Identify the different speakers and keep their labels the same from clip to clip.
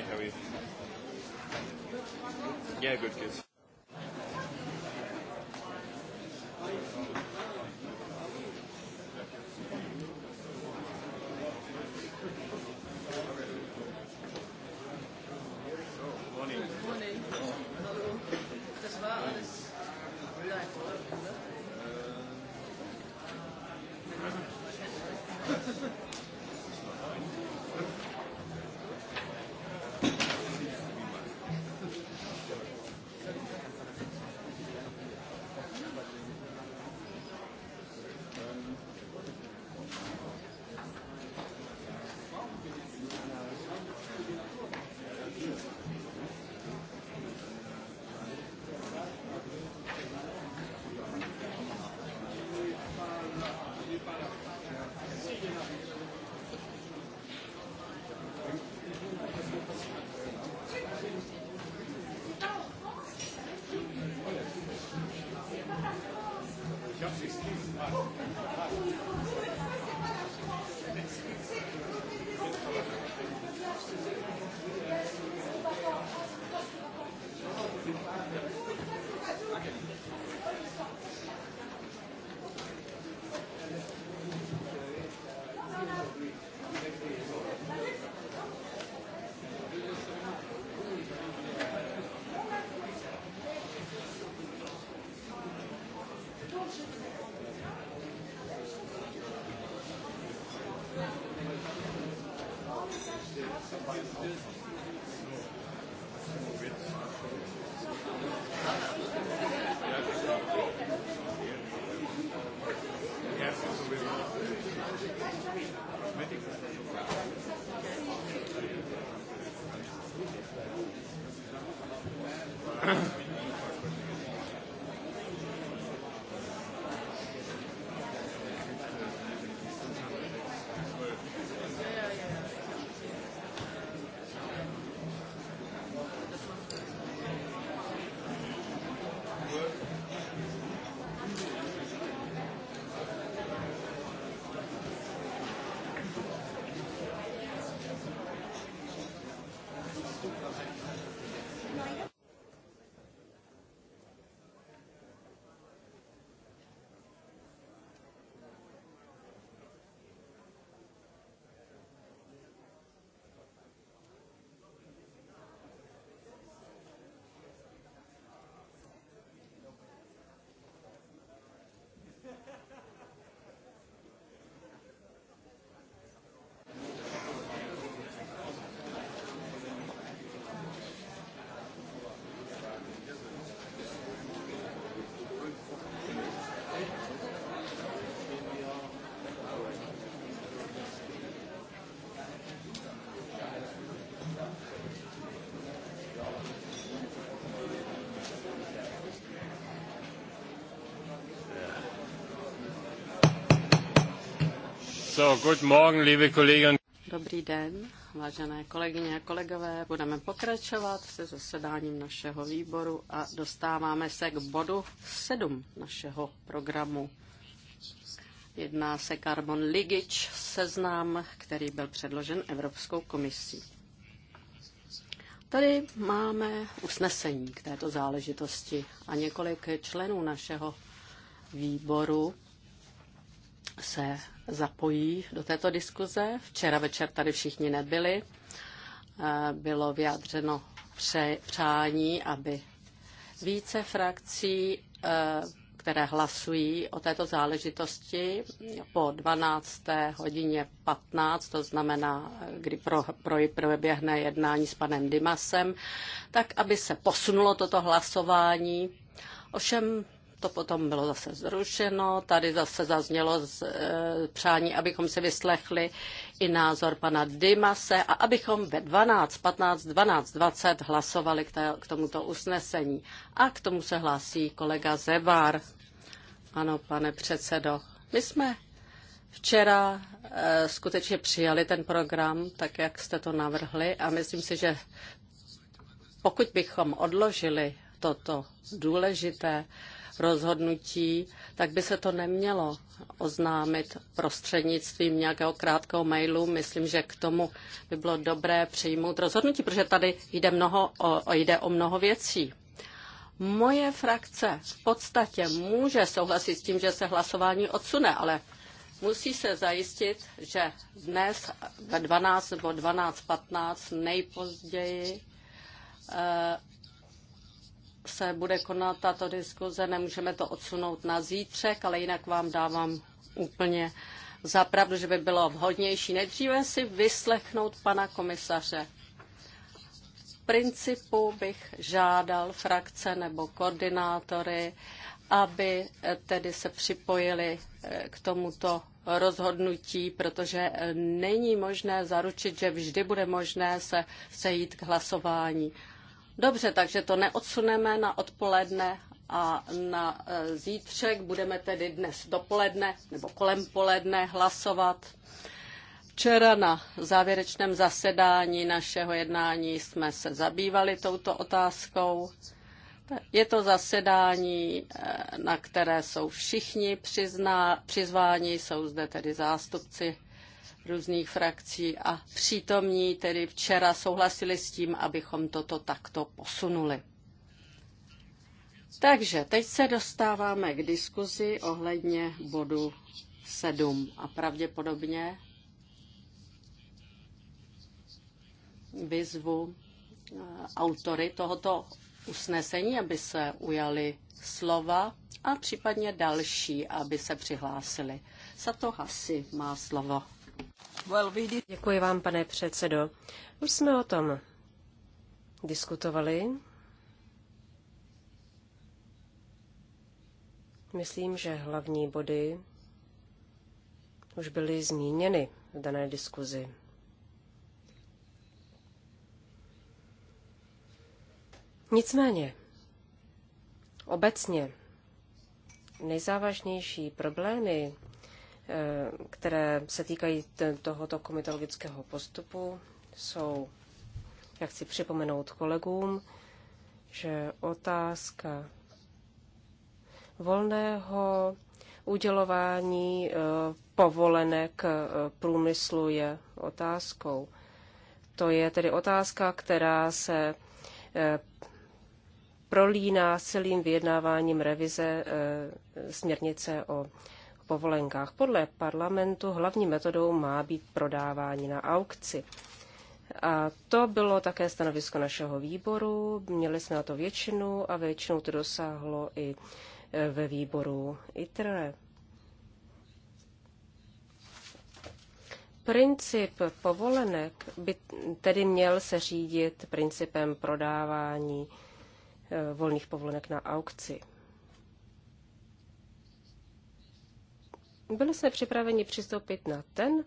Speaker 1: Hi, how Yeah, good, kids.
Speaker 2: So, good morning, liebe Kollegen.
Speaker 1: Dobrý den, vážené kolegyně a kolegové. Budeme pokračovat se zasedáním našeho výboru a dostáváme se k bodu 7 našeho programu. Jedná se Carbon Ligič, seznam, který byl předložen Evropskou komisí. Tady máme usnesení k této záležitosti a několik členů našeho výboru se zapojí do této diskuze. Včera večer tady všichni nebyli. Eh, bylo vyjádřeno přání, aby více frakcí, eh, které hlasují o této záležitosti po 12. hodině 15, to znamená, kdy pro, pro, proběhne jednání s panem Dimasem, tak aby se posunulo toto hlasování. Ovšem to potom bylo zase zrušeno. Tady zase zaznělo z, e, přání, abychom si vyslechli i názor pana Dymase a abychom ve 12, 15, 12, 20 hlasovali k, té, k tomuto usnesení. A k tomu se hlásí kolega Zebar. Ano, pane předsedo, my jsme včera e, skutečně přijali ten program, tak jak jste to navrhli a myslím si, že pokud bychom odložili toto důležité rozhodnutí, tak by se to nemělo oznámit prostřednictvím nějakého krátkého mailu. Myslím, že k tomu by bylo dobré přijmout rozhodnutí, protože tady jde, mnoho o, jde o mnoho věcí. Moje frakce v podstatě může souhlasit s tím, že se hlasování odsune, ale musí se zajistit, že dnes ve 12 nebo 12.15 nejpozději eh, se bude konat tato diskuze, nemůžeme to odsunout na zítřek, ale jinak vám dávám úplně zapravdu, že by bylo vhodnější nejdříve si vyslechnout pana komisaře. V principu bych žádal frakce nebo koordinátory, aby eh, tedy se připojili eh, k tomuto rozhodnutí, protože eh, není možné zaručit, že vždy bude možné se sejít k hlasování. Dobře, takže to neodsuneme na odpoledne a na e, zítřek. Budeme tedy dnes dopoledne nebo kolem poledne hlasovat. Včera na závěrečném zasedání našeho jednání jsme se zabývali touto otázkou. Je to zasedání, e, na které jsou všichni přizná, přizváni, jsou zde tedy zástupci různých frakcí a přítomní tedy včera souhlasili s tím, abychom toto takto posunuli. Takže teď se dostáváme k diskuzi ohledně bodu 7 a pravděpodobně vyzvu eh, autory tohoto usnesení, aby se ujali slova a případně další, aby se přihlásili.
Speaker 2: Sato Hasi má slovo. Děkuji vám, pane předsedo. Už jsme o tom diskutovali. Myslím, že hlavní body už byly zmíněny v dané diskuzi. Nicméně, obecně nejzávažnější problémy, Eh, které se týkají tohoto komitologického postupu, jsou, já chci připomenout kolegům, že otázka volného udělování eh, povolenek eh, průmyslu je otázkou. To je tedy otázka, která se prolíná celým vyjednáváním revize směrnice o povolenkách. Podle parlamentu hlavní metodou má být prodávání na aukci. A to bylo také stanovisko našeho výboru, měli jsme na to většinu a většinou to dosáhlo i e, ve výboru ITRE. Princip povolenek by tedy měl se řídit principem prodávání e, volných povolenek na aukci. Byli jsme připraveni přistoupit na ten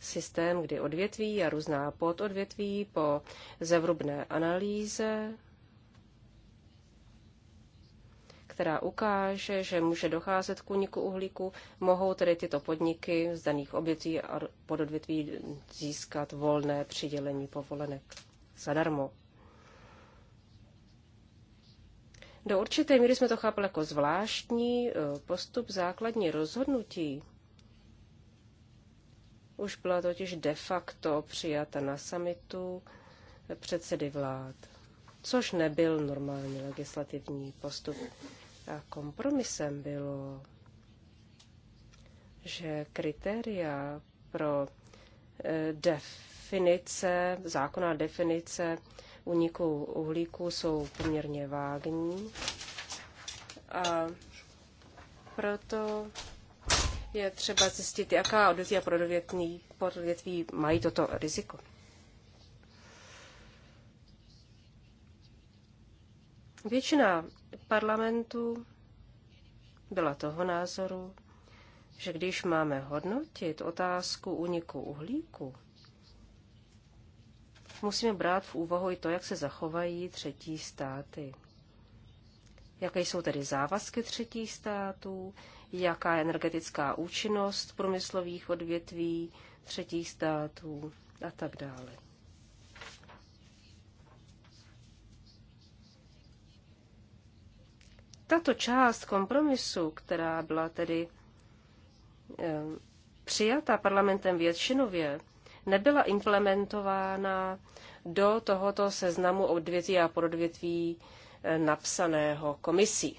Speaker 2: systém, kdy odvětví a různá pododvětví po zevrubné analýze, která ukáže, že může docházet k úniku uhlíku, mohou tedy tyto podniky z daných obětí a pododvětví získat volné přidělení povolenek zadarmo. Do určité míry jsme to chápali jako zvláštní eh, postup základní rozhodnutí. Už byla totiž de facto přijata na samitu předsedy vlád, což nebyl normální legislativní postup. A kompromisem bylo, že kritéria pro eh, definice, zákonná definice uniku uhlíku jsou poměrně vágní. A proto je třeba zjistit, jaká odvětví a podvětví mají toto riziko. Většina parlamentu byla toho názoru, že když máme hodnotit otázku uniku uhlíku, musíme brát v úvahu i to, jak se zachovají třetí státy. Jaké jsou tedy závazky třetích států, jaká je energetická účinnost průmyslových odvětví třetích států a tak dále. Tato část kompromisu, která byla tedy eh, přijata parlamentem většinově, nebyla implementována do tohoto seznamu odvětví a pododvětví eh, napsaného komisí.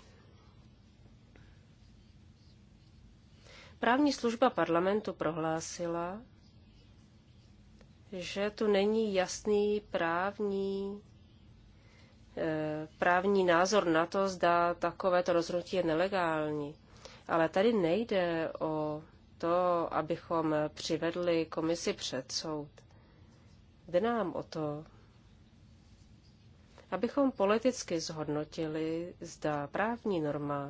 Speaker 2: Právní služba parlamentu prohlásila, že tu není jasný právní, eh, právní názor na to, zda takovéto rozhodnutí je nelegální. Ale tady nejde o to, abychom přivedli komisi před soud. Jde nám o to, abychom politicky zhodnotili, zda právní norma,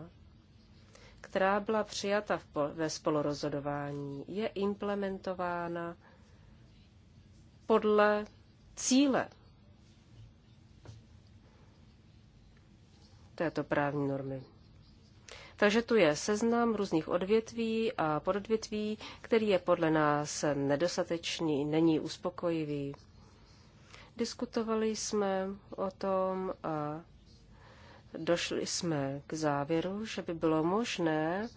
Speaker 2: která byla přijata ve spolorozhodování, je implementována podle cíle této právní normy. Takže tu je seznam různých odvětví a pododvětví, který je podle nás nedostatečný, není uspokojivý. Diskutovali jsme o tom a došli jsme k závěru, že by bylo možné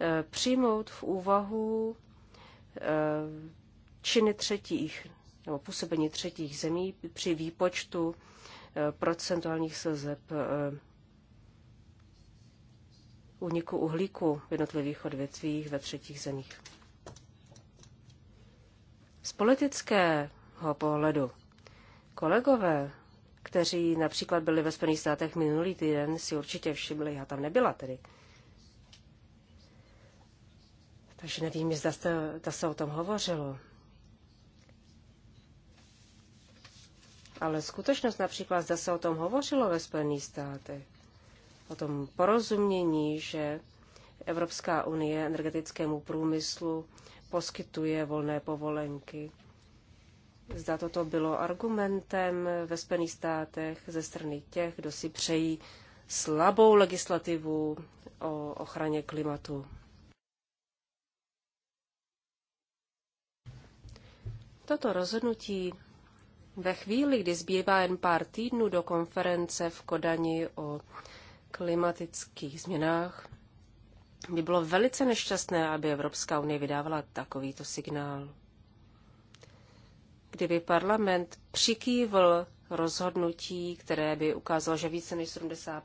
Speaker 2: eh, přijmout v úvahu eh, činy třetích nebo působení třetích zemí při výpočtu eh, procentuálních sazeb úniku uhlíku v jednotlivých odvětvích ve třetích zemích. Z politického pohledu kolegové, kteří například byli ve Spojených státech minulý týden, si určitě všimli, já tam nebyla tedy. Takže nevím, zda, se, zda se o tom hovořilo. Ale skutečnost například, zda se o tom hovořilo ve Spojených státech o tom porozumění, že Evropská unie energetickému průmyslu poskytuje volné povolenky. Zda toto bylo argumentem ve Spojených státech ze strany těch, kdo si přejí slabou legislativu o ochraně klimatu. Toto rozhodnutí ve chvíli, kdy zbývá jen pár týdnů do konference v Kodani o klimatických změnách, by bylo velice nešťastné, aby Evropská unie vydávala takovýto signál. Kdyby parlament přikývl rozhodnutí, které by ukázalo, že více než 70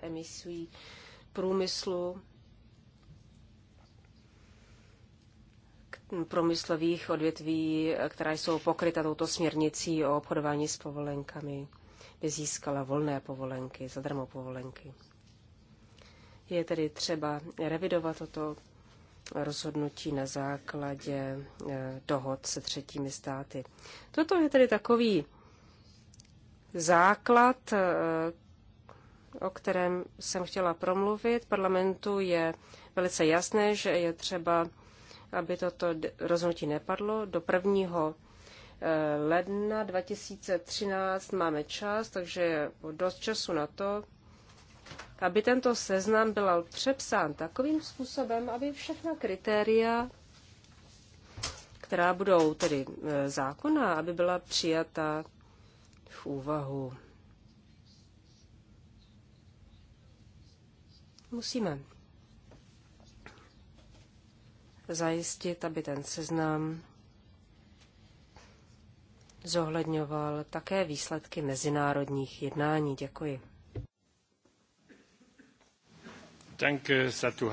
Speaker 2: emisí průmyslu, průmyslových odvětví, která jsou pokryta touto směrnicí o obchodování s povolenkami by získala volné povolenky, zadarmo povolenky. Je tedy třeba revidovat toto rozhodnutí na základě eh, dohod se třetími státy. Toto je tedy takový základ, eh, o kterém jsem chtěla promluvit. Parlamentu je velice jasné, že je třeba, aby toto rozhodnutí nepadlo do prvního ledna 2013 máme čas, takže je dost času na to, aby tento seznam byl přepsán takovým způsobem, aby všechna kritéria, která budou tedy e, zákona, aby byla přijata v úvahu. Musíme zajistit, aby ten seznam zohledňoval také výsledky mezinárodních jednání. Děkuji. Satu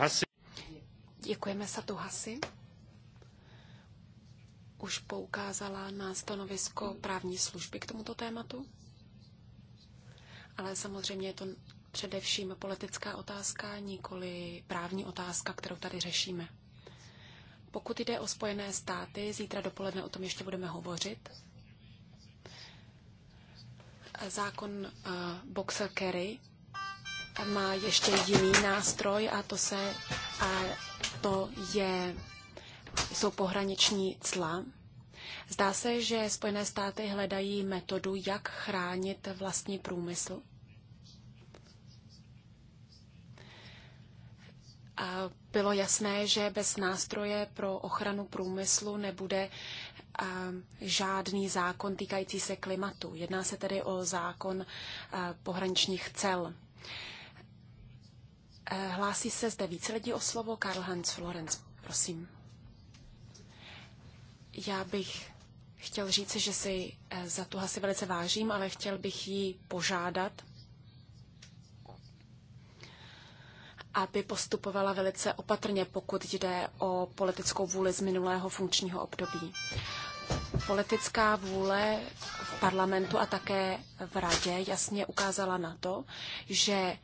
Speaker 3: Děkujeme Satu Hasi. Už poukázala na stanovisko právní služby k tomuto tématu, ale samozřejmě je to především politická otázka, nikoli právní otázka, kterou tady řešíme. Pokud jde o Spojené státy, zítra dopoledne o tom ještě budeme hovořit. Zákon eh, Boxer Kerry má ještě jiný nástroj a to se a to je, jsou pohraniční cla. Zdá se, že Spojené státy hledají metodu, jak chránit vlastní průmysl. A bylo jasné, že bez nástroje pro ochranu průmyslu nebude žádný zákon týkající se klimatu. Jedná se tedy o zákon e, pohraničních cel. E, hlásí se zde více lidí o slovo. Karl Hans Florenz, prosím. Já bych chtěl říct, že si e, za tu hasi velice vážím, ale chtěl bych ji požádat, aby postupovala velice opatrně, pokud jde o politickou vůli z minulého funkčního období politická vůle v parlamentu a také v radě jasně ukázala na to, že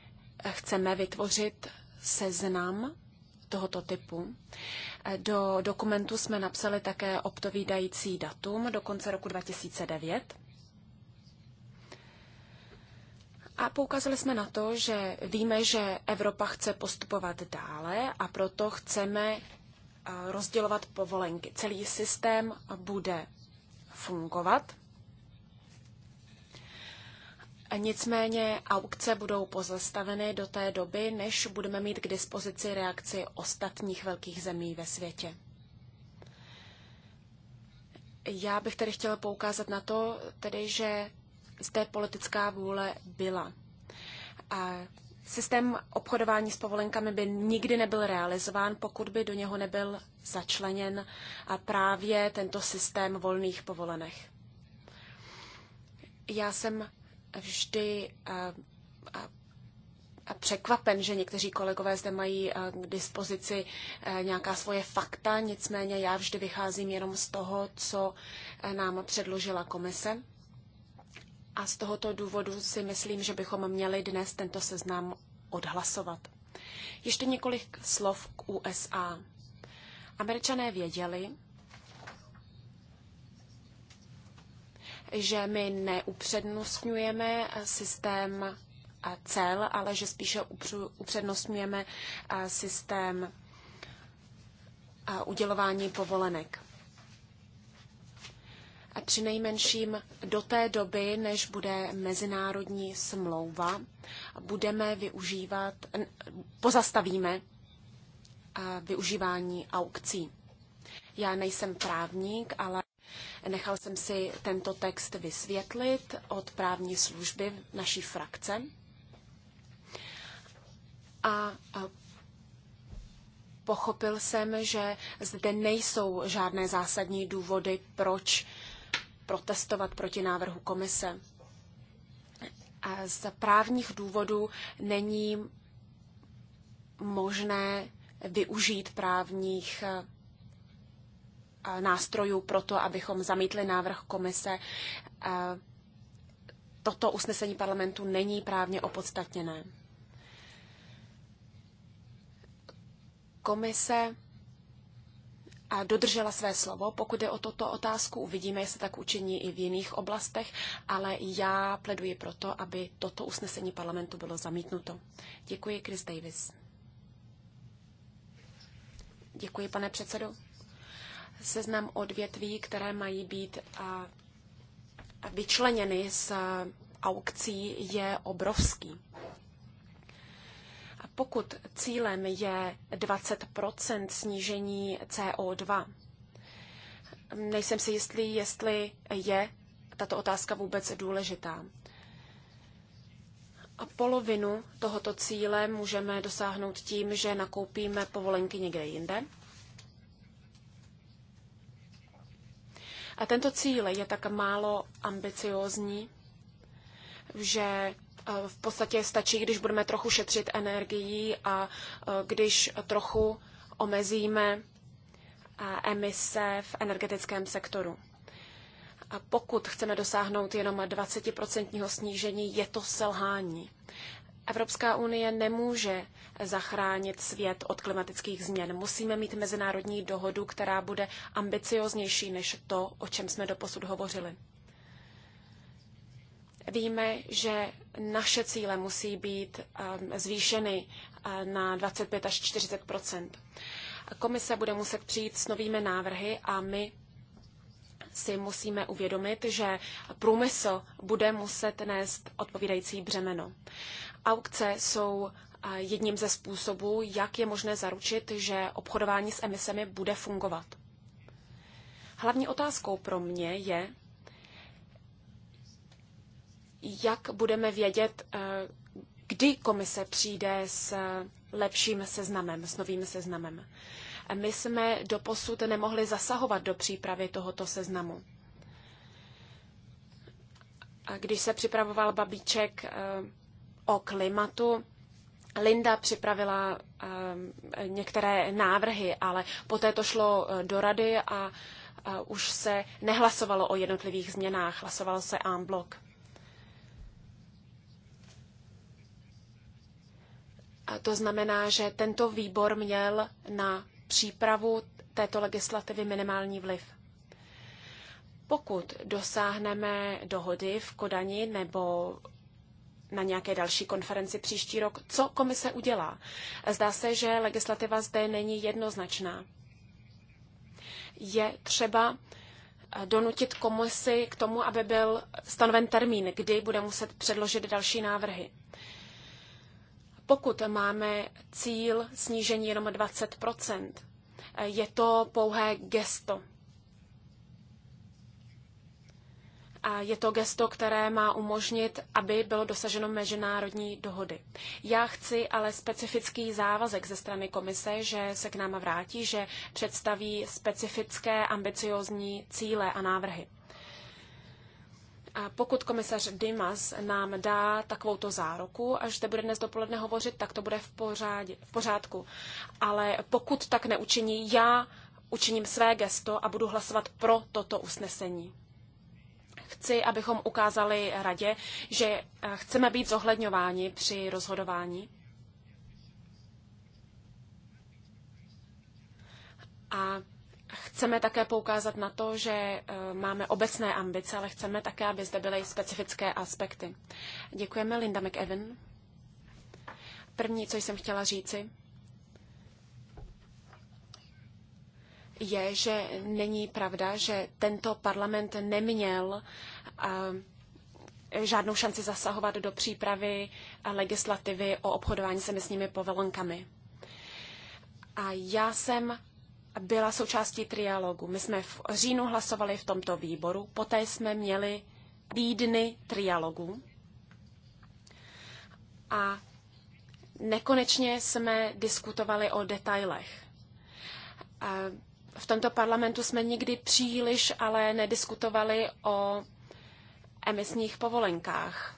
Speaker 3: chceme vytvořit seznam tohoto typu. Do dokumentu jsme napsali také obtovídající datum do konce roku 2009. A poukazili jsme na to, že víme, že Evropa chce postupovat dále a proto chceme rozdělovat povolenky. Celý systém bude fungovat. Nicméně aukce budou pozastaveny do té doby, než budeme mít k dispozici reakci ostatních velkých zemí ve světě. Já bych tedy chtěla poukázat na to, tedy, že zde politická vůle byla. A Systém obchodování s povolenkami by nikdy nebyl realizován, pokud by do něho nebyl začleněn a právě tento systém volných povolenech. Já jsem vždy eh, eh, překvapen, že někteří kolegové zde mají eh, k dispozici nějaká svoje fakta, nicméně já vždy vycházím jenom z toho, co nám předložila komise. A z tohoto důvodu si myslím, že bychom měli dnes tento seznam odhlasovat. Ještě několik slov k USA. Američané věděli, že my neupřednostňujeme systém cel, ale že spíše upřednostňujeme systém udělování povolenek při nejmenším do té doby, než bude mezinárodní smlouva, budeme využívat, pozastavíme eh, využívání aukcí. Já nejsem právník, ale nechal jsem si tento text vysvětlit od právní služby naší frakce. A eh, pochopil jsem, že zde nejsou žádné zásadní důvody, proč protestovat proti návrhu komise. A z právních důvodů není možné využít právních eh, eh, nástrojů pro to, abychom zamítli návrh komise. Eh, toto usnesení parlamentu není právně opodstatněné. Komise dodržela své slovo. Pokud je o toto otázku, uvidíme, jestli tak učení i v jiných oblastech, ale já pleduji proto, aby toto usnesení parlamentu bylo zamítnuto. Děkuji, Chris Davis. Děkuji, pane předsedo. Seznam odvětví, které mají být vyčleněny z aukcí, je obrovský pokud cílem je 20 snížení CO2, nejsem si jistý, jestli je tato otázka vůbec důležitá. A polovinu tohoto cíle můžeme dosáhnout tím, že nakoupíme povolenky někde jinde. A tento cíl je tak málo ambiciózní, že Eh, v podstatě stačí, když budeme trochu šetřit energií a eh, když trochu omezíme eh, emise v energetickém sektoru. A pokud chceme dosáhnout jenom 20% snížení, je to selhání. Evropská unie nemůže zachránit svět od klimatických změn. Musíme mít mezinárodní dohodu, která bude ambicioznější než to, o čem jsme doposud hovořili. Víme, že naše cíle musí být ehm, zvýšeny eh, na 25 až 40 Komise bude muset přijít s novými návrhy a my si musíme uvědomit, že průmysl bude muset nést odpovídající břemeno. Aukce jsou eh, jedním ze způsobů, jak je možné zaručit, že obchodování s emisemi bude fungovat. Hlavní otázkou pro mě je, jak budeme vědět, eh, kdy komise přijde s lepším seznamem, s novým seznamem. My jsme doposud nemohli zasahovat do přípravy tohoto seznamu. Když se připravoval babíček eh, o klimatu, Linda připravila eh, některé návrhy, ale poté to šlo do rady a už se nehlasovalo o jednotlivých změnách, hlasovalo se en bloc. To znamená, že tento výbor měl na přípravu této legislativy minimální vliv. Pokud dosáhneme dohody v Kodani nebo na nějaké další konferenci příští rok, co komise udělá? Zdá se, že legislativa zde není jednoznačná. Je třeba eh, donutit komisi k tomu, aby byl stanoven termín, kdy bude muset předložit další návrhy. Pokud máme cíl snížení jenom 20 je to pouhé gesto. A je to gesto, které má umožnit, aby bylo dosaženo mezinárodní dohody. Já chci ale specifický závazek ze strany komise, že se k nám vrátí, že představí specifické ambiciozní cíle a návrhy. Pokud komisař Dimas nám dá takovouto záruku, až zde bude dnes dopoledne hovořit, tak to bude v, pořádě, v pořádku. Ale pokud tak neučiní, já učiním své gesto a budu hlasovat pro toto usnesení. Chci, abychom ukázali radě, že eh, chceme být zohledňováni při rozhodování. A Chceme také poukázat na to, že e, máme obecné ambice, ale chceme také, aby zde byly specifické aspekty. Děkujeme Linda McEwen. První, co jsem chtěla říci, je, že není pravda, že tento parlament neměl e, žádnou šanci zasahovat do přípravy legislativy o obchodování se emisními povolenkami. A já jsem byla součástí trialogu. My jsme v říjnu hlasovali v tomto výboru, poté jsme měli týdny trialogu a nekonečně jsme diskutovali o detailech. V tomto parlamentu jsme nikdy příliš ale nediskutovali o emisních povolenkách.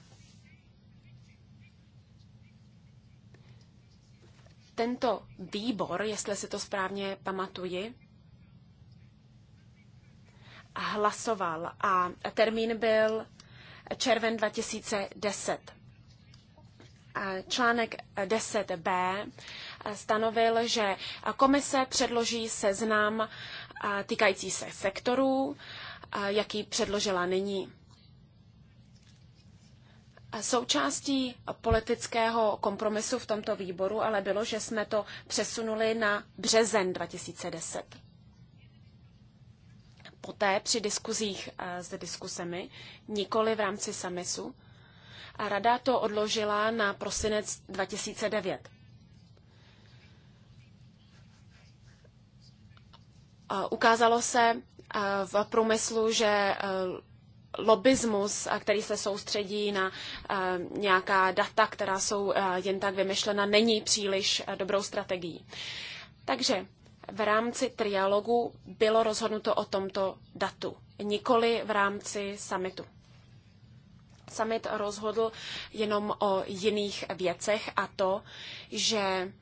Speaker 3: tento výbor, jestli si to správně pamatuji, hlasoval a termín byl červen 2010. Článek 10b stanovil, že komise předloží seznam týkající se sektorů, jaký předložila nyní. Součástí politického kompromisu v tomto výboru ale bylo, že jsme to přesunuli na březen 2010. Poté při diskuzích eh, s diskusemi, nikoli v rámci samisu, a rada to odložila na prosinec 2009. Eh, ukázalo se eh, v průmyslu, že lobismus, který se soustředí na eh, nějaká data, která jsou eh, jen tak vymyšlena, není příliš eh, dobrou strategií. Takže v rámci trialogu bylo rozhodnuto o tomto datu, nikoli v rámci summitu. Summit rozhodl jenom o jiných věcech a to, že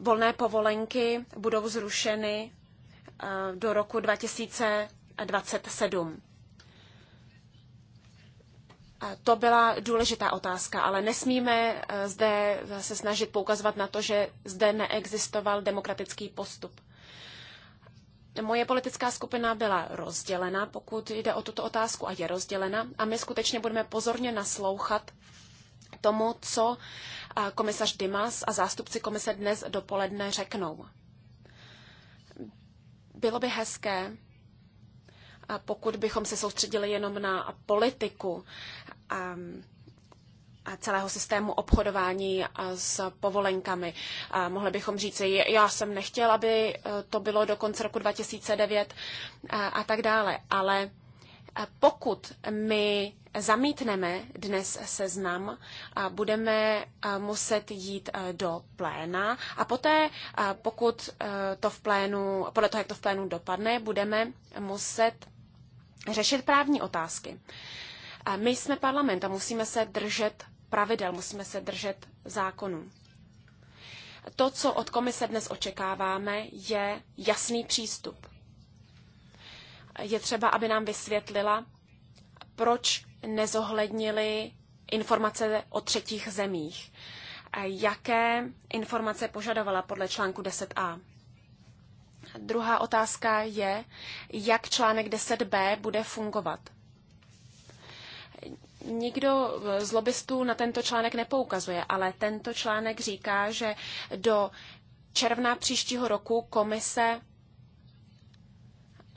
Speaker 3: volné povolenky budou zrušeny do roku 2027. To byla důležitá otázka, ale nesmíme eh, zde se snažit poukazovat na to, že zde neexistoval demokratický postup. Moje politická skupina byla rozdělena, pokud jde o tuto otázku, a je rozdělena. A my skutečně budeme pozorně naslouchat tomu, co eh, komisař Dimas a zástupci komise dnes dopoledne řeknou. Bylo by hezké, pokud bychom se soustředili jenom na politiku ehm, a celého systému obchodování s povolenkami. A mohli bychom říci, já jsem nechtěl, aby e, to bylo do konce roku 2009 a, a tak dále. Ale e, pokud my zamítneme dnes seznam, a budeme e, muset jít do pléna a poté, pokud to v plénu, podle toho, jak to v plénu dopadne, budeme muset řešit právní otázky. A my jsme parlament a musíme se držet pravidel, musíme se držet zákonů. To, co od komise dnes očekáváme, je jasný přístup. Je třeba, aby nám vysvětlila, proč nezohlednili informace o třetích zemích. Jaké informace požadovala podle článku 10a? Druhá otázka je, jak článek 10b bude fungovat. Nikdo z lobbystů na tento článek nepoukazuje, ale tento článek říká, že do června příštího roku komise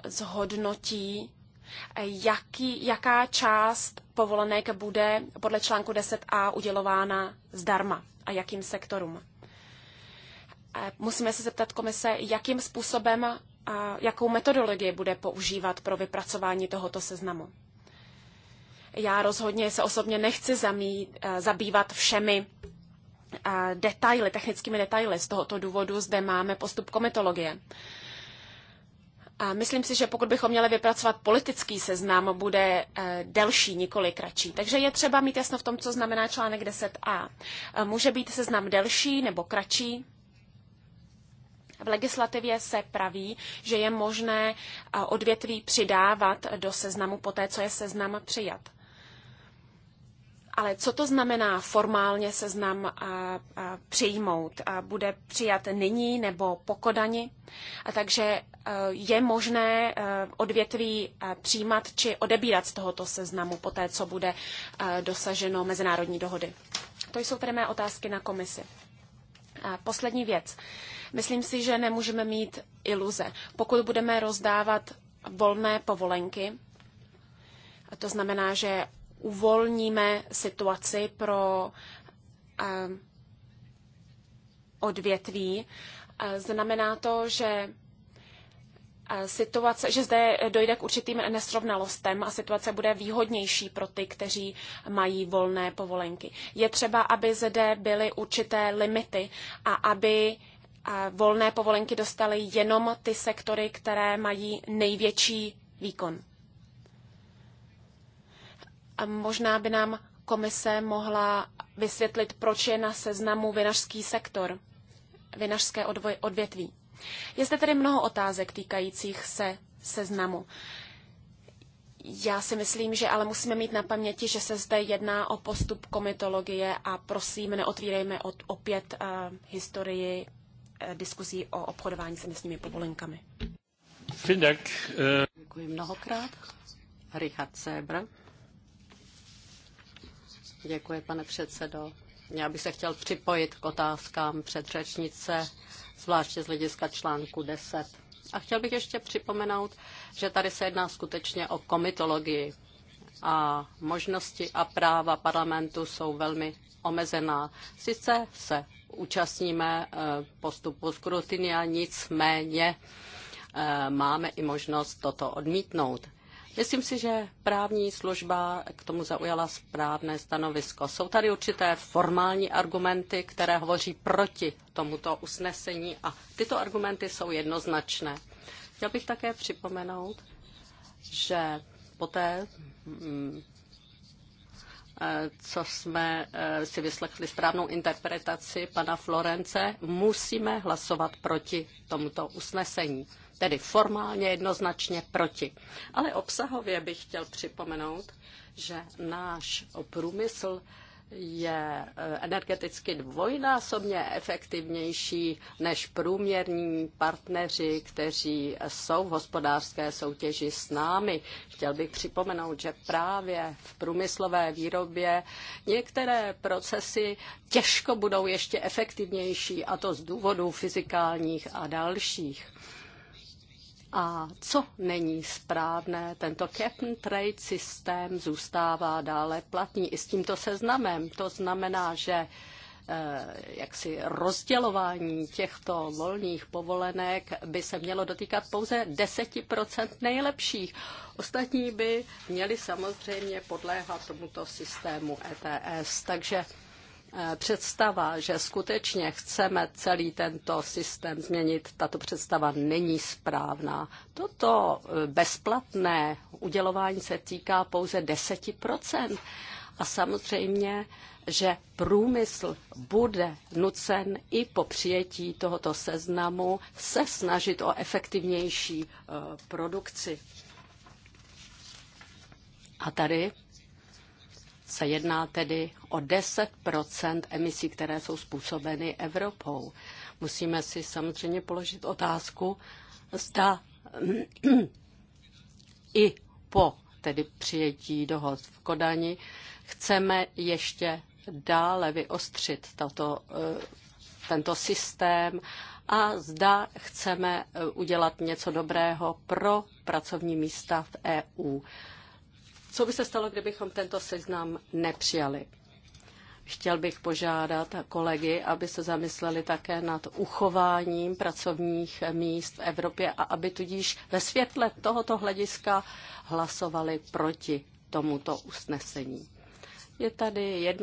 Speaker 3: zhodnotí, jaký, jaká část povolenek bude podle článku 10a udělována zdarma a jakým sektorům. Musíme se zeptat komise, jakým způsobem a jakou metodologii bude používat pro vypracování tohoto seznamu. Já rozhodně se osobně nechci zamít, eh, zabývat všemi eh, detaily, technickými detaily. Z tohoto důvodu zde máme postup komitologie. A myslím si, že pokud bychom měli vypracovat politický seznam, bude eh, delší, nikoli kratší. Takže je třeba mít jasno v tom, co znamená článek 10a. Může být seznam delší nebo kratší, v legislativě se praví, že je možné odvětví přidávat do seznamu poté, co je seznam přijat. Ale co to znamená formálně seznam a, a přijmout? A bude přijat nyní nebo pokodani? A takže e, je možné e, odvětví e, přijímat či odebírat z tohoto seznamu po té, co bude dosaženo mezinárodní dohody. To jsou tedy mé otázky na komisi. A poslední věc. Myslím si, že nemůžeme mít iluze. Pokud budeme rozdávat volné povolenky, a to znamená, že uvolníme situaci pro eh, odvětví, eh, znamená to, že eh, situace, že zde dojde k určitým nesrovnalostem a situace bude výhodnější pro ty, kteří mají volné povolenky. Je třeba, aby zde byly určité limity a aby volné povolenky dostaly jenom ty sektory, které mají největší výkon. A možná by nám komise mohla vysvětlit, proč je na seznamu vinařský sektor, vinařské odvětví. Je zde tedy mnoho otázek týkajících se seznamu. Já si myslím, že ale musíme mít na paměti, že se zde jedná o postup komitologie a prosím, neotvírejme od, opět uh, historii Eh, diskuzí o obchodování s emisními povolenkami.
Speaker 2: Eh.
Speaker 3: Děkuji mnohokrát. Richard Sebr.
Speaker 1: Děkuji, pane předsedo. Já bych se chtěl připojit k otázkám předřečnice, zvláště z hlediska článku 10. A chtěl bych ještě připomenout, že tady se jedná skutečně o komitologii a možnosti a práva parlamentu jsou velmi omezená. Sice se účastníme eh, postupu skrutiny a nicméně eh, máme i možnost toto odmítnout. Myslím si, že právní služba k tomu zaujala správné stanovisko. Jsou tady určité formální argumenty, které hovoří proti tomuto usnesení a tyto argumenty jsou jednoznačné. Chtěl bych také připomenout, že poté mm, co jsme eh, si vyslechli správnou interpretaci pana Florence, musíme hlasovat proti tomuto usnesení. Tedy formálně jednoznačně proti. Ale obsahově bych chtěl připomenout, že náš průmysl je eh, energeticky dvojnásobně efektivnější než průměrní partneři, kteří jsou v hospodářské soutěži s námi. Chtěl bych připomenout, že právě v průmyslové výrobě některé procesy těžko budou ještě efektivnější, a to z důvodů fyzikálních a dalších. A co není správné, tento cap and trade systém zůstává dále platný i s tímto seznamem. To znamená, že eh, jaksi rozdělování těchto volných povolenek by se mělo dotýkat pouze 10% nejlepších. Ostatní by měli samozřejmě podléhat tomuto systému ETS. Takže Eh, představa, že skutečně chceme celý tento systém změnit, tato představa není správná. Toto eh, bezplatné udělování se týká pouze 10%. A samozřejmě, že průmysl bude nucen i po přijetí tohoto seznamu se snažit o efektivnější eh, produkci. A tady se jedná tedy o 10 emisí, které jsou způsobeny Evropou. Musíme si samozřejmě položit otázku, zda i po tedy přijetí dohod v Kodani chceme ještě dále vyostřit tato, eh, tento systém a zda chceme eh, udělat něco dobrého pro pracovní místa v EU. Co by se stalo, kdybychom tento seznam nepřijali? Chtěl bych požádat kolegy, aby se zamysleli také nad uchováním pracovních míst v Evropě a aby tudíž ve světle tohoto hlediska hlasovali proti tomuto usnesení. Je tady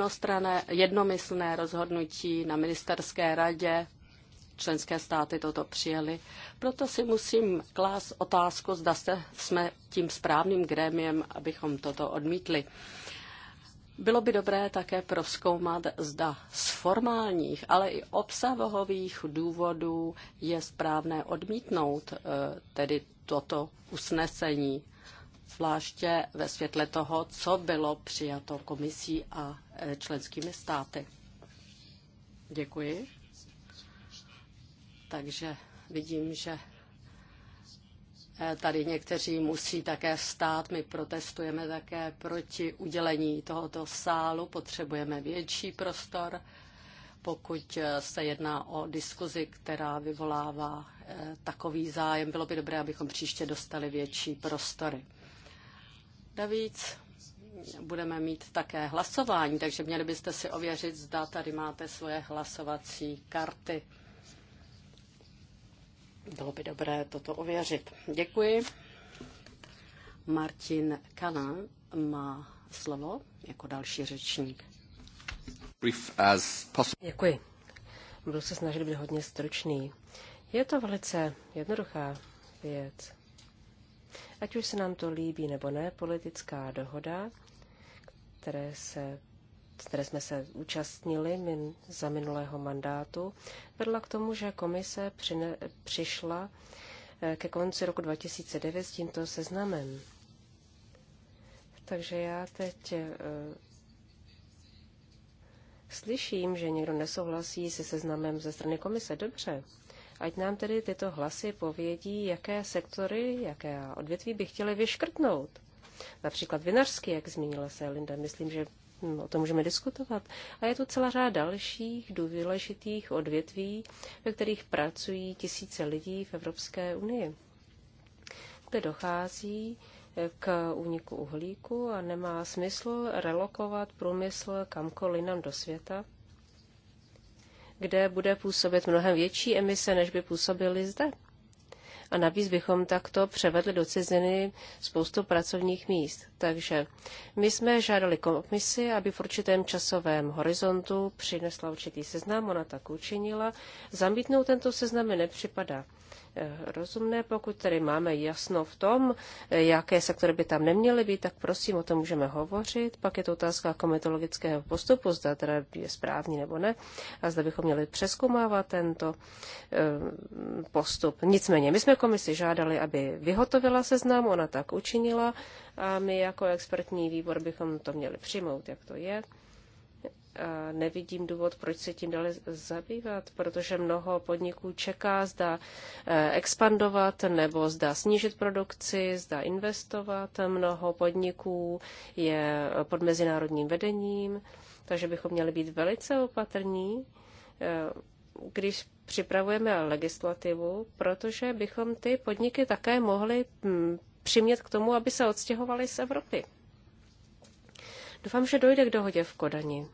Speaker 1: jednomyslné rozhodnutí na ministerské radě členské státy toto přijeli. Proto si musím klást otázku, zda jste, jsme tím správným grémiem, abychom toto odmítli. Bylo by dobré také proskoumat, zda z formálních, ale i obsahových důvodů je správné odmítnout eh, tedy toto usnesení, zvláště ve světle toho, co bylo přijato komisí a eh, členskými státy. Děkuji takže vidím, že eh, tady někteří musí také vstát. My protestujeme také proti udělení tohoto sálu. Potřebujeme větší prostor, pokud eh, se jedná o diskuzi, která vyvolává eh, takový zájem. Bylo by dobré, abychom příště dostali větší prostory. Navíc budeme mít také hlasování, takže měli byste si ověřit, zda tady máte svoje hlasovací karty. Bylo by dobré toto ověřit. Děkuji. Martin Kana má slovo
Speaker 2: jako další řečník.
Speaker 1: Brief as
Speaker 2: Děkuji. Budu se snažit být hodně stručný. Je to velice jednoduchá věc. Ať už se nám to líbí nebo ne, politická dohoda, které se které jsme se účastnili min, za minulého mandátu, vedla k tomu, že komise přine, přišla eh, ke konci roku 2009 s tímto seznamem. Takže já teď eh, slyším, že někdo nesouhlasí se seznamem ze strany komise. Dobře. Ať nám tedy tyto hlasy povědí, jaké sektory, jaké odvětví by chtěli vyškrtnout. Například vinařský, jak zmínila se Linda, myslím, že No, o tom můžeme diskutovat. A je tu celá řada dalších důležitých odvětví, ve kterých pracují tisíce lidí v Evropské unii, kde dochází k úniku uhlíku a nemá smysl relokovat průmysl kamkoliv nám do světa, kde bude působit mnohem větší emise, než by působily zde a navíc bychom takto převedli do ciziny spoustu pracovních míst. Takže my jsme žádali komisi, aby v určitém časovém horizontu přinesla určitý seznam, ona tak učinila. Zamítnout tento seznam mi nepřipadá Eh, rozumné. Pokud tedy máme jasno v tom, eh, jaké sektory by tam neměly být, tak prosím, o tom můžeme hovořit. Pak je to otázka kometologického postupu, zda teda je správný nebo ne, a zda bychom měli přeskumávat tento eh, postup. Nicméně, my jsme komisi žádali, aby vyhotovila seznam, ona tak učinila a my jako expertní výbor bychom to měli přijmout, jak to je. A nevidím důvod, proč se tím dále zabývat, protože mnoho podniků čeká, zda e, expandovat nebo zda snížit produkci, zda investovat. Mnoho podniků je pod mezinárodním vedením, takže bychom měli být velice opatrní, e, když připravujeme legislativu, protože bychom ty podniky také mohli mm, přimět k tomu, aby se odstěhovali z Evropy. Doufám, že dojde k dohodě v Kodani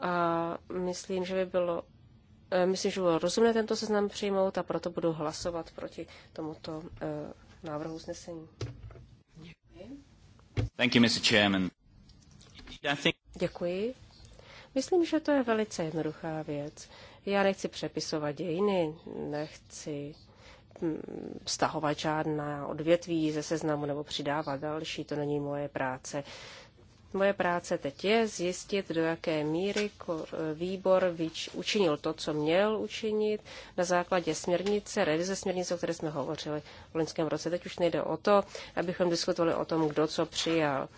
Speaker 2: a myslím, že by bylo, e, myslím, že bylo rozumné tento seznam přijmout a proto budu hlasovat proti tomuto e, návrhu usnesení.
Speaker 3: Děkuji.
Speaker 2: Thank you, Mr. Chairman. Děkuji. Myslím, že to je velice jednoduchá věc. Já nechci přepisovat dějiny, nechci mm, stahovat žádná odvětví ze seznamu nebo přidávat další, to není moje práce. Moje práce teď je zjistit, do jaké míry výbor učinil to, co měl učinit na základě směrnice, revize směrnice, o které jsme hovořili v loňském roce. Teď už nejde o to, abychom diskutovali o tom, kdo co přijal.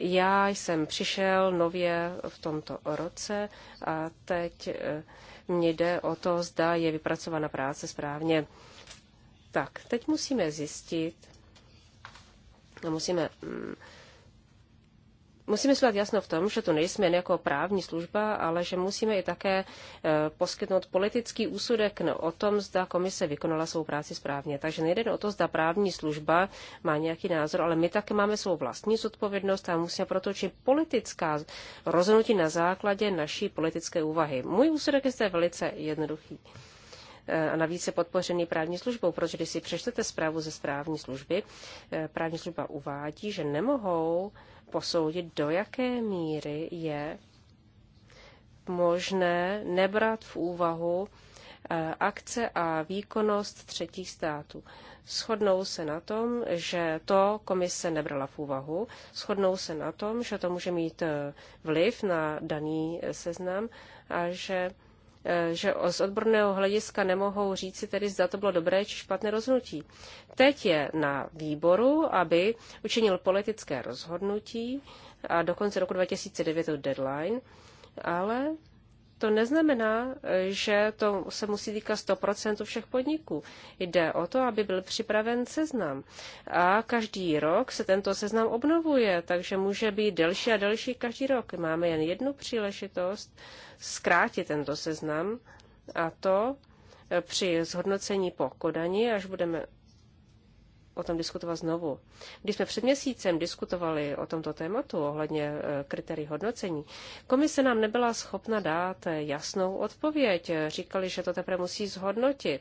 Speaker 2: Já jsem přišel nově v tomto roce a teď eh, mě jde o to, zda je vypracována práce správně. Tak, teď musíme zjistit, musíme mm, Musíme si dát jasno v tom, že tu nejsme jen jako právní služba, ale že musíme i také eh, poskytnout politický úsudek no, o tom, zda komise vykonala svou práci správně. Takže nejde o to, zda právní služba má nějaký názor, ale my také máme svou vlastní zodpovědnost a musíme proto činit politická rozhodnutí na základě naší politické úvahy. Můj úsudek je zde velice jednoduchý eh, a navíc je podpořený právní službou, protože když si přečtete zprávu ze správní služby, eh, právní služba uvádí, že nemohou posoudit, do jaké míry je možné nebrat v úvahu eh, akce a výkonnost třetích států. Shodnou se na tom, že to komise nebrala v úvahu, shodnou se na tom, že to může mít eh, vliv na daný eh, seznam a že Eh, že z odborného hlediska nemohou říci tedy, zda to bylo dobré či špatné rozhodnutí. Teď je na výboru, aby učinil politické rozhodnutí a do konce roku 2009 deadline, ale to neznamená, že to se musí týkat 100% všech podniků. Jde o to, aby byl připraven seznam. A každý rok se tento seznam obnovuje, takže může být delší a delší každý rok. Máme jen jednu příležitost zkrátit tento seznam a to eh, při zhodnocení po Kodani, až budeme o tom diskutovat znovu. Když jsme před měsícem diskutovali o tomto tématu ohledně eh, kritérií hodnocení, komise nám nebyla schopna dát eh, jasnou odpověď. Říkali, že to teprve musí zhodnotit.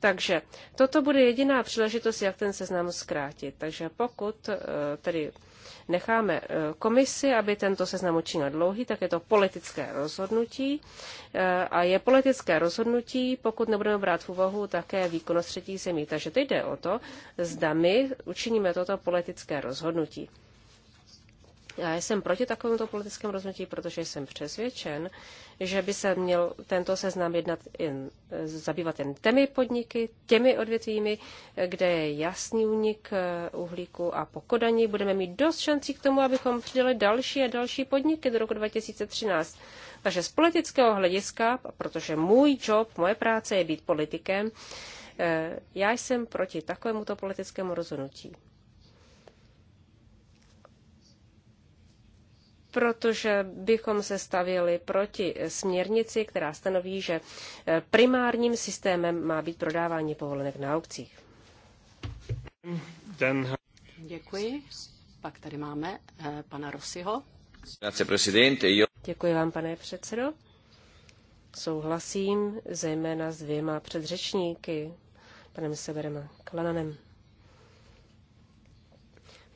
Speaker 2: Takže toto bude jediná příležitost, jak ten seznam zkrátit. Takže pokud eh, tedy necháme eh, komisi, aby tento seznam učinil dlouhý, tak je to politické rozhodnutí. Eh, a je politické rozhodnutí, pokud nebudeme brát v úvahu také výkonnost třetí zemí. Takže teď jde o to, zda my učiníme toto politické rozhodnutí. Já jsem proti takovémuto politickému rozhodnutí, protože jsem přesvědčen, že by se měl tento seznam jednat jen, zabývat jen těmi podniky, těmi odvětvími, kde je jasný únik eh, uhlíku a pokodaní. budeme mít dost šancí k tomu, abychom přidali další a další podniky do roku 2013. Takže z politického hlediska, protože můj job, moje práce je být politikem, eh, já jsem proti takovémuto politickému rozhodnutí. protože bychom se stavili proti směrnici, která stanoví, že eh, primárním systémem má být prodávání povolenek na aukcích. Děkuji. Pak tady máme eh, pana Rossiho. Děkuji vám, pane předsedo. Souhlasím zejména s dvěma předřečníky, panem Severem a Klananem.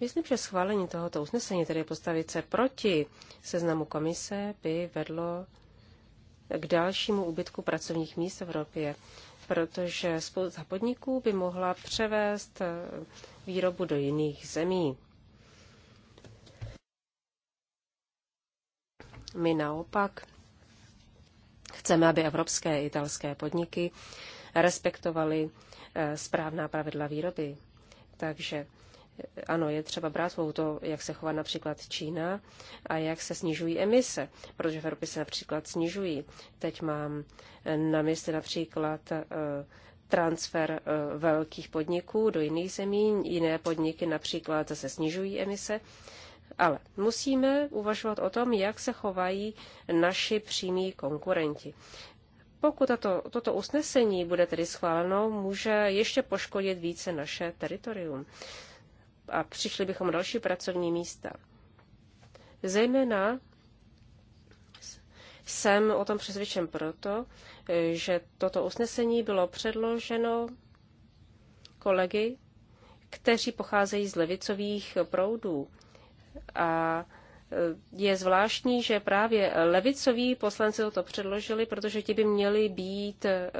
Speaker 2: Myslím, že schválení tohoto usnesení, tedy postavit se proti seznamu komise, by vedlo k dalšímu úbytku pracovních míst v Evropě, protože spousta podniků by mohla převést eh, výrobu do jiných zemí. My naopak chceme, aby evropské i italské podniky respektovaly eh, správná pravidla výroby. Takže ano, je třeba brát v to, jak se chová například Čína a jak se snižují emise, protože v Evropě se například snižují. Teď mám eh, na mysli například eh, transfer eh, velkých podniků do jiných zemí, jiné podniky například zase snižují emise. Ale musíme uvažovat o tom, jak se chovají naši přímí konkurenti. Pokud tato, toto usnesení bude tedy schváleno, může ještě poškodit více naše teritorium a přišli bychom další pracovní místa. Zejména jsem o tom přesvědčen proto, že toto usnesení bylo předloženo kolegy, kteří pocházejí z levicových proudů. A e, je zvláštní, že právě levicoví poslanci toto předložili, protože ti by měli být e,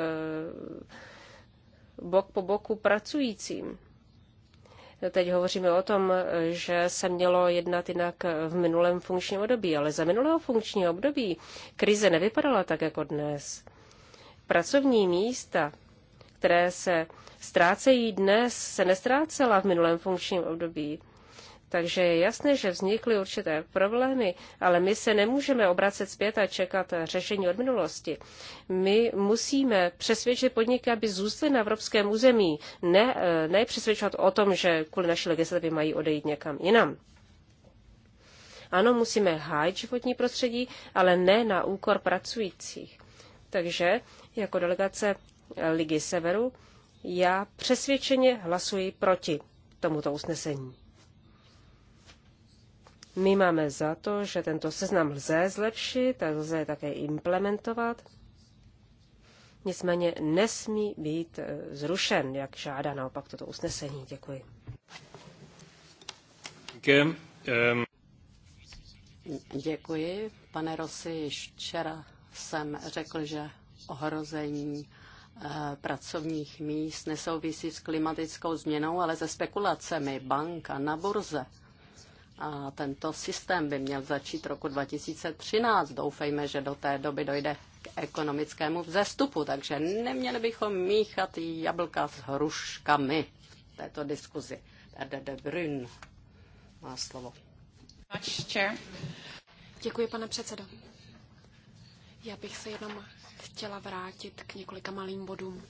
Speaker 2: bok po boku pracujícím. Teď hovoříme o tom, že se mělo jednat jinak v minulém funkčním období, ale za minulého funkčního období krize nevypadala tak jako dnes. Pracovní místa, které se ztrácejí dnes, se nestrácela v minulém funkčním období. Takže je jasné, že vznikly určité problémy, ale my se nemůžeme obracet zpět a čekat řešení od minulosti. My musíme přesvědčit podniky, aby zůstaly na evropském území, ne, eh, ne přesvědčovat o tom, že kvůli naší legislativě mají odejít někam jinam. Ano, musíme hájit životní prostředí, ale ne na úkor pracujících. Takže jako delegace Ligy Severu já přesvědčeně hlasuji proti tomuto usnesení. My máme za to, že tento seznam lze zlepšit a lze také implementovat. Nicméně nesmí být eh, zrušen, jak žádá naopak toto usnesení. Děkuji. Ehm.
Speaker 1: Děkuji. Pane Rossi, již včera jsem řekl, že ohrození eh, pracovních míst nesouvisí s klimatickou změnou, ale se spekulacemi banka na burze a tento systém by měl začít roku 2013. Doufejme, že do té doby dojde k ekonomickému vzestupu, takže neměli bychom míchat jablka s hruškami v této diskuzi. Erde de Brun má slovo.
Speaker 3: Děkuji, pane předsedo. Já bych se jenom chtěla vrátit k několika malým bodům.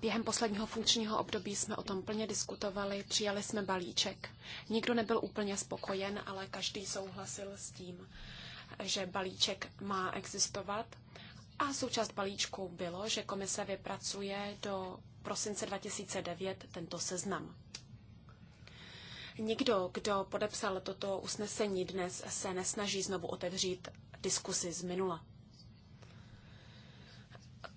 Speaker 3: Během posledního funkčního období jsme o tom plně diskutovali, přijali jsme balíček. Nikdo nebyl úplně spokojen, ale každý souhlasil s tím, že balíček má existovat. A součást balíčku bylo, že komise vypracuje do prosince 2009 tento seznam. Nikdo, kdo podepsal toto usnesení dnes, se nesnaží znovu otevřít diskusy z minula.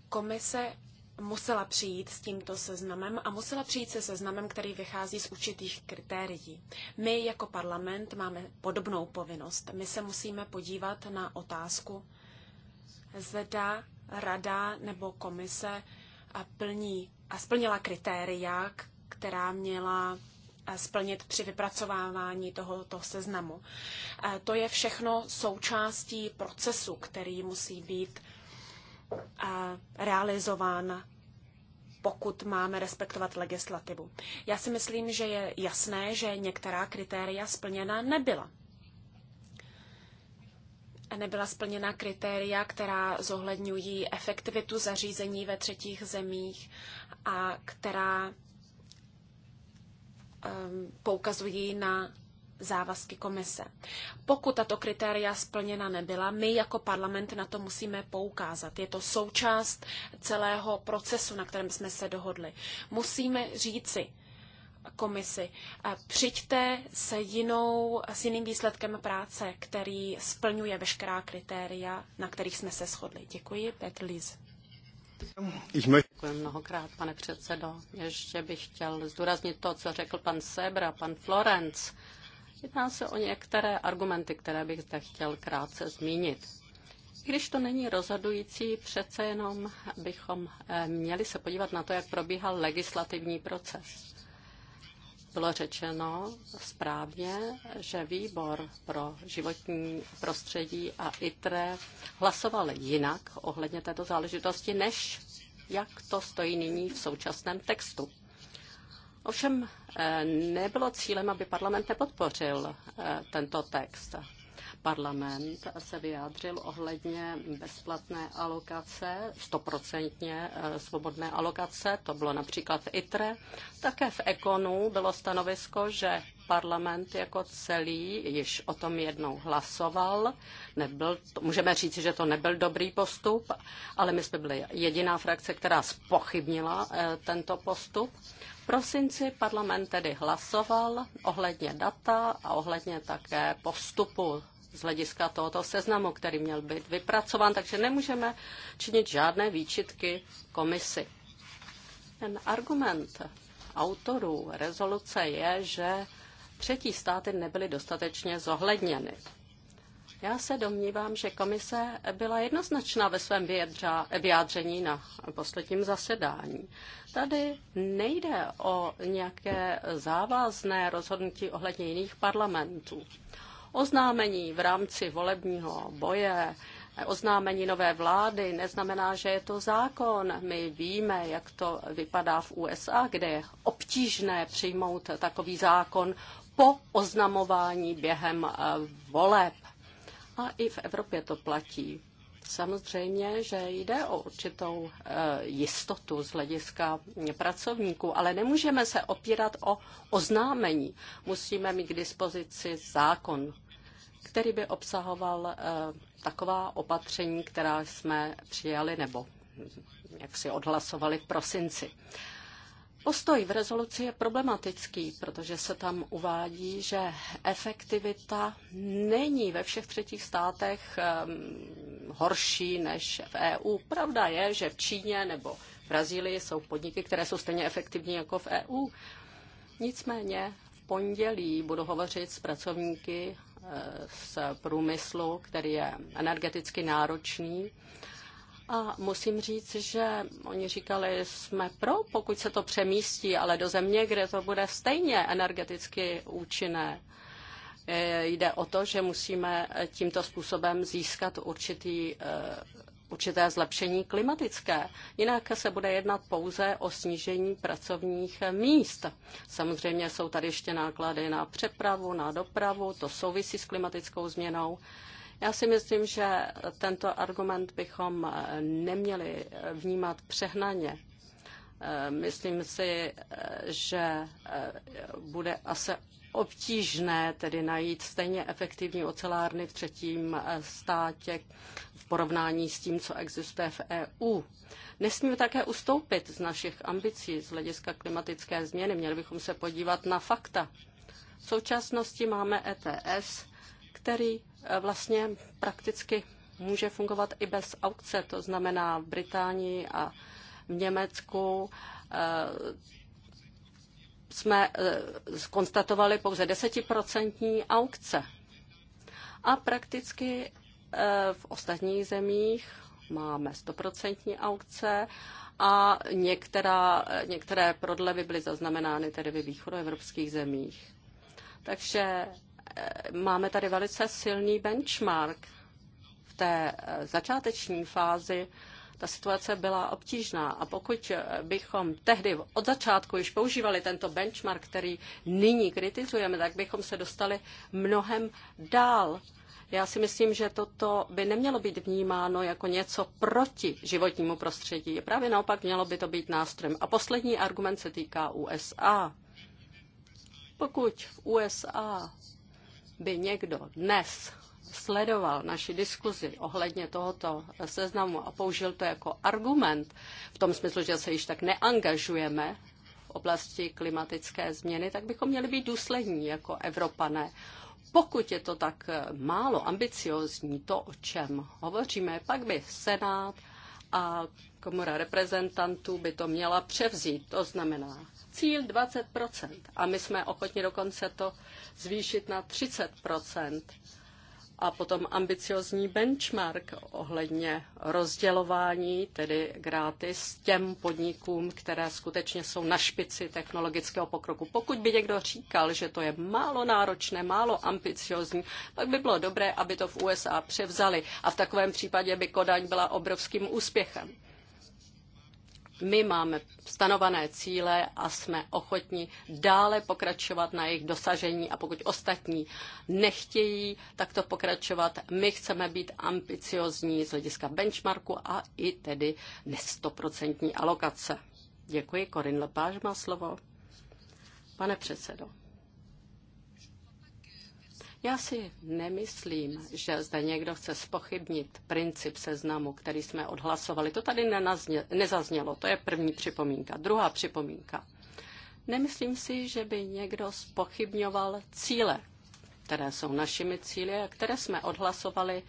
Speaker 3: Komise musela přijít s tímto seznamem a musela přijít se seznamem, který vychází z určitých kritérií. My jako parlament máme podobnou povinnost. My se musíme podívat na otázku, zda rada nebo komise a plní a splnila kritéria, která měla splnit při vypracovávání tohoto seznamu. To je všechno součástí procesu, který musí být realizován, pokud máme respektovat legislativu. Já si myslím, že je jasné, že některá kritéria splněna nebyla. Nebyla splněna kritéria, která zohledňují efektivitu zařízení ve třetích zemích a která ehm, poukazují na závazky komise. Pokud tato kritéria splněna nebyla, my jako parlament na to musíme poukázat. Je to součást celého procesu, na kterém jsme se dohodli. Musíme říci komisi, eh, přijďte s, jinou, s jiným výsledkem práce, který splňuje veškerá kritéria, na kterých jsme se shodli. Děkuji, Petr Líz.
Speaker 1: Děkuji mnohokrát, pane předsedo. Ještě bych chtěl zdůraznit to, co řekl pan Sebra, pan Florenc Jedná se o některé argumenty, které bych zde chtěl krátce zmínit. I když to není rozhodující, přece jenom bychom eh, měli se podívat na to, jak probíhal legislativní proces. Bylo řečeno správně, že výbor pro životní prostředí a ITRE hlasoval jinak ohledně této záležitosti, než jak to stojí nyní v současném textu. Ovšem eh, nebylo cílem, aby parlament nepodpořil eh, tento text. Parlament se vyjádřil ohledně bezplatné alokace, stoprocentně eh, svobodné alokace, to bylo například v ITRE. Také v Ekonu bylo stanovisko, že parlament jako celý již o tom jednou hlasoval. Nebyl, můžeme říct, že to nebyl dobrý postup, ale my jsme byli jediná frakce, která spochybnila tento postup prosinci parlament tedy hlasoval ohledně data a ohledně také postupu z hlediska tohoto seznamu, který měl být vypracován, takže nemůžeme činit žádné výčitky komisi. Ten argument autorů rezoluce je, že třetí státy nebyly dostatečně zohledněny. Já se domnívám, že komise byla jednoznačná ve svém vyjádření na posledním zasedání. Tady nejde o nějaké závazné rozhodnutí ohledně jiných parlamentů. Oznámení v rámci volebního boje, oznámení nové vlády neznamená, že je to zákon. My víme, jak to vypadá v USA, kde je obtížné přijmout takový zákon po oznamování během eh, voleb. A i v Evropě to platí. Samozřejmě, že jde o určitou eh, jistotu z hlediska pracovníků, ale nemůžeme se opírat o oznámení. Musíme mít k dispozici zákon, který by obsahoval eh, taková opatření, která jsme přijali nebo jak si odhlasovali v prosinci. Postoj v rezoluci je problematický, protože se tam uvádí, že efektivita není ve všech třetích státech ehm, horší než v EU. Pravda je, že v Číně nebo v Brazílii jsou podniky, které jsou stejně efektivní jako v EU. Nicméně v pondělí budu hovořit s pracovníky eh, z průmyslu, který je energeticky náročný a musím říct, že oni říkali, jsme pro, pokud se to přemístí, ale do země, kde to bude stejně energeticky účinné. E, jde o to, že musíme tímto způsobem získat určitý, e, určité zlepšení klimatické. Jinak se bude jednat pouze o snížení pracovních míst. Samozřejmě jsou tady ještě náklady na přepravu, na dopravu, to souvisí s klimatickou změnou. Já si myslím, že tento argument bychom eh, neměli eh, vnímat přehnaně. Eh, myslím si, že bude asi obtížné tedy najít stejně efektivní ocelárny v třetím státě v porovnání s tím, co existuje v EU. Nesmíme také ustoupit z našich ambicí z hlediska klimatické změny. Měli bychom se podívat na fakta. V současnosti máme ETS, který Eh, vlastně prakticky může fungovat i bez aukce, to znamená v Británii a v Německu eh, jsme skonstatovali eh, pouze desetiprocentní aukce. A prakticky v ostatních zemích máme stoprocentní aukce a některá, některé prodlevy byly zaznamenány tedy ve východoevropských zemích. Takže Eh, máme tady velice silný benchmark. V té eh, začáteční fázi ta situace byla obtížná a pokud eh, bychom tehdy od začátku již používali tento benchmark, který nyní kritizujeme, tak bychom se dostali mnohem dál. Já si myslím, že toto by nemělo být vnímáno jako něco proti životnímu prostředí. Právě naopak mělo by to být nástrojem. A poslední argument se týká USA. Pokud v USA by někdo dnes sledoval naši diskuzi ohledně tohoto seznamu a použil to jako argument, v tom smyslu, že se již tak neangažujeme v oblasti klimatické změny, tak bychom měli být důslední jako Evropané. Pokud je to tak málo ambiciozní, to, o čem hovoříme, pak by Senát a komora reprezentantů by to měla převzít. To znamená, cíl 20 a my jsme ochotni dokonce to zvýšit na 30 a potom ambiciozní benchmark ohledně rozdělování, tedy gratis, těm podnikům, které skutečně jsou na špici technologického pokroku. Pokud by někdo říkal, že to je málo náročné, málo ambiciozní, pak by bylo dobré, aby to v USA převzali a v takovém případě by Kodaň byla obrovským úspěchem. My máme stanovené cíle a jsme ochotni dále pokračovat na jejich dosažení a pokud ostatní nechtějí takto pokračovat, my chceme být ambiciozní z hlediska benchmarku a i tedy nestoprocentní alokace. Děkuji, Korin Lepáž má slovo. Pane předsedo, já si nemyslím, že zde někdo chce spochybnit princip seznamu, který jsme odhlasovali. To tady nezaznělo, to je první připomínka. Druhá připomínka. Nemyslím si, že by někdo spochybňoval cíle, které jsou našimi cíly a které jsme odhlasovali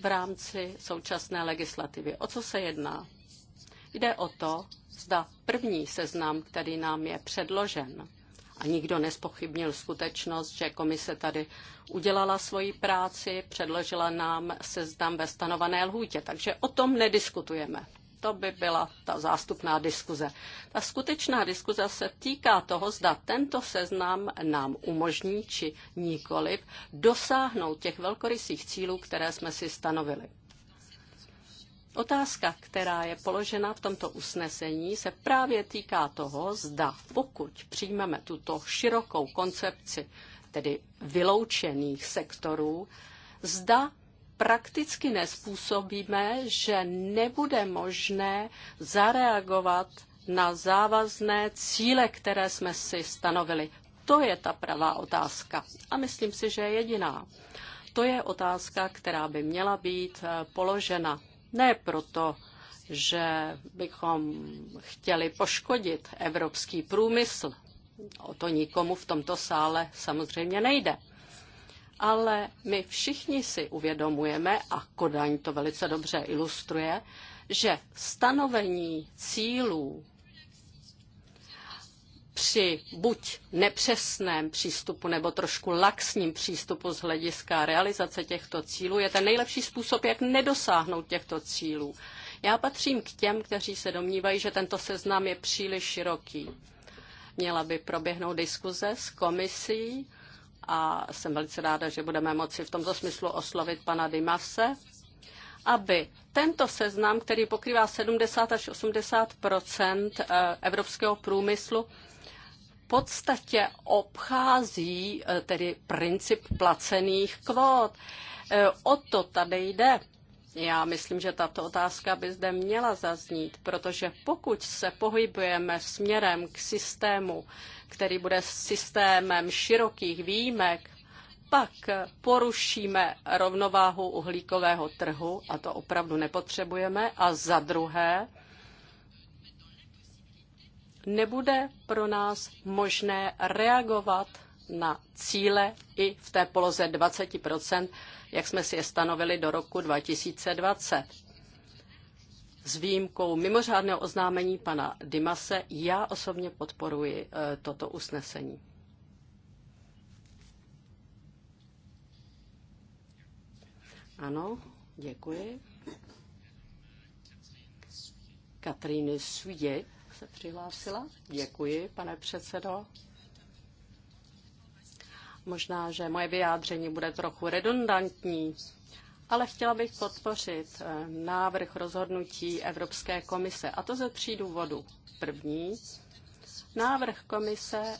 Speaker 1: v rámci současné legislativy. O co se jedná? Jde o to, zda první seznam, který nám je předložen, a nikdo nespochybnil skutečnost, že komise tady udělala svoji práci, předložila nám seznam ve stanovené lhůtě, takže o tom nediskutujeme. To by byla ta zástupná diskuze. Ta skutečná diskuze se týká toho, zda tento seznam nám umožní či nikoliv dosáhnout těch velkorysých cílů, které jsme si stanovili. Otázka, která je položena v tomto usnesení, se právě týká toho, zda pokud přijmeme tuto širokou koncepci, tedy vyloučených sektorů, zda prakticky nespůsobíme, že nebude možné zareagovat na závazné cíle, které jsme si stanovili. To je ta pravá otázka. A myslím si, že je jediná. To je otázka, která by měla být eh, položena ne proto, že bychom chtěli poškodit evropský průmysl. O to nikomu v tomto sále samozřejmě nejde. Ale my všichni si uvědomujeme, a Kodaň to velice dobře ilustruje, že stanovení cílů při buď nepřesném přístupu nebo trošku laxním přístupu z hlediska realizace těchto cílů je ten nejlepší způsob, jak nedosáhnout těchto cílů. Já patřím k těm, kteří se domnívají, že tento seznam je příliš široký. Měla by proběhnout diskuze s komisí a jsem velice ráda, že budeme moci v tomto smyslu oslovit pana Dimase, aby tento seznam, který pokrývá 70 až 80 eh, evropského průmyslu, podstatě obchází e, tedy princip placených kvót. E, o to tady jde. Já myslím, že tato otázka by zde měla zaznít, protože pokud se pohybujeme směrem k systému, který bude systémem širokých výjimek, pak porušíme rovnováhu uhlíkového trhu a to opravdu nepotřebujeme. A za druhé, nebude pro nás možné reagovat na cíle i v té poloze 20 jak jsme si je stanovili do roku 2020. S výjimkou mimořádného oznámení pana Dimase já osobně podporuji e, toto usnesení. Ano, děkuji. Katríny Sujet se přihlásila. Děkuji, pane předsedo. Možná, že moje vyjádření bude trochu redundantní, ale chtěla bych podpořit eh, návrh rozhodnutí Evropské komise, a to ze tří důvodů. První, návrh komise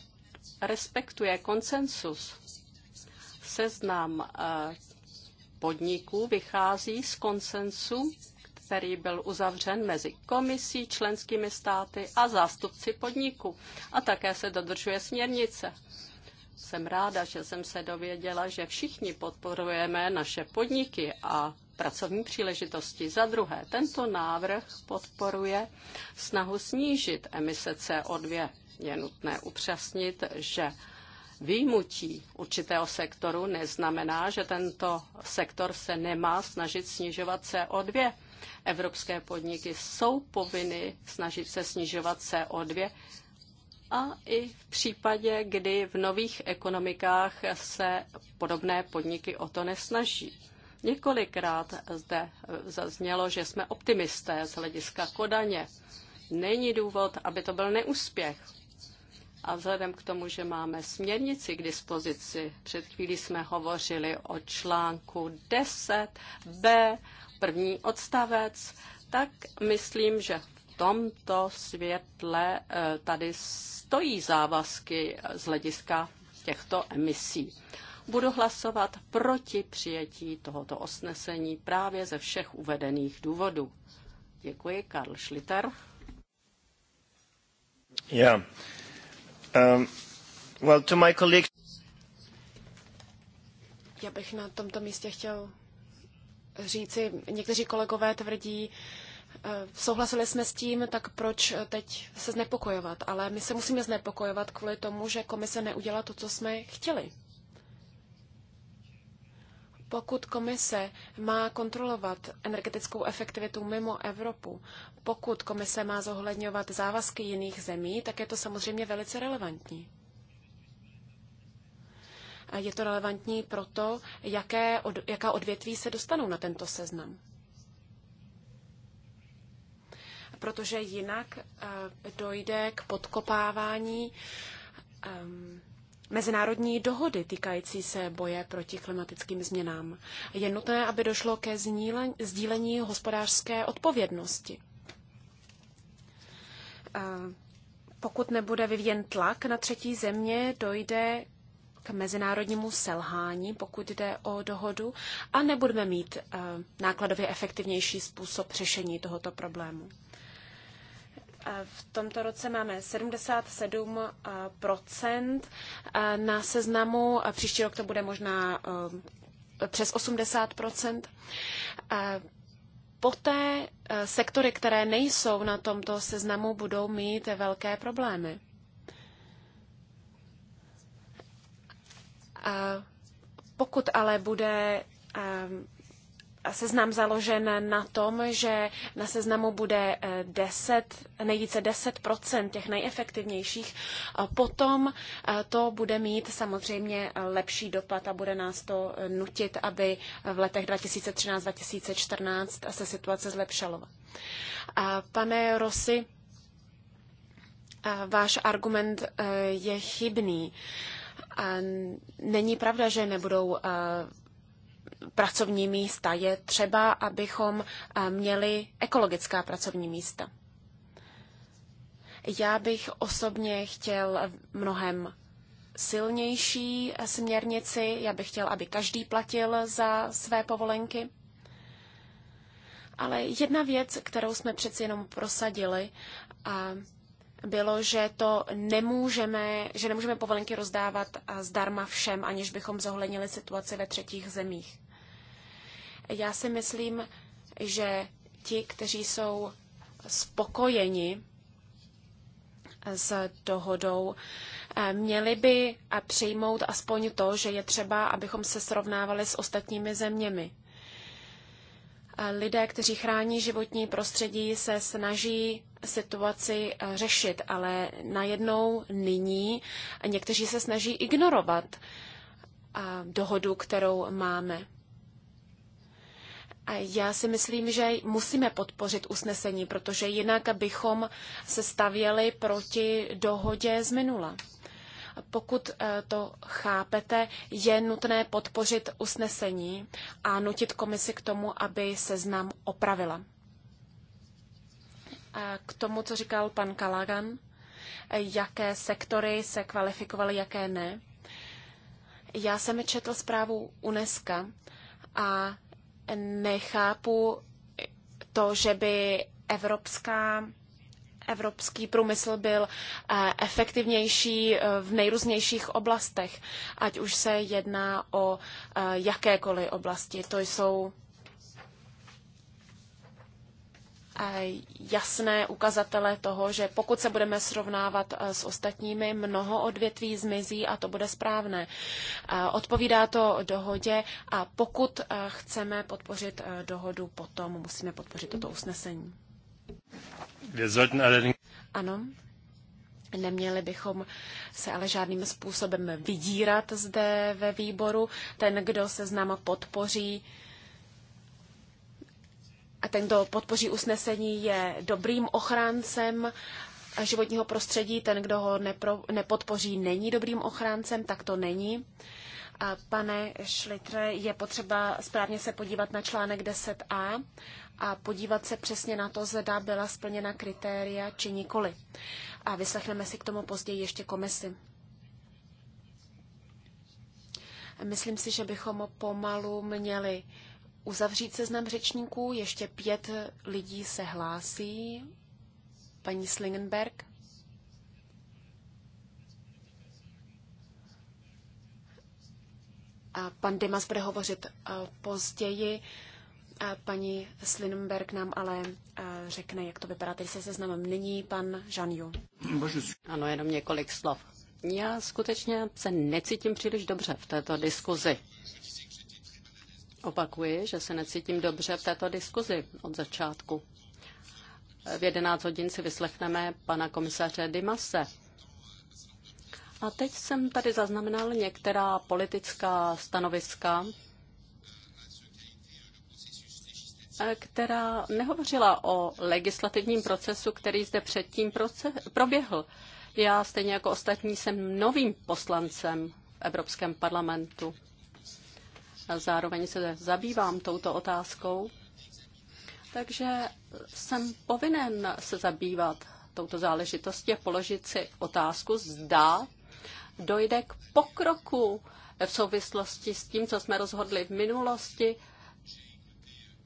Speaker 1: respektuje konsensus. Seznam eh, podniků vychází z konsensu který byl uzavřen mezi komisí, členskými státy a zástupci podniku. A také se dodržuje směrnice. Jsem ráda, že jsem se dověděla, že všichni podporujeme naše podniky a pracovní příležitosti. Za druhé, tento návrh podporuje snahu snížit emise CO2. Je nutné upřesnit, že výjimutí určitého sektoru neznamená, že tento sektor se nemá snažit snižovat CO2. Evropské podniky jsou povinny snažit se snižovat CO2 a i v případě, kdy v nových ekonomikách se podobné podniky o to nesnaží. Několikrát zde zaznělo, že jsme optimisté z hlediska Kodaně. Není důvod, aby to byl neúspěch. A vzhledem k tomu, že máme směrnici k dispozici, před chvílí jsme hovořili o článku 10b první odstavec, tak myslím, že v tomto světle eh, tady stojí závazky eh, z hlediska těchto emisí. Budu hlasovat proti přijetí tohoto osnesení právě ze všech uvedených důvodů. Děkuji, Karl Schlitter.
Speaker 2: Yeah. Um, well, to my colleague...
Speaker 3: Já bych na tomto místě chtěl říci, někteří kolegové tvrdí, eh, souhlasili jsme s tím, tak proč teď se znepokojovat? Ale my se musíme znepokojovat kvůli tomu, že komise neudělá to, co jsme chtěli. Pokud komise má kontrolovat energetickou efektivitu mimo Evropu, pokud komise má zohledňovat závazky jiných zemí, tak je to samozřejmě velice relevantní. Je to relevantní proto, jaké, od, jaká odvětví se dostanou na tento seznam. Protože jinak eh, dojde k podkopávání ehm, mezinárodní dohody týkající se boje proti klimatickým změnám. Je nutné, aby došlo ke znílení, sdílení hospodářské odpovědnosti. Eh, pokud nebude vyvíjen tlak na třetí země, dojde k mezinárodnímu selhání, pokud jde o dohodu, a nebudeme mít eh, nákladově efektivnější způsob řešení tohoto problému. Eh, v tomto roce máme 77 eh, na seznamu, a příští rok to bude možná přes 80 Poté sektory, které nejsou na tomto seznamu, budou mít velké problémy. Pokud ale bude seznam založen na tom, že na seznamu bude 10, e, nejvíce 10 těch nejefektivnějších, potom e, to bude mít samozřejmě lepší dopad a bude nás to nutit, aby v letech 2013-2014 se situace zlepšalo. Pane Rosy, váš argument e, je chybný. Není pravda, že nebudou eh, pracovní místa. Je třeba, abychom eh, měli ekologická pracovní místa. Já bych osobně chtěl mnohem silnější eh, směrnici. Já bych chtěl, aby každý platil za své povolenky. Ale jedna věc, kterou jsme přeci jenom prosadili, a bylo, že to nemůžeme, že nemůžeme povolenky rozdávat zdarma všem, aniž bychom zohlednili situaci ve třetích zemích. Já si myslím, že ti, kteří jsou spokojeni s dohodou, eh, měli by přijmout aspoň to, že je třeba, abychom se srovnávali s ostatními zeměmi. Eh, lidé, kteří chrání životní prostředí, se snaží situaci eh, řešit, ale najednou nyní někteří se snaží ignorovat eh, dohodu, kterou máme. A já si myslím, že musíme podpořit usnesení, protože jinak bychom se stavěli proti dohodě z minula. Pokud eh, to chápete, je nutné podpořit usnesení a nutit komisi k tomu, aby seznam opravila k tomu, co říkal pan Kalagan, eh, jaké sektory se kvalifikovaly, jaké ne. Já jsem četl zprávu UNESCO a nechápu to, že by evropská evropský průmysl byl eh, efektivnější eh, v nejrůznějších oblastech, ať už se jedná o jakékoliv oblasti. To jsou Eh, jasné ukazatele toho, že pokud se budeme srovnávat eh, s ostatními, mnoho odvětví zmizí a to bude správné. Eh, odpovídá to dohodě a pokud chceme podpořit dohodu, potom musíme podpořit toto usnesení. Ano. Neměli bychom se ale žádným způsobem vydírat zde ve výboru. Ten, kdo se seznam podpoří, a ten, kdo podpoří usnesení, je dobrým ochráncem životního prostředí, ten, kdo ho nepro, nepodpoří, není dobrým ochráncem, tak to není. A pane Šlitre, je potřeba správně se podívat na článek 10a a podívat se přesně na to, zda byla splněna kritéria či nikoli. A vyslechneme si k tomu později ještě komisi. Myslím si, že bychom pomalu měli uzavřít seznam řečníků. Ještě pět lidí se hlásí. Paní Slingenberg. A pan Dimas bude hovořit eh, později. A paní Slinenberg nám ale eh, řekne, jak to vypadá teď se seznamem. Nyní pan Žanju.
Speaker 1: Ano, jenom několik slov.
Speaker 3: Já skutečně se necítím
Speaker 1: příliš dobře v této diskuzi. Opakuji, že se necítím dobře v této diskuzi od začátku. V 11 hodin si vyslechneme pana komisaře Dimase. A teď jsem tady zaznamenal některá politická stanoviska, která nehovořila o legislativním procesu, který zde předtím proběhl. Já stejně jako ostatní jsem novým poslancem v Evropském parlamentu a zároveň se zabývám touto otázkou, takže jsem povinen se zabývat touto záležitostí a položit si otázku, zda dojde k pokroku v souvislosti s tím, co jsme rozhodli v minulosti.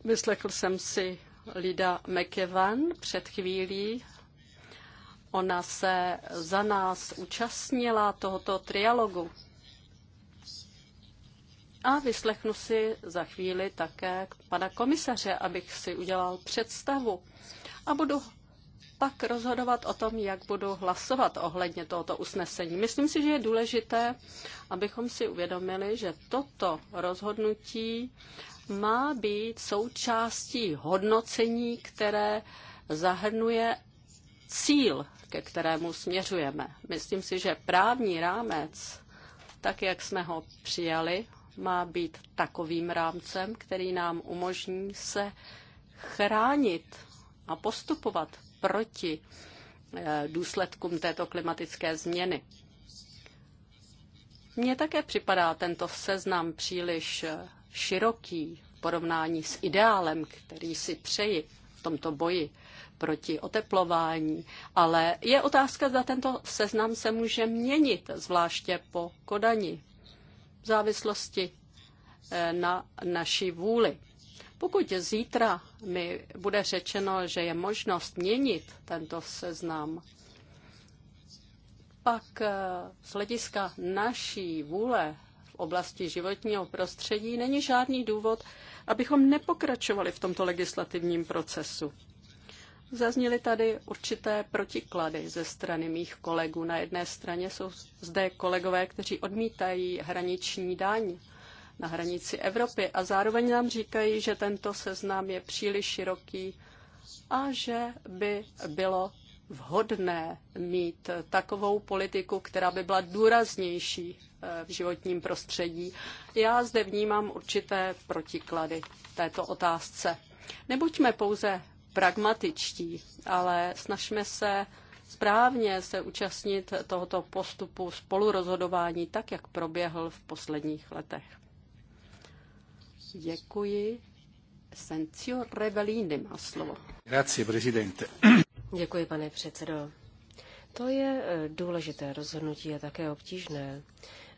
Speaker 1: Vyslechl jsem si Lida McEvan před chvílí. Ona se za nás účastnila tohoto trialogu. A vyslechnu si za chvíli také pana komisaře, abych si udělal představu. A budu pak rozhodovat o tom, jak budu hlasovat ohledně tohoto usnesení. Myslím si, že je důležité, abychom si uvědomili, že toto rozhodnutí má být součástí hodnocení, které zahrnuje cíl, ke kterému směřujeme. Myslím si, že právní rámec, tak jak jsme ho přijali má být takovým rámcem, který nám umožní se chránit a postupovat proti eh, důsledkům této klimatické změny. Mně také připadá tento seznam příliš eh, široký v porovnání s ideálem, který si přeji v tomto boji proti oteplování, ale je otázka, zda tento seznam se může měnit, zvláště po Kodani v závislosti eh, na naší vůli. Pokud zítra mi bude řečeno, že je možnost měnit tento seznam, pak eh, z hlediska naší vůle v oblasti životního prostředí není žádný důvod, abychom nepokračovali v tomto legislativním procesu. Zazněly tady určité protiklady ze strany mých kolegů. Na jedné straně jsou zde kolegové, kteří odmítají hraniční daň na hranici Evropy a zároveň nám říkají, že tento seznam je příliš široký a že by bylo vhodné mít takovou politiku, která by byla důraznější eh, v životním prostředí. Já zde vnímám určité protiklady této otázce. Nebuďme pouze pragmatičtí, ale snažme se správně se účastnit tohoto postupu spolurozhodování, tak jak proběhl v posledních letech. Děkuji.
Speaker 2: Sencio Revelini má slovo. Grazie, prezidente. Děkuji, pane předsedo. To je eh, důležité rozhodnutí a také obtížné.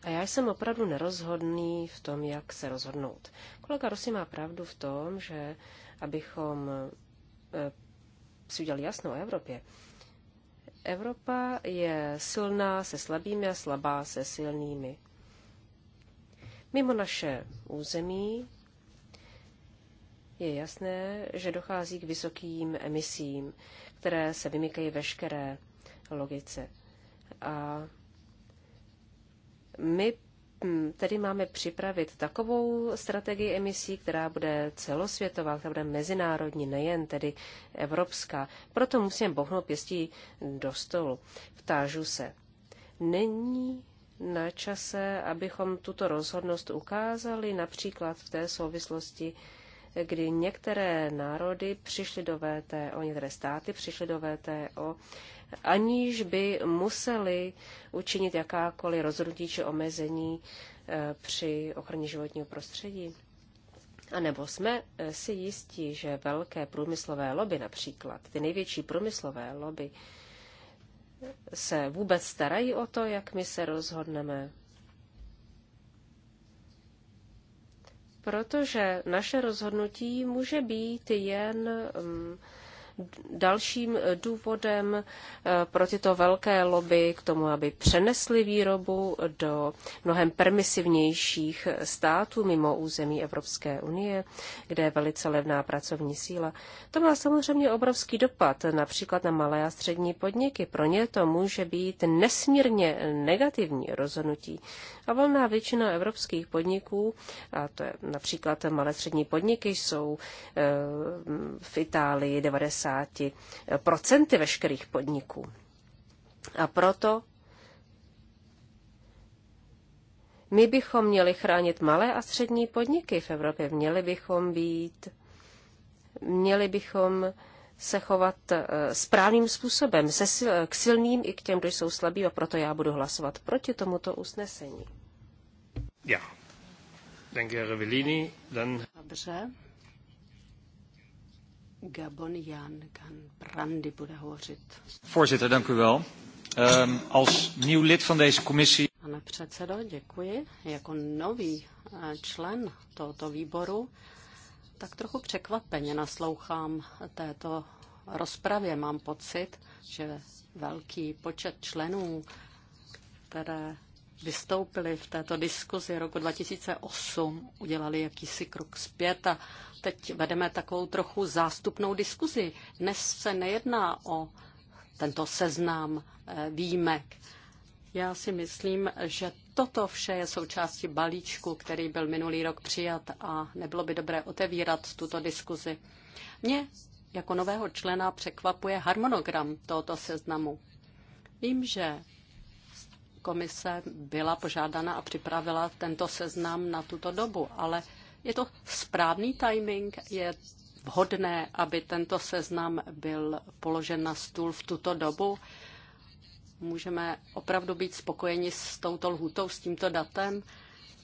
Speaker 2: A já jsem opravdu nerozhodný v tom, jak se rozhodnout. Kolega Rosy má pravdu v tom, že abychom Eh, si udělali jasno o Evropě. Evropa je silná se slabými a slabá se silnými. Mimo naše území je jasné, že dochází k vysokým emisím, které se vymykají veškeré logice. A my Hmm, tedy máme připravit takovou strategii emisí, která bude celosvětová, která bude mezinárodní, nejen tedy evropská. Proto musím bohnout pěstí do stolu. Vtážu se. Není na čase, abychom tuto rozhodnost ukázali například v té souvislosti, kdy některé národy přišly do VTO, některé státy přišly do VTO aniž by museli učinit jakákoliv rozhodnutí či omezení eh, při ochraně životního prostředí. A nebo jsme eh, si jistí, že velké průmyslové lobby například, ty největší průmyslové lobby, se vůbec starají o to, jak my se rozhodneme. Protože naše rozhodnutí může být jen um, dalším eh, důvodem eh, pro tyto velké lobby k tomu, aby přenesli výrobu do mnohem permisivnějších států mimo území Evropské unie, kde je velice levná pracovní síla. To má samozřejmě obrovský dopad například na malé a střední podniky. Pro ně to může být nesmírně negativní rozhodnutí. A volná většina evropských podniků, a to je například malé střední podniky, jsou eh, v Itálii 90% veškerých podniků. A proto my bychom měli chránit malé a střední podniky v Evropě. Měli bychom být, měli bychom se chovat eh, správným způsobem, se, k silným i k těm, kdo jsou slabí, a proto já budu hlasovat proti tomuto usnesení. Já. Danke, Revellini. Dann... Dobře.
Speaker 1: Gabon Jan Gan Brandi bude hovořit. Voorzitter, dank
Speaker 2: u wel. Um, als nieuw lid van deze commissie...
Speaker 1: Pane předsedo, děkuji. Jako nový eh, člen tohoto výboru tak trochu překvapeně naslouchám této rozpravě. Mám pocit, že velký počet členů, které vystoupili v této diskuzi roku 2008, udělali jakýsi krok zpět a teď vedeme takovou trochu zástupnou diskuzi. Dnes se nejedná o tento seznam eh, výjimek. Já si myslím, že Toto vše je součástí balíčku, který byl minulý rok přijat a nebylo by dobré otevírat tuto diskuzi. Mě jako nového člena překvapuje harmonogram tohoto seznamu. Vím, že komise byla požádána a připravila tento seznam na tuto dobu, ale je to správný timing, je vhodné, aby tento seznam byl položen na stůl v tuto dobu můžeme opravdu být spokojeni s touto lhutou, s tímto datem.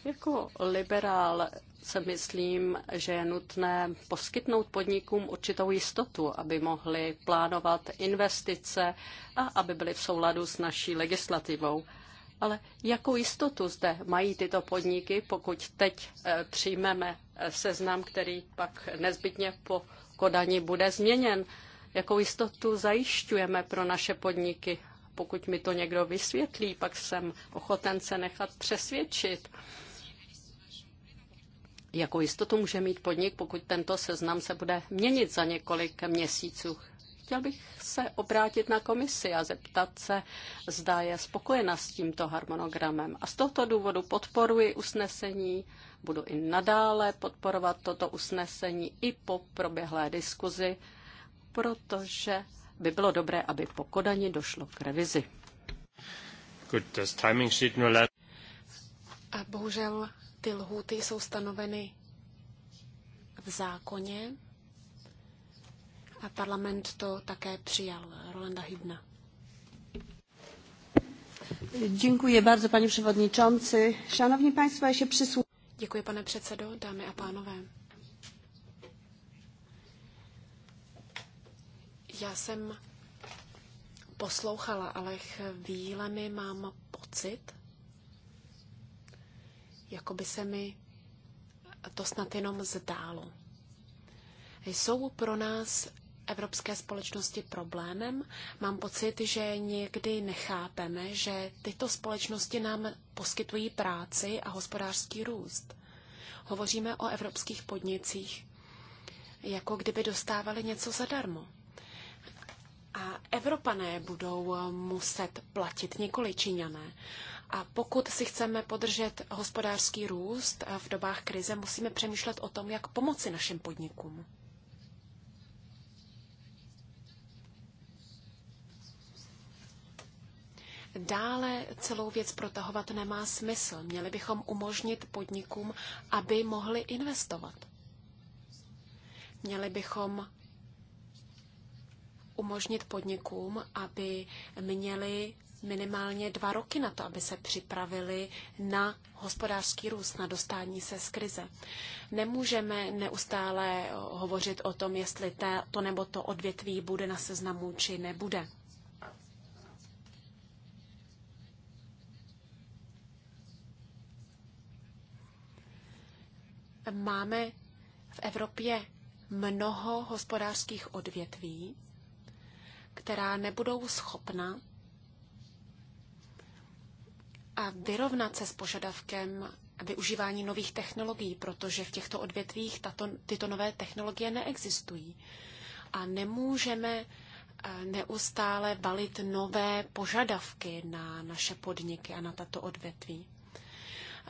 Speaker 1: Jako liberál se myslím, že je nutné poskytnout podnikům určitou jistotu, aby mohli plánovat investice a aby byly v souladu s naší legislativou. Ale jakou jistotu zde mají tyto podniky, pokud teď eh, přijmeme eh, seznam, který pak nezbytně po Kodani bude změněn? Jakou jistotu zajišťujeme pro naše podniky pokud mi to někdo vysvětlí, pak jsem ochoten se nechat přesvědčit. Jakou jistotu může mít podnik, pokud tento seznam se bude měnit za několik měsíců? Chtěl bych se obrátit na komisi a zeptat se, zda je spokojena s tímto harmonogramem. A z tohoto důvodu podporuji usnesení, budu i nadále podporovat toto usnesení i po proběhlé diskuzi, protože by bylo dobré, aby po Kodani došlo k revizi.
Speaker 2: timing no
Speaker 3: A bohužel ty lhůty jsou stanoveny v zákoně a parlament to také přijal. Rolanda Hybna.
Speaker 1: Děkuji bardzo, paní przewodniczący. Szanowni
Speaker 3: państwo, ja Děkuji, pane předsedo, dámy a pánové. Já jsem poslouchala, ale mi mám pocit, jako by se mi to snad jenom zdálo. Jsou pro nás evropské společnosti problémem. Mám pocit, že někdy nechápeme, že tyto společnosti nám poskytují práci a hospodářský růst. Hovoříme o evropských podnicích, jako kdyby dostávali něco zadarmo. A Evropané budou muset platit, nikoli Číňané. A pokud si chceme podržet hospodářský růst v dobách krize, musíme přemýšlet o tom, jak pomoci našim podnikům. Dále celou věc protahovat nemá smysl. Měli bychom umožnit podnikům, aby mohli investovat. Měli bychom umožnit podnikům, aby měli minimálně dva roky na to, aby se připravili na hospodářský růst, na dostání se z krize. Nemůžeme neustále hovořit o tom, jestli to nebo to odvětví bude na seznamu či nebude. Máme v Evropě mnoho hospodářských odvětví, která nebudou schopna a vyrovnat se s požadavkem využívání nových technologií, protože v těchto odvětvích tato, tyto nové technologie neexistují. A nemůžeme e, neustále balit nové požadavky na naše podniky a na tato odvětví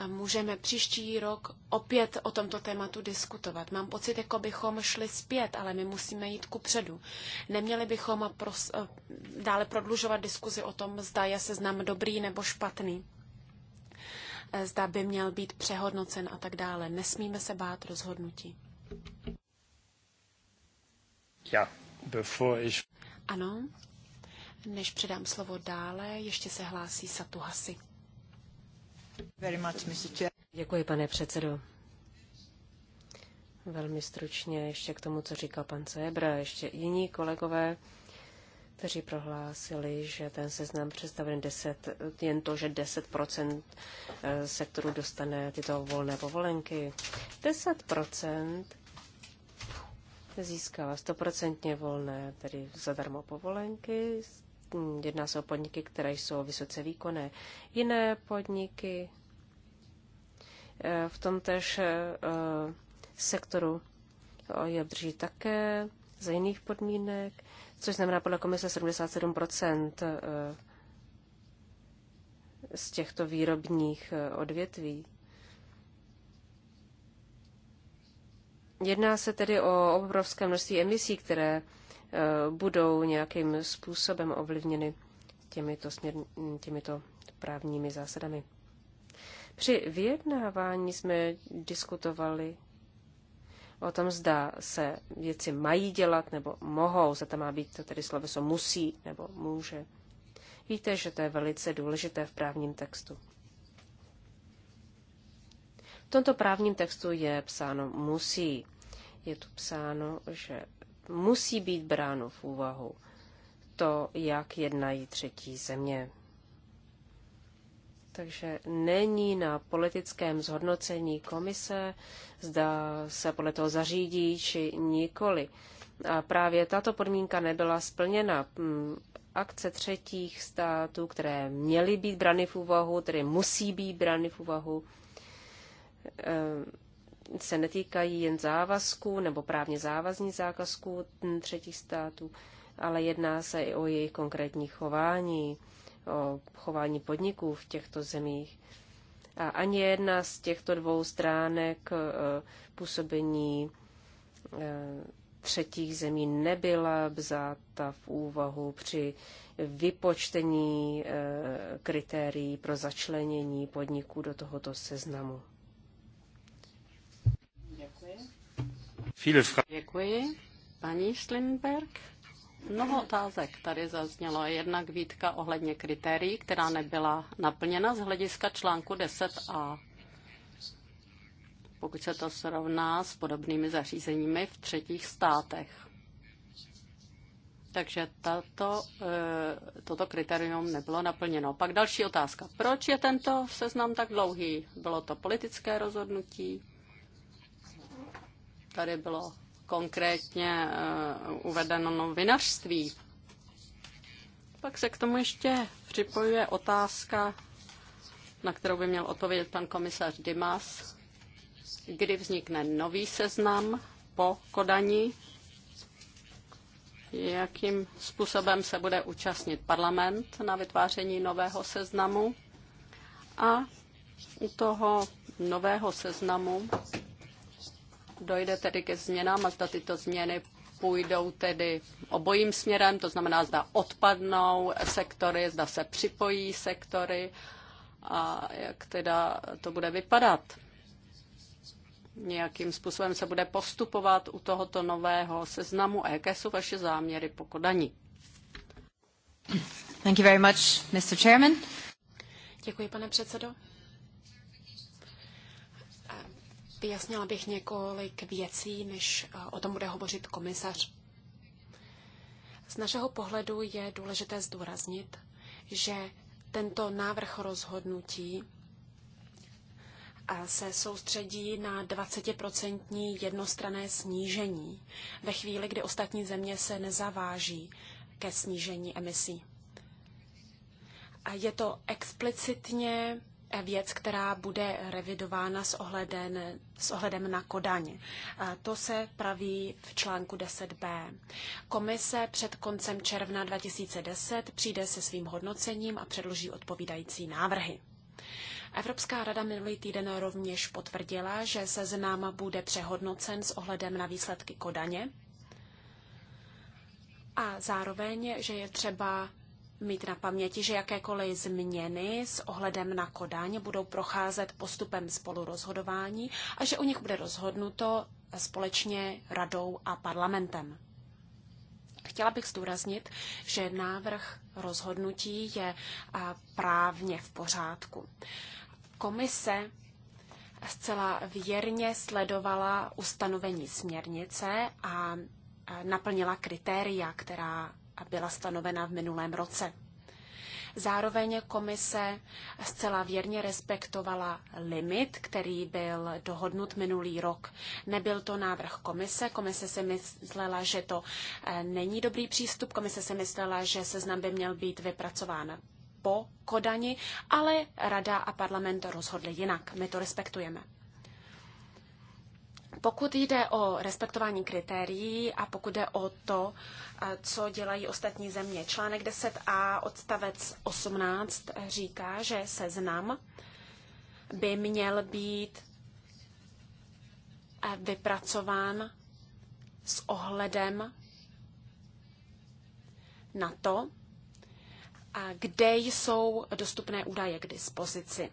Speaker 3: můžeme příští rok opět o tomto tématu diskutovat. Mám pocit, jako bychom šli zpět, ale my musíme jít ku předu. Neměli bychom pros, eh, dále prodlužovat diskuzi o tom, zda je seznam dobrý nebo špatný eh, zda by měl být přehodnocen a tak dále. Nesmíme se bát rozhodnutí.
Speaker 2: Ja, bevor ich...
Speaker 3: Ano, než předám slovo dále, ještě se hlásí Satuhasi.
Speaker 2: Děkuji, pane předsedo. Velmi stručně ještě k tomu, co říkal pan Cebra, ještě jiní kolegové, kteří prohlásili, že ten seznam představen 10, jen to, že 10% eh, sektoru dostane tyto volné povolenky. 10% získává 100% volné, tedy zadarmo povolenky, jedná se o podniky, které jsou vysoce výkonné. Jiné podniky eh, v tomtež eh, sektoru eh, je obdrží také za jiných podmínek, což znamená podle komise 77 z těchto výrobních odvětví. Jedná se tedy o obrovské množství emisí, které budou nějakým způsobem ovlivněny těmito, směr, těmito právními zásadami. Při vyjednávání jsme diskutovali o tom, zda se věci mají dělat nebo mohou, zda tam má být tedy sloveso musí nebo může. Víte, že to je velice důležité v právním textu. V tomto právním textu je psáno musí. Je tu psáno, že musí být bráno v úvahu to, jak jednají třetí země. Takže není na politickém zhodnocení komise, zda se podle toho zařídí či nikoli. A právě tato podmínka nebyla splněna. Hmm, akce třetích států, které měly být brany v úvahu, tedy musí být brany v úvahu, se netýkají jen závazků nebo právně závazných zákazků třetích států, ale jedná se i o jejich konkrétní chování, o chování podniků v těchto zemích. A ani jedna z těchto dvou stránek e, působení e, třetích zemí nebyla vzáta v úvahu při vypočtení e, kritérií pro začlenění podniků do tohoto seznamu.
Speaker 1: Děkuji. Paní Schlimberg, mnoho otázek tady zaznělo. Jednak výtka ohledně kritérií, která nebyla naplněna z hlediska článku 10a. Pokud se to srovná s podobnými zařízeními v třetích státech. Takže tato, eh, toto kritérium nebylo naplněno. Pak další otázka. Proč je tento seznam tak dlouhý? Bylo to politické rozhodnutí? Tady bylo konkrétně eh, uvedeno novinařství. Pak se k tomu ještě připojuje otázka, na kterou by měl odpovědět pan komisař Dimas, kdy vznikne nový seznam po Kodani, jakým způsobem se bude účastnit parlament na vytváření nového seznamu a u toho nového seznamu dojde tedy ke změnám a zda tyto změny půjdou tedy obojím směrem, to znamená, zda odpadnou sektory, zda se připojí sektory a jak teda to bude vypadat. Nějakým způsobem se bude postupovat u tohoto nového seznamu a jaké jsou vaše záměry po Kodani. Thank you very much, Mr. Chairman.
Speaker 3: Děkuji, pane předsedo. Vyjasnila bych několik věcí, než eh, o tom bude hovořit komisař. Z našeho pohledu je důležité zdůraznit, že tento návrh rozhodnutí eh, se soustředí na 20% jednostrané snížení ve chvíli, kdy ostatní země se nezaváží ke snížení emisí. A je to explicitně věc, která bude revidována s ohledem, s ohledem na Kodaň. To se praví v článku 10b. Komise před koncem června 2010 přijde se svým hodnocením a předloží odpovídající návrhy. Evropská rada minulý týden rovněž potvrdila, že náma bude přehodnocen s ohledem na výsledky Kodaně a zároveň, že je třeba mít na paměti, že jakékoliv změny s ohledem na Kodáň budou procházet postupem spolurozhodování a že o nich bude rozhodnuto společně radou a parlamentem. Chtěla bych zdůraznit, že návrh rozhodnutí je právně v pořádku. Komise zcela věrně sledovala ustanovení směrnice a naplnila kritéria, která a byla stanovena v minulém roce. Zároveň komise zcela věrně respektovala limit, který byl dohodnut minulý rok. Nebyl to návrh komise, komise si myslela, že to eh, není dobrý přístup, komise si myslela, že seznam by měl být vypracován po Kodani, ale rada a parlament rozhodli jinak. My to respektujeme. Pokud jde o respektování kritérií a pokud jde o to, eh, co dělají ostatní země, článek 10a odstavec 18 říká, že seznam by měl být eh, vypracován s ohledem na to, eh, kde jsou dostupné údaje k dispozici.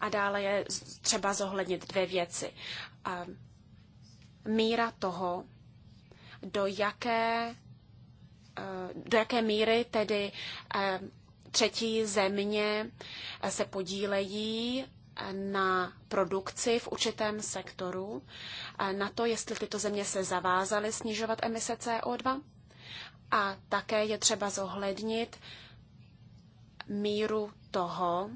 Speaker 3: A dále je třeba zohlednit dvě věci míra toho, do jaké, eh, do jaké míry tedy eh, třetí země se podílejí eh, na produkci v určitém sektoru, na to, jestli tyto země se zavázaly snižovat emise CO2. A také je třeba zohlednit míru toho,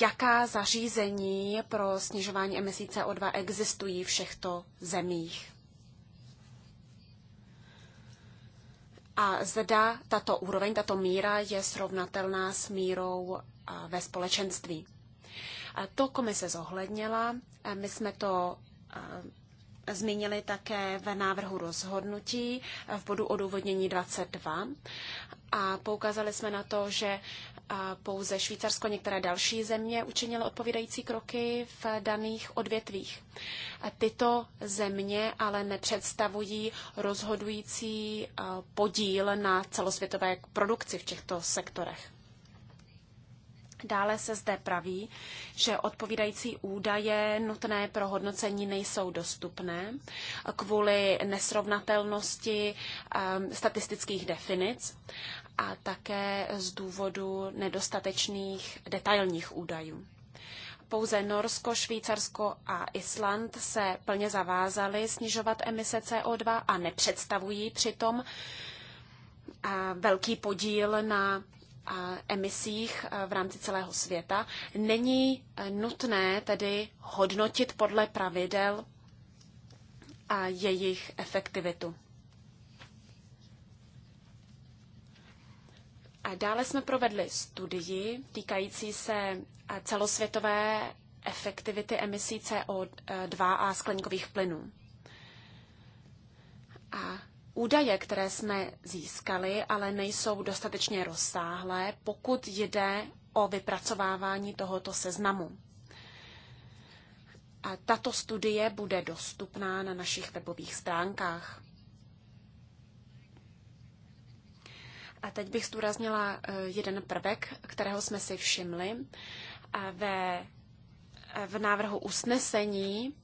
Speaker 3: jaká zařízení pro snižování emisí CO2 existují v všechto zemích. A zda tato úroveň, tato míra je srovnatelná s mírou ve společenství. A to komise zohlednila. My jsme to zmínili také ve návrhu rozhodnutí v bodu odůvodnění 22 a poukázali jsme na to, že pouze Švýcarsko, některé další země učinily odpovídající kroky v daných odvětvích. Tyto země ale nepředstavují rozhodující podíl na celosvětové produkci v těchto sektorech. Dále se zde praví, že odpovídající údaje nutné pro hodnocení nejsou dostupné kvůli nesrovnatelnosti statistických definic a také z důvodu nedostatečných detailních údajů. Pouze Norsko, Švýcarsko a Island se plně zavázaly snižovat emise CO2 a nepředstavují přitom velký podíl na emisích v rámci celého světa. Není e, nutné tedy hodnotit podle pravidel a jejich efektivitu. A dále jsme provedli studii týkající se eh, celosvětové efektivity emisí CO2 a skleníkových plynů. A údaje, které jsme získali, ale nejsou dostatečně rozsáhlé, pokud jde o vypracovávání tohoto seznamu. A tato studie bude dostupná na našich webových stránkách. A teď bych zdůraznila eh, jeden prvek, kterého jsme si všimli. A ve, eh, v návrhu usnesení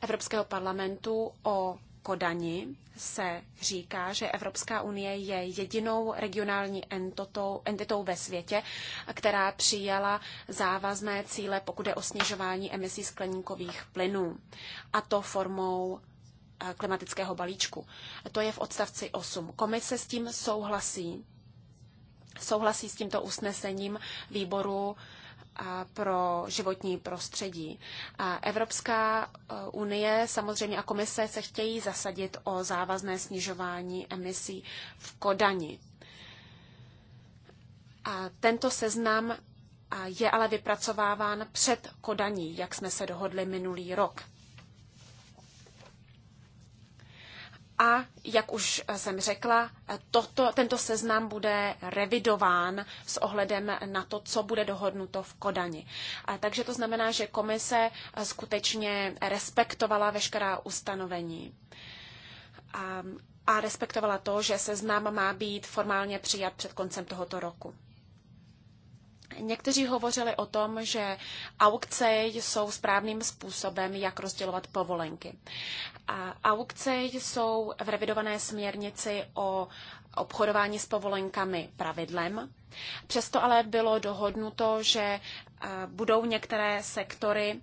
Speaker 3: Evropského parlamentu o Kodani se říká, že Evropská unie je jedinou regionální entitou, entitou ve světě, která přijala závazné cíle, pokud je o snižování emisí skleníkových plynů, a to formou eh, klimatického balíčku. To je v odstavci 8. Komise s tím souhlasí souhlasí s tímto usnesením výboru pro životní prostředí. Evropská e, unie samozřejmě a komise se chtějí zasadit o závazné snižování emisí v Kodani. A tento seznam je ale vypracováván před Kodaní, jak jsme se dohodli minulý rok. A jak už jsem řekla, toto, tento seznam bude revidován s ohledem na to, co bude dohodnuto v Kodani. A takže to znamená, že komise skutečně respektovala veškerá ustanovení. A, a respektovala to, že seznam má být formálně přijat před koncem tohoto roku. Někteří hovořili o tom, že aukce jsou správným způsobem, jak rozdělovat povolenky. A aukce jsou v revidované směrnici o obchodování s povolenkami pravidlem. Přesto ale bylo dohodnuto, že budou některé sektory,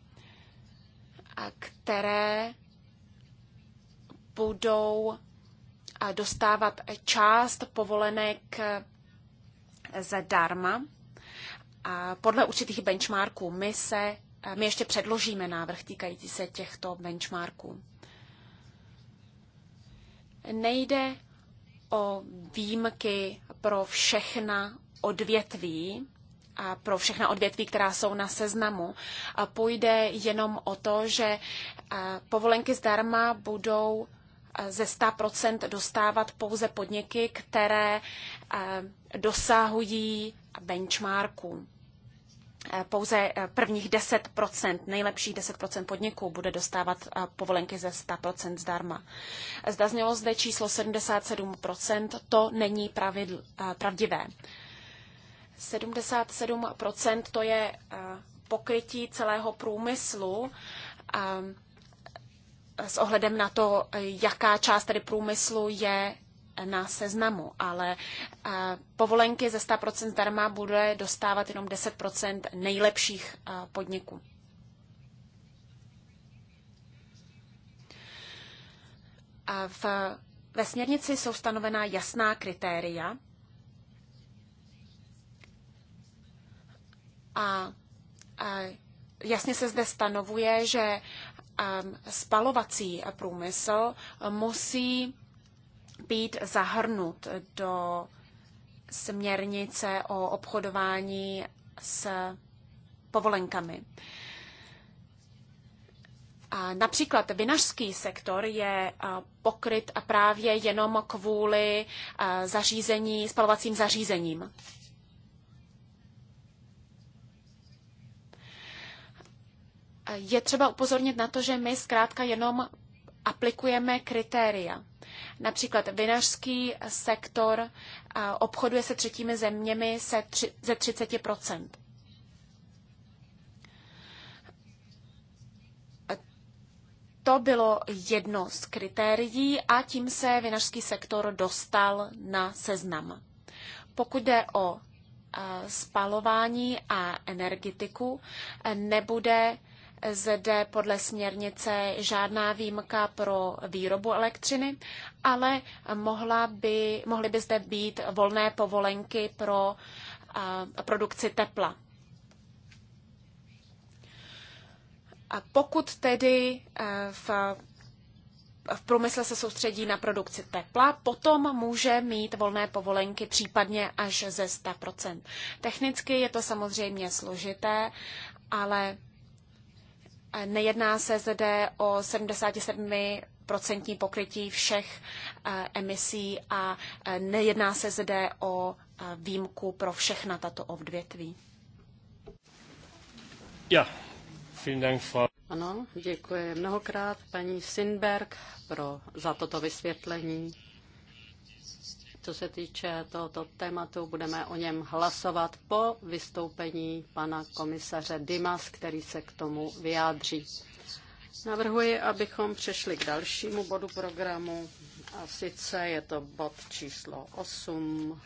Speaker 3: které budou dostávat část povolenek zadarma a podle určitých benchmarků. My, se, eh, my ještě předložíme návrh týkající se těchto benchmarků. Nejde o výjimky pro všechna odvětví, a pro všechna odvětví, která jsou na seznamu. A půjde jenom o to, že eh, povolenky zdarma budou eh, ze 100% dostávat pouze podniky, které dosahují benchmarků. Eh, pouze eh, prvních 10%, nejlepších 10% podniků bude dostávat eh, povolenky ze 100% zdarma. Zda znělo zde číslo 77%, to není pravidl, pravdivé. 77% to je pokrytí celého průmyslu s ohledem na to, jaká část tedy průmyslu je na seznamu, ale eh, povolenky ze 100% zdarma bude dostávat jenom 10% nejlepších eh, podniků. A v, ve směrnici jsou stanovená jasná kritéria a, a eh, jasně se zde stanovuje, že spalovací průmysl musí být zahrnut do směrnice o obchodování s povolenkami. A například vinařský sektor je pokryt a právě jenom kvůli zařízení, spalovacím zařízením. Je třeba upozornit na to, že my zkrátka jenom aplikujeme kritéria. Například vinařský sektor obchoduje se třetími zeměmi se tři, ze 30 To bylo jedno z kritérií a tím se vinařský sektor dostal na seznam. Pokud jde o spalování a energetiku, nebude zde podle směrnice žádná výjimka pro výrobu elektřiny, ale mohla by, mohly by zde být volné povolenky pro a, produkci tepla. A pokud tedy v, v průmysle se soustředí na produkci tepla, potom může mít volné povolenky případně až ze 100%. Technicky je to samozřejmě složité, ale Nejedná se zde o 77% procentní pokrytí všech emisí a nejedná se zde o eh, eh, eh, výjimku pro všechna tato odvětví. Ja, Ano, děkuji
Speaker 1: mnohokrát paní Sinberg pro, za toto vysvětlení. Co se týče tohoto tématu, budeme o něm hlasovat po vystoupení pana komisaře Dimas, který se k tomu vyjádří. Navrhuji, abychom přešli k dalšímu bodu programu, a sice je to bod číslo 8.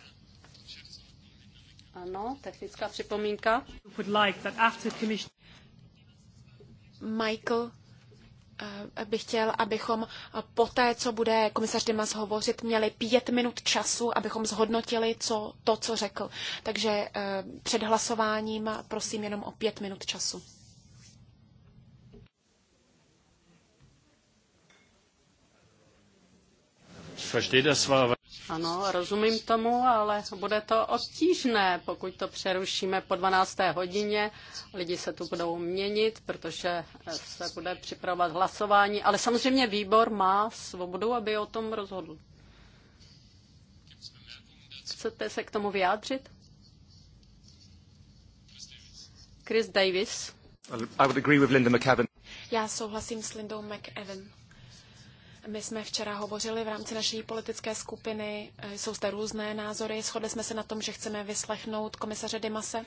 Speaker 1: Ano, technická připomínka.
Speaker 3: Michael Eh, bych chtěl, abychom eh, po té, co bude komisař Dimas hovořit, měli pět minut času, abychom zhodnotili co, to, co řekl. Takže eh, před hlasováním prosím jenom o pět minut času.
Speaker 1: Ano, rozumím tomu, ale bude to obtížné, pokud to přerušíme po 12. hodině. Lidi se tu budou měnit, protože se bude připravovat hlasování, ale samozřejmě výbor má svobodu, aby o tom rozhodl. Chcete se k tomu vyjádřit?
Speaker 3: Chris Davis. Já souhlasím s Lindou McEvan. My jsme včera hovořili v rámci naší politické skupiny, e, jsou zde různé názory, shodli jsme se na tom, že chceme vyslechnout komisaře Dimase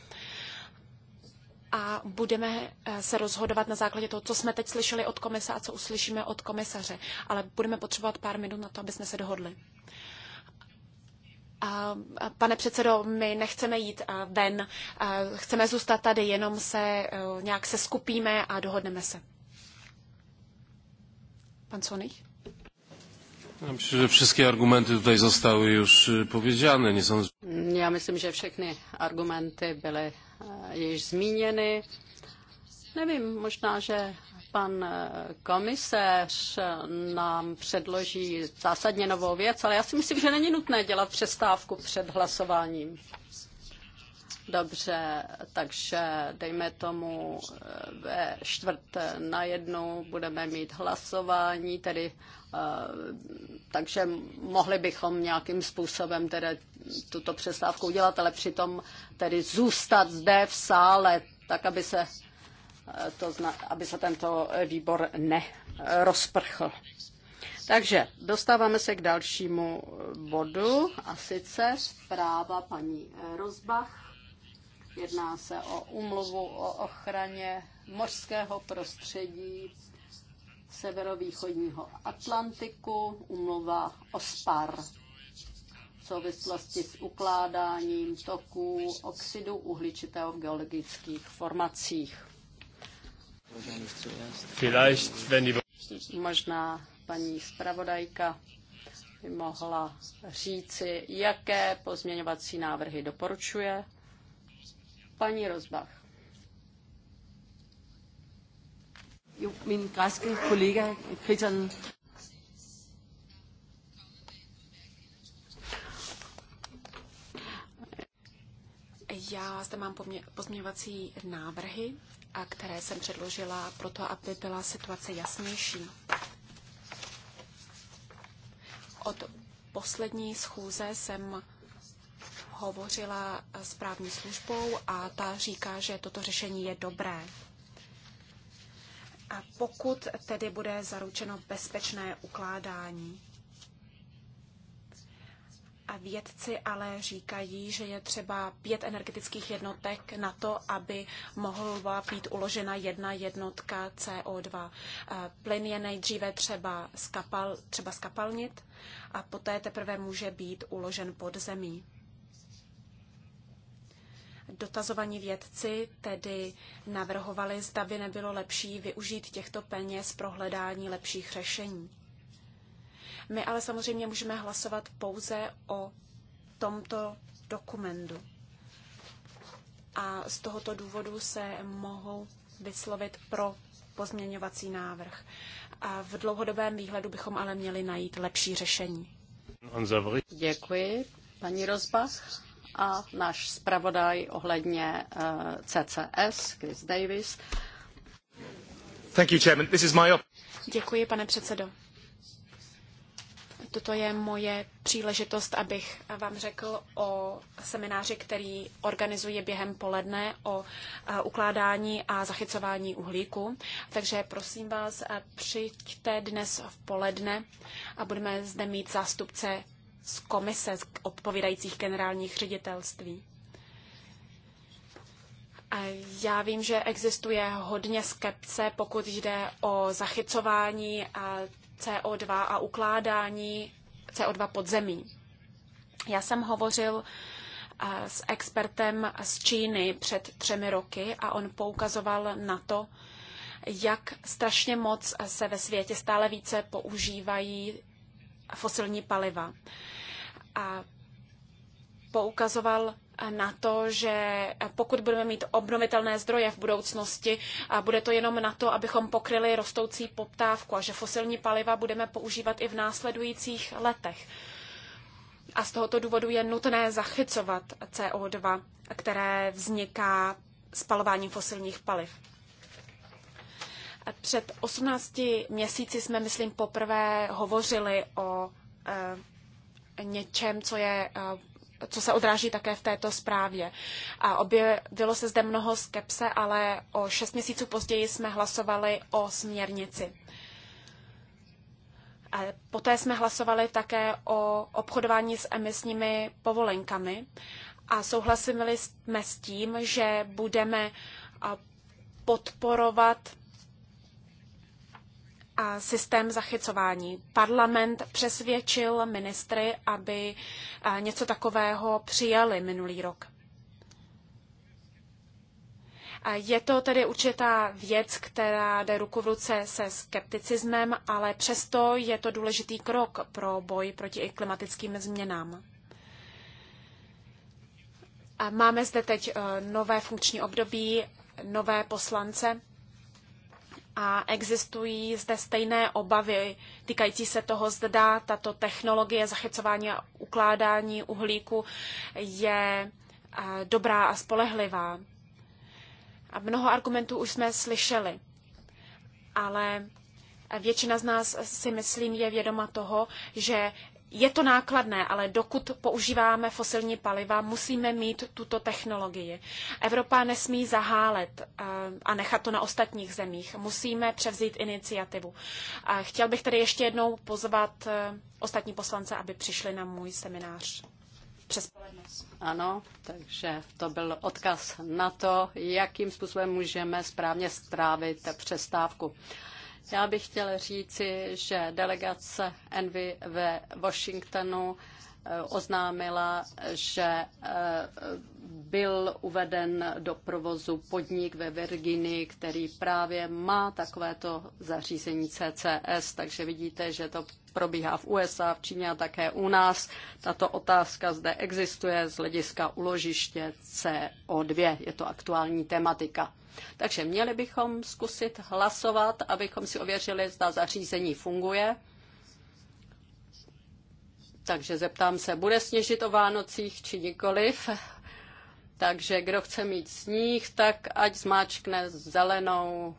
Speaker 3: a budeme e, se rozhodovat na základě toho, co jsme teď slyšeli od komise a co uslyšíme od komisaře. Ale budeme potřebovat pár minut na to, aby jsme se dohodli. A, a pane předsedo, my nechceme jít a e, ven, a chceme zůstat tady, jenom se nějak se skupíme a dohodneme se. Pan Sonich?
Speaker 2: Myslím, že všechny argumenty tady zůstaly už powiedziane. Nie
Speaker 1: Já myslím, že všechny argumenty byly e, již zmíněny. Nevím, možná, že pan e, komisař e, nám předloží zásadně novou věc, ale já si myslím, že není nutné dělat přestávku před hlasováním. Dobře, takže dejme tomu ve čtvrt na jednu budeme mít hlasování, tedy Eh, takže mohli bychom nějakým způsobem tedy tuto přestávku udělat, ale přitom tedy zůstat zde v sále, tak aby se, eh, to, aby se tento výbor nerozprchl. Takže dostáváme se k dalšímu eh, bodu a sice zpráva paní Rozbach. Jedná se o umluvu o ochraně mořského prostředí severovýchodního Atlantiku, umluva OSPAR v souvislosti s ukládáním toků oxidu uhličitého v geologických formacích. Možná paní zpravodajka by mohla říci, jaké pozměňovací návrhy doporučuje. Paní Rozbach. Jo, min græske Kriton.
Speaker 3: Já zde mám pozměňovací návrhy, a které jsem předložila proto, aby byla situace jasnější. Od poslední schůze jsem hovořila s právní službou a ta říká, že toto řešení je dobré a pokud tedy bude zaručeno bezpečné ukládání. A vědci ale říkají, že je třeba pět energetických jednotek na to, aby mohla být uložena jedna jednotka CO2. Plyn je nejdříve třeba, skapal, třeba skapalnit a poté teprve může být uložen pod zemí. Dotazovaní vědci tedy navrhovali, zda by nebylo lepší využít těchto peněz pro hledání lepších řešení. My ale samozřejmě můžeme hlasovat pouze o tomto dokumentu. A z tohoto důvodu se mohou vyslovit pro pozměňovací návrh. A v dlouhodobém výhledu bychom ale měli najít lepší řešení.
Speaker 1: Děkuji. Paní Rozbach? a náš zpravodaj ohledně eh,
Speaker 3: CCS, Chris Davis.
Speaker 1: Thank you, Chairman. This is my op-
Speaker 3: Děkuji, pane předsedo. Toto je moje příležitost, abych vám řekl o semináři, který organizuje během poledne o eh, ukládání a zachycování uhlíku. Takže prosím vás, eh, přijďte dnes v poledne a budeme zde mít zástupce z komise, odpovídajících generálních ředitelství. Já vím, že existuje hodně skepce, pokud jde o zachycování CO2 a ukládání CO2 pod zemí. Já jsem hovořil s expertem z Číny před třemi roky a on poukazoval na to, jak strašně moc se ve světě stále více používají fosilní paliva. A poukazoval na to, že pokud budeme mít obnovitelné zdroje v budoucnosti, bude to jenom na to, abychom pokryli rostoucí poptávku a že fosilní paliva budeme používat i v následujících letech. A z tohoto důvodu je nutné zachycovat CO2, které vzniká spalováním fosilních paliv. Před 18 měsíci jsme, myslím, poprvé hovořili o eh, něčem, co je eh, co se odráží také v této zprávě. A objevilo se zde mnoho skepse, ale o šest měsíců později jsme hlasovali o směrnici. A poté jsme hlasovali také o obchodování s emisními povolenkami a souhlasili jsme s tím, že budeme eh, podporovat a systém zachycování. Parlament přesvědčil ministry, aby eh, něco takového přijali minulý rok. Je to tedy určitá věc, která jde ruku v ruce se skepticismem, ale přesto je to důležitý krok pro boj proti klimatickým změnám. Máme zde teď eh, nové funkční období, nové poslance a existují zde stejné obavy týkající se toho, zda tato technologie zachycování a ukládání uhlíku je dobrá a spolehlivá. A mnoho argumentů už jsme slyšeli, ale většina z nás si myslím je vědoma toho, že je to nákladné, ale dokud používáme fosilní paliva, musíme mít tuto technologii. Evropa nesmí zahálet eh, a nechat to na ostatních zemích. Musíme převzít iniciativu. A chtěl bych tedy ještě jednou pozvat eh, ostatní poslance, aby přišli na můj seminář. Přes ano, takže to byl odkaz na to,
Speaker 1: jakým způsobem můžeme správně strávit přestávku. Já bych chtěla říci, že delegace Envy ve Washingtonu eh, oznámila, že eh, byl uveden do provozu podnik ve Virginii, který právě má takovéto zařízení CCS, takže vidíte, že to probíhá v USA, v Číně a také u nás. Tato otázka zde existuje z hlediska uložiště CO2. Je to aktuální tematika. Takže měli bychom zkusit hlasovat, abychom si ověřili, zda zařízení funguje. Takže zeptám se, bude sněžit o Vánocích či nikoliv? Takže kdo chce mít sníh, tak ať zmáčkne zelenou.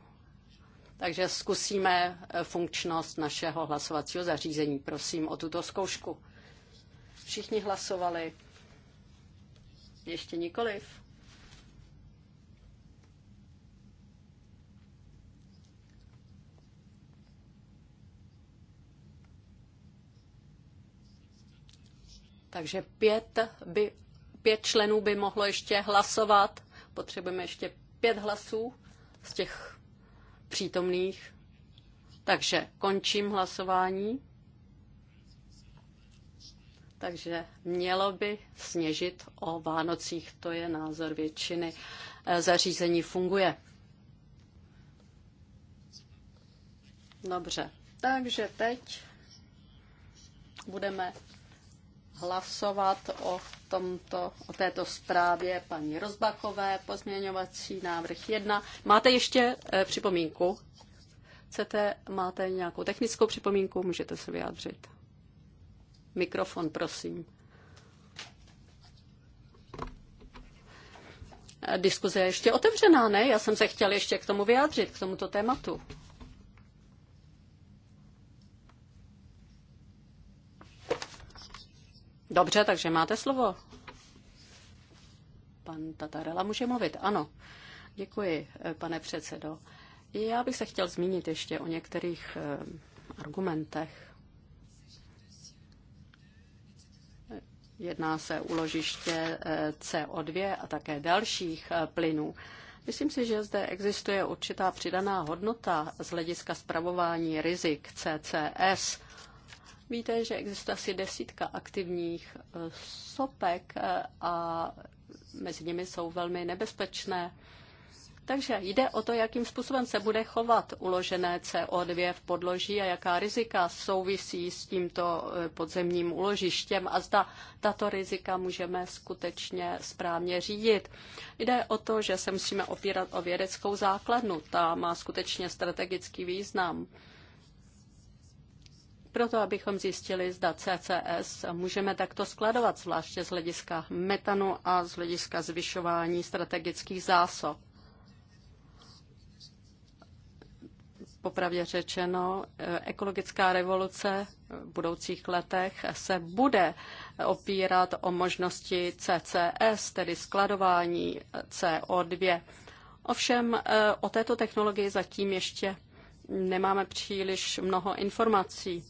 Speaker 1: Takže zkusíme eh, funkčnost našeho hlasovacího zařízení. Prosím o tuto zkoušku. Všichni hlasovali. Ještě nikoliv. Takže pět, by, pět členů by mohlo ještě hlasovat. Potřebujeme ještě pět hlasů z těch přítomných. Takže končím hlasování. Takže mělo by sněžit o Vánocích, to je názor většiny. Eh, zařízení funguje. Dobře, takže teď budeme hlasovat o, tomto, o této zprávě paní Rozbakové, pozměňovací návrh 1. Máte ještě eh, připomínku? Chcete, máte nějakou technickou připomínku? Můžete se vyjádřit. Mikrofon, prosím. Eh, diskuze je ještě otevřená, ne? Já jsem se chtěl ještě k tomu vyjádřit, k tomuto tématu. Dobře, takže máte slovo. Pan Tatarela může mluvit. Ano. Děkuji, eh, pane předsedo. Já bych se chtěl zmínit ještě o některých eh, argumentech. Jedná se uložiště eh, CO2 a také dalších plynů. Myslím si, že zde existuje určitá přidaná hodnota z hlediska zpravování rizik CCS Víte, že existuje asi desítka aktivních eh, sopek eh, a mezi nimi jsou velmi nebezpečné. Takže jde o to, jakým způsobem se bude chovat uložené CO2 v podloží a jaká rizika souvisí s tímto eh, podzemním uložištěm a zda tato rizika můžeme skutečně správně řídit. Jde o to, že se musíme opírat o vědeckou základnu, ta má skutečně strategický význam proto abychom zjistili, zda CCS můžeme takto skladovat, zvláště z hlediska metanu a z hlediska zvyšování strategických zásob. Popravdě řečeno, ekologická revoluce v budoucích letech se bude opírat o možnosti CCS, tedy skladování CO2. Ovšem eh, o této technologii zatím ještě nemáme příliš mnoho informací.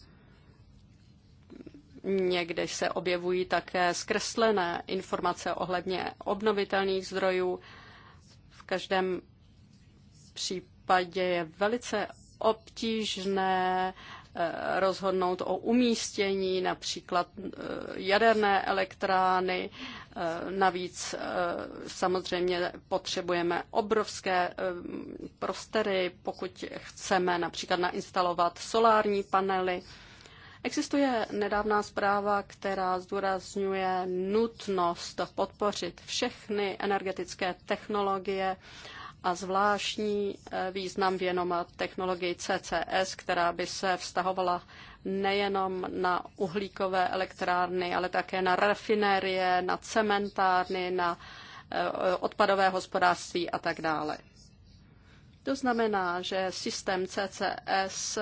Speaker 1: Někde se objevují také zkreslené informace ohledně obnovitelných zdrojů. V každém případě je velice obtížné eh, rozhodnout o umístění například eh, jaderné elektrárny. Eh, navíc samozřejmě potřebujeme obrovské prostory, pokud chceme například nainstalovat solární panely. Existuje nedávná zpráva, která zdůrazňuje nutnost podpořit všechny energetické technologie a zvláštní eh, význam věnovat technologii CCS, která by se vztahovala nejenom na uhlíkové elektrárny, ale také na rafinérie, na cementárny, na eh, odpadové hospodářství a tak dále. To znamená, že systém CCS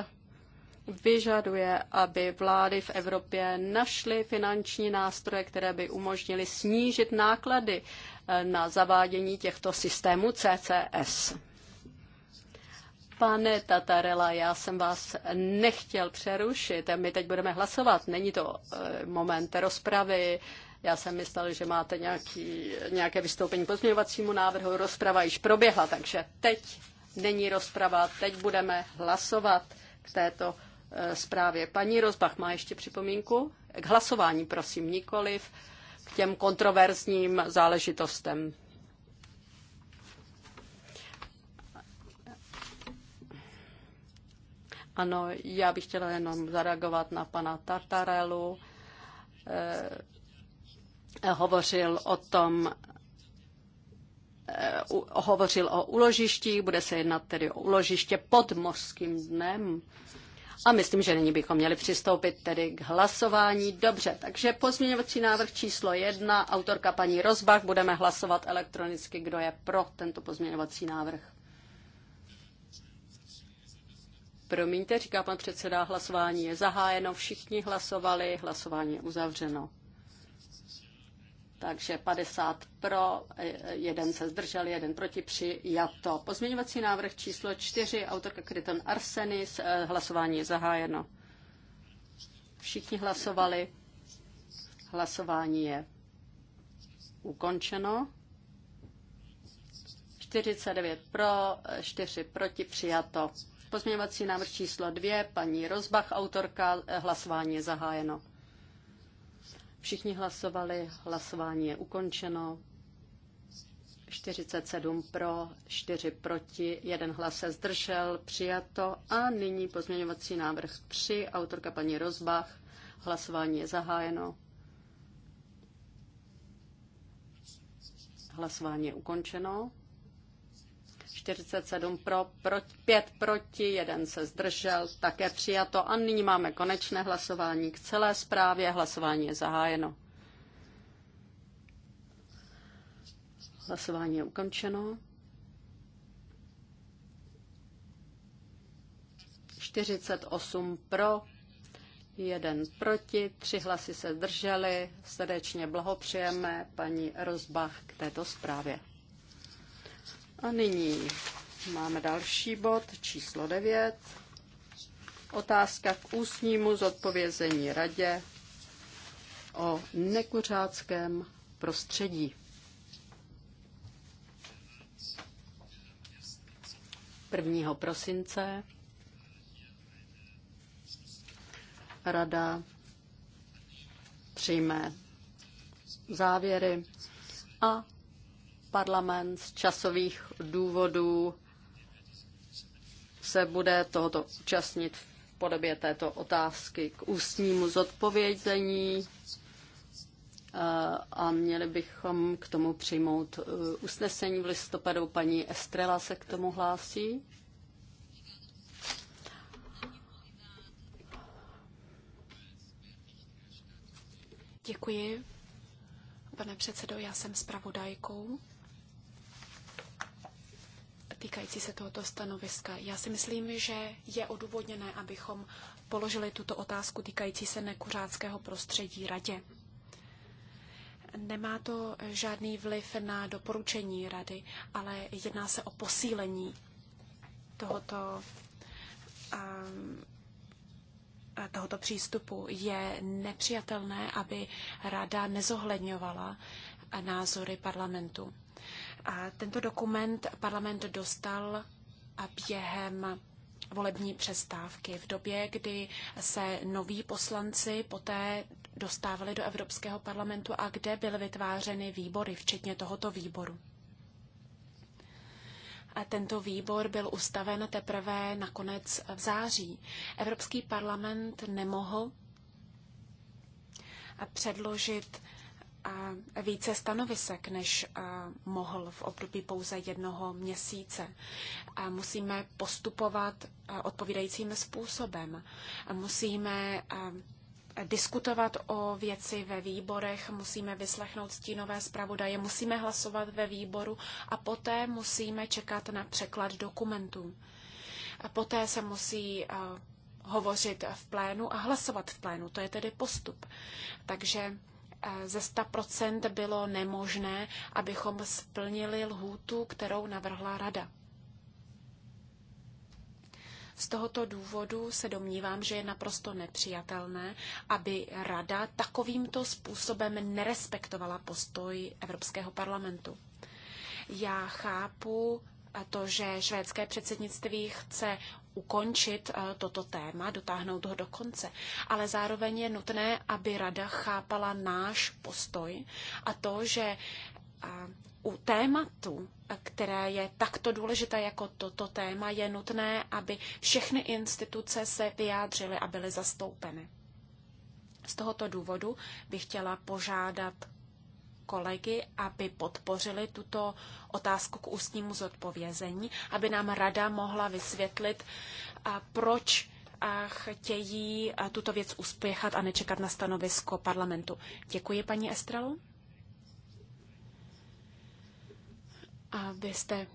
Speaker 1: vyžaduje, aby vlády v Evropě našly finanční nástroje, které by umožnily snížit náklady eh, na zavádění těchto systémů CCS. Pane Tatarela, já jsem vás nechtěl přerušit. My teď budeme hlasovat. Není to eh, moment rozpravy. Já jsem myslel, že máte nějaký, nějaké vystoupení k pozměňovacímu návrhu. Rozprava již proběhla, takže teď není rozprava. Teď budeme hlasovat k této Eh, zprávě. Paní Rozbach má ještě připomínku? K hlasování, prosím, nikoliv k těm kontroverzním záležitostem. Ano, já bych chtěla jenom zareagovat na pana Tartarelu. Eh, hovořil o tom, eh, hovořil o uložištích, bude se jednat tedy o uložiště pod mořským dnem. Eh, a myslím, že nyní bychom měli přistoupit tedy k hlasování. Dobře, takže pozměňovací návrh číslo jedna, autorka paní Rozbach, budeme hlasovat elektronicky, kdo je pro tento pozměňovací návrh. Promiňte, říká pan předseda, hlasování je zahájeno, všichni hlasovali, hlasování je uzavřeno takže 50 pro, jeden se zdržel, jeden proti, přijato. Pozměňovací návrh číslo 4, autorka Kryton Arsenis, eh, hlasování je zahájeno. Všichni hlasovali, hlasování je ukončeno. 49 pro, 4 proti, přijato. Pozměňovací návrh číslo 2, paní Rozbach, autorka, eh, hlasování je zahájeno. Všichni hlasovali, hlasování je ukončeno. 47 pro, 4 proti, jeden hlas se zdržel, přijato. A nyní pozměňovací návrh 3, autorka paní Rozbach. Hlasování je zahájeno. Hlasování je ukončeno. 47 pro, pro, 5 proti, jeden se zdržel, také přijato. A nyní máme konečné hlasování k celé zprávě. Hlasování je zahájeno. Hlasování je ukončeno. 48 pro, jeden proti, tři hlasy se zdrželi. Srdečně blahopřejeme paní Rozbach k této zprávě. A nyní máme další bod, číslo 9. Otázka k ústnímu zodpovězení radě o nekuřáckém prostředí. Prvního prosince rada přijme závěry a parlament z časových důvodů se bude tohoto účastnit v podobě této otázky k ústnímu zodpovězení eh, a měli bychom k tomu přijmout eh, usnesení v listopadu. Paní Estrela se k tomu hlásí.
Speaker 3: Děkuji. Pane předsedo, já jsem zpravodajkou týkající se tohoto stanoviska. Já si myslím, že je odůvodněné, abychom položili tuto otázku týkající se nekuřáckého prostředí radě. Nemá to žádný vliv na doporučení rady, ale jedná se o posílení tohoto, a eh, tohoto přístupu. Je nepřijatelné, aby rada nezohledňovala názory parlamentu. Tento dokument parlament dostal během volební přestávky v době, kdy se noví poslanci poté dostávali do Evropského parlamentu a kde byly vytvářeny výbory, včetně tohoto výboru. A tento výbor byl ustaven teprve nakonec v září. Evropský parlament nemohl předložit více stanovisek, než mohl v období pouze jednoho měsíce. Musíme postupovat odpovídajícím způsobem. Musíme diskutovat o věci ve výborech, musíme vyslechnout stínové zpravodaje, musíme hlasovat ve výboru a poté musíme čekat na překlad dokumentů. A poté se musí hovořit v plénu a hlasovat v plénu. To je tedy postup. Takže Eh, ze 100% bylo nemožné, abychom splnili lhůtu, kterou navrhla rada. Z tohoto důvodu se domnívám, že je naprosto nepřijatelné, aby Rada takovýmto způsobem nerespektovala postoj Evropského parlamentu. Já chápu eh, to, že švédské předsednictví chce ukončit eh, toto téma, dotáhnout ho do konce. Ale zároveň je nutné, aby rada chápala náš postoj a to, že eh, u tématu, které je takto důležité jako toto téma, je nutné, aby všechny instituce se vyjádřily a byly zastoupeny. Z tohoto důvodu bych chtěla požádat kolegy, aby podpořili tuto otázku k ústnímu zodpovězení, aby nám rada mohla vysvětlit, proč chtějí tuto věc uspěchat a nečekat na stanovisko parlamentu. Děkuji, paní Estralu. A vy jste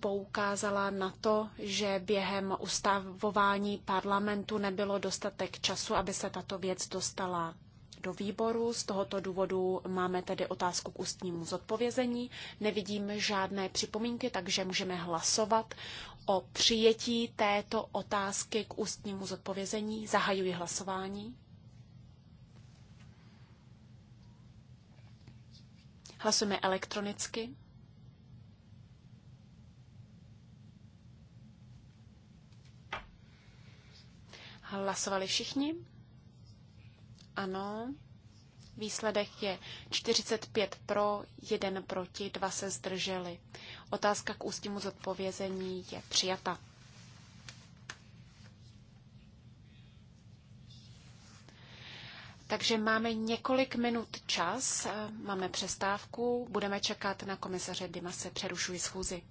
Speaker 3: poukázala na to, že během ustavování parlamentu nebylo dostatek času, aby se tato věc dostala do výboru. Z tohoto důvodu máme tedy otázku k ústnímu zodpovězení. Nevidím žádné připomínky, takže můžeme hlasovat o přijetí této otázky k ústnímu zodpovězení. Zahajuji hlasování. Hlasujeme elektronicky. Hlasovali všichni? Ano. Výsledek je 45 pro, 1 proti, 2 se zdrželi. Otázka k ústnímu zodpovězení je přijata. Takže máme několik minut čas, máme přestávku, budeme čekat na komisaře Dimase, přerušuji schůzi.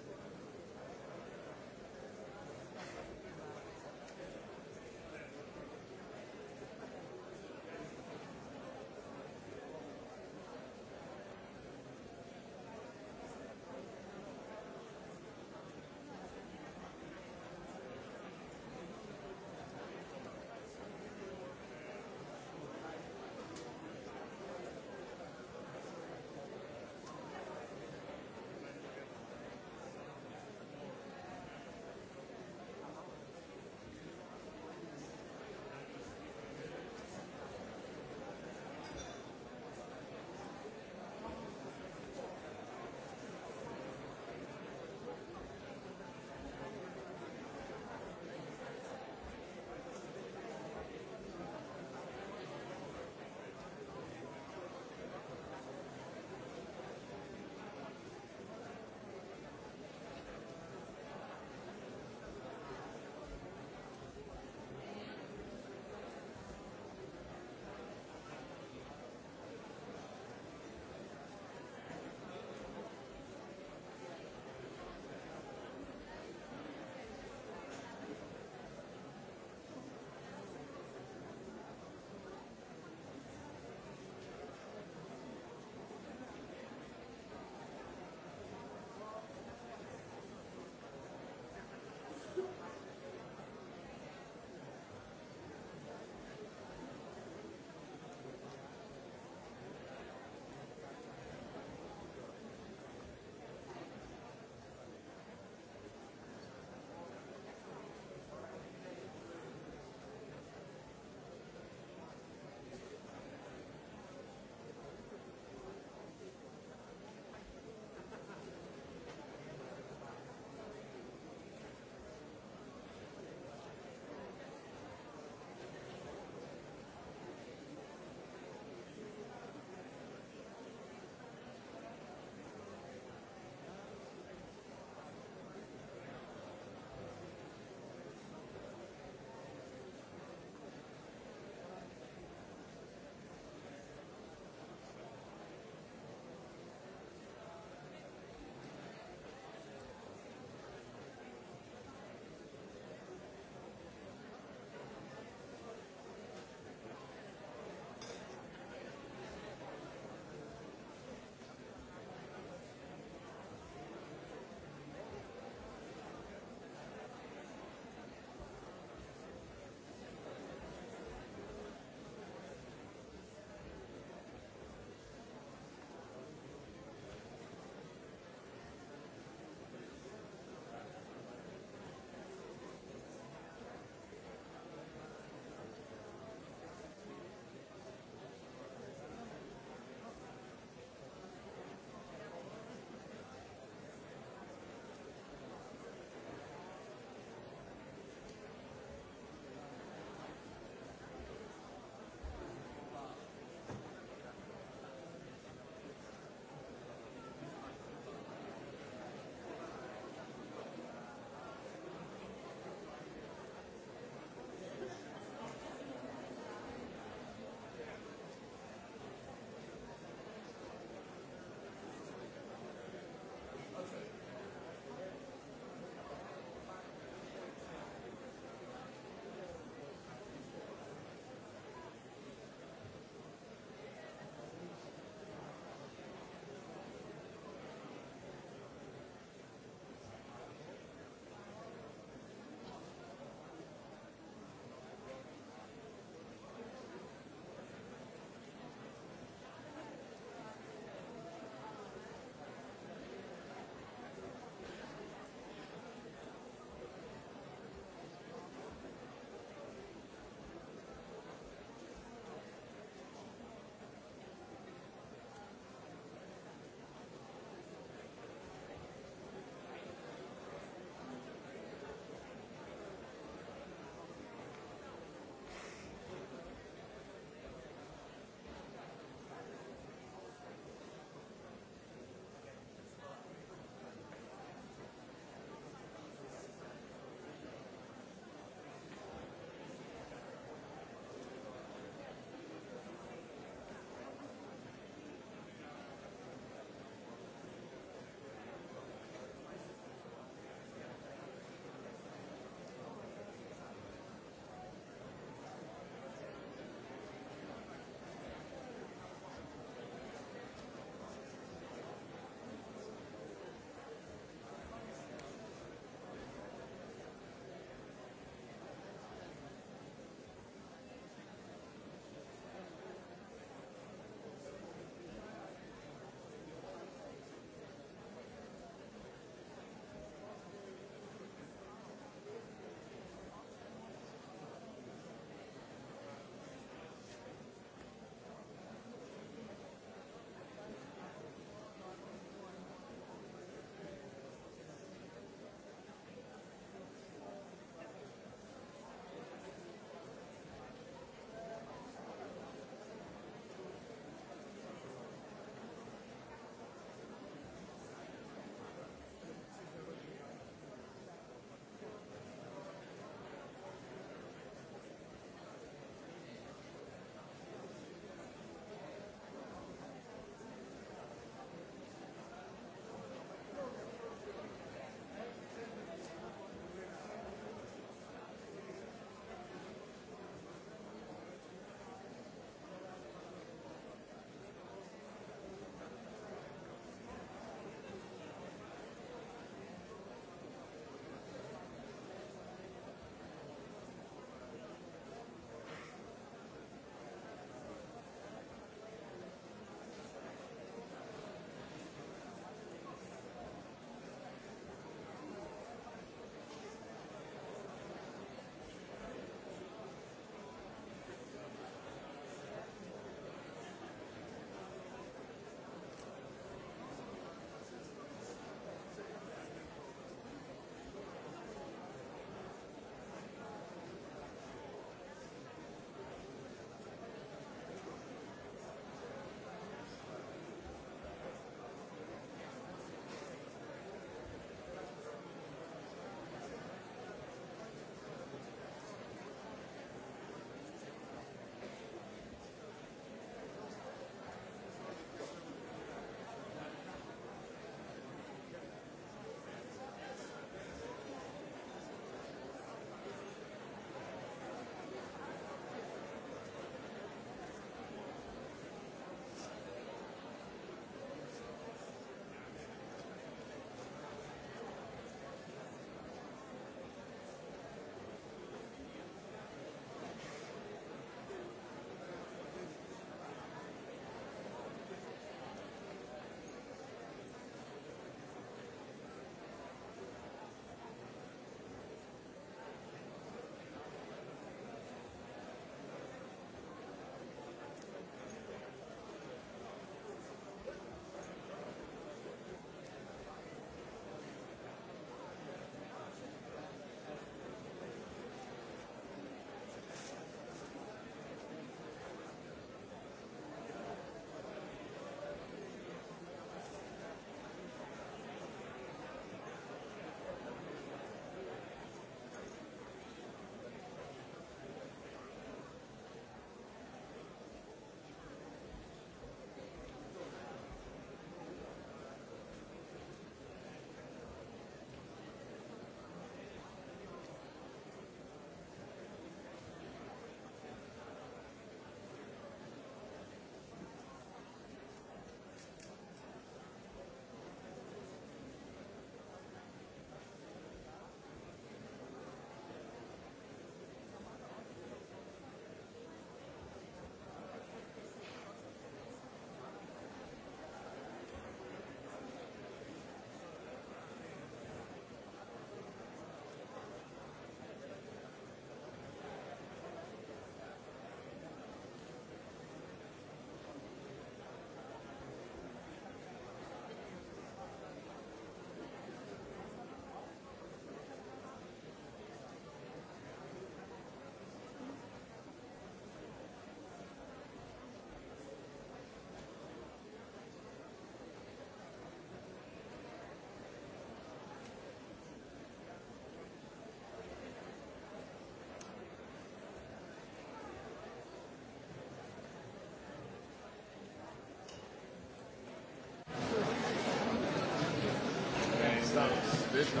Speaker 3: to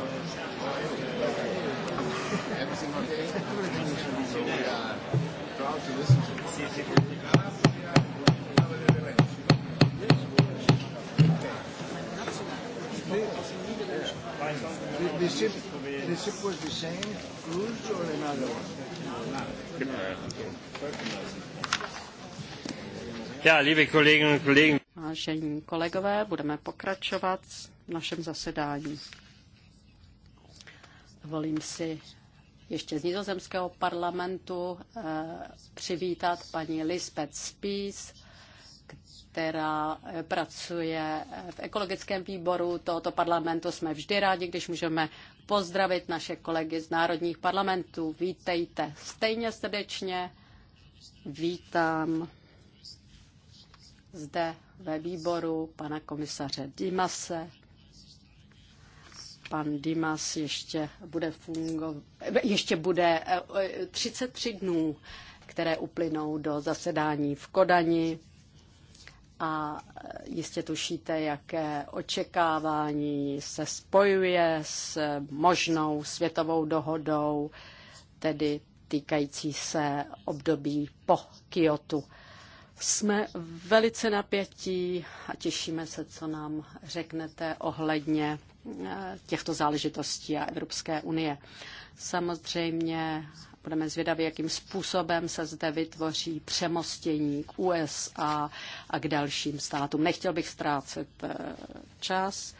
Speaker 2: Ja, liebe Kolleginnen und Kollegen.
Speaker 1: Vážení kolegové, budeme pokračovat v našem zasedání. Dovolím si ještě z nizozemského parlamentu eh, přivítat paní Lisbeth Spies, která eh, pracuje eh, v ekologickém výboru tohoto parlamentu. Jsme vždy rádi, když můžeme pozdravit naše kolegy z národních parlamentů. Vítejte stejně srdečně. Vítám zde ve výboru pana komisaře Dimase pan Dimas ještě bude, fungovat, ještě bude 33 eh, dnů, které uplynou do zasedání v Kodani a eh, jistě tušíte, jaké očekávání se spojuje s možnou světovou dohodou, tedy týkající se období po Kyotu. Jsme velice napětí a těšíme se, co nám řeknete ohledně těchto záležitostí a Evropské unie. Samozřejmě budeme zvědaví, jakým způsobem se zde vytvoří přemostění k USA a k dalším státům. Nechtěl bych ztrácet eh, čas.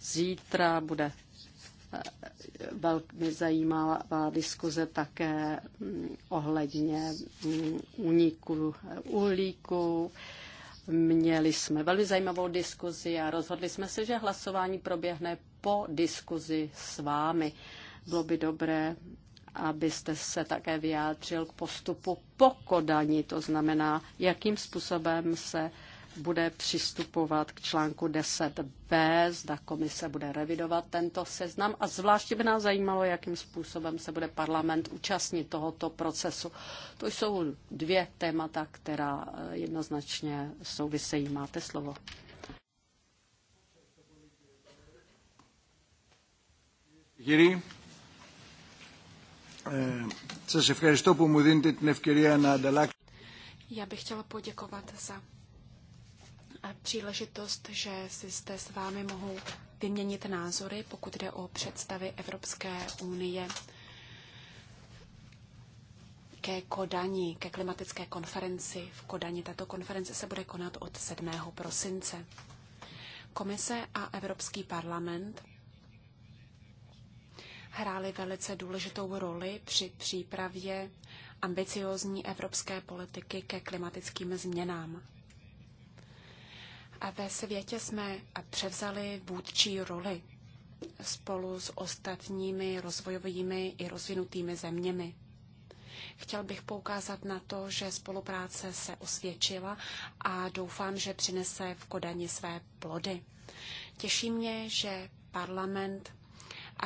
Speaker 1: Zítra bude eh, velmi zajímavá diskuze také mm, ohledně mm, úniku eh, uhlíku. Měli jsme velmi zajímavou diskuzi a rozhodli jsme se, že hlasování proběhne po diskuzi s vámi. Bylo by dobré, abyste se také vyjádřil k postupu po Kodani, to znamená, jakým způsobem se bude přistupovat k článku 10b, zda komise bude revidovat tento seznam a zvláště by nás zajímalo, jakým způsobem se bude parlament účastnit tohoto procesu. To jsou dvě témata, která eh, jednoznačně souvisejí. Máte slovo.
Speaker 2: Κύριοι, Σα ευχαριστώ που μου δίνετε την ευκαιρία να ανταλλάξω.
Speaker 3: Já bych chtěla poděkovat za eh, příležitost, že si zde s vámi mohu vyměnit názory, pokud jde o představy Evropské unie ke Kodani, ke klimatické konferenci v Kodani. Tato konference se bude konat od 7. prosince. Komise a Evropský parlament hrály velice důležitou roli při přípravě ambiciózní evropské politiky ke klimatickým změnám. A ve světě jsme převzali vůdčí roli spolu s ostatními rozvojovými i rozvinutými zeměmi. Chtěl bych poukázat na to, že spolupráce se osvědčila a doufám, že přinese v Kodani své plody. Těší mě, že parlament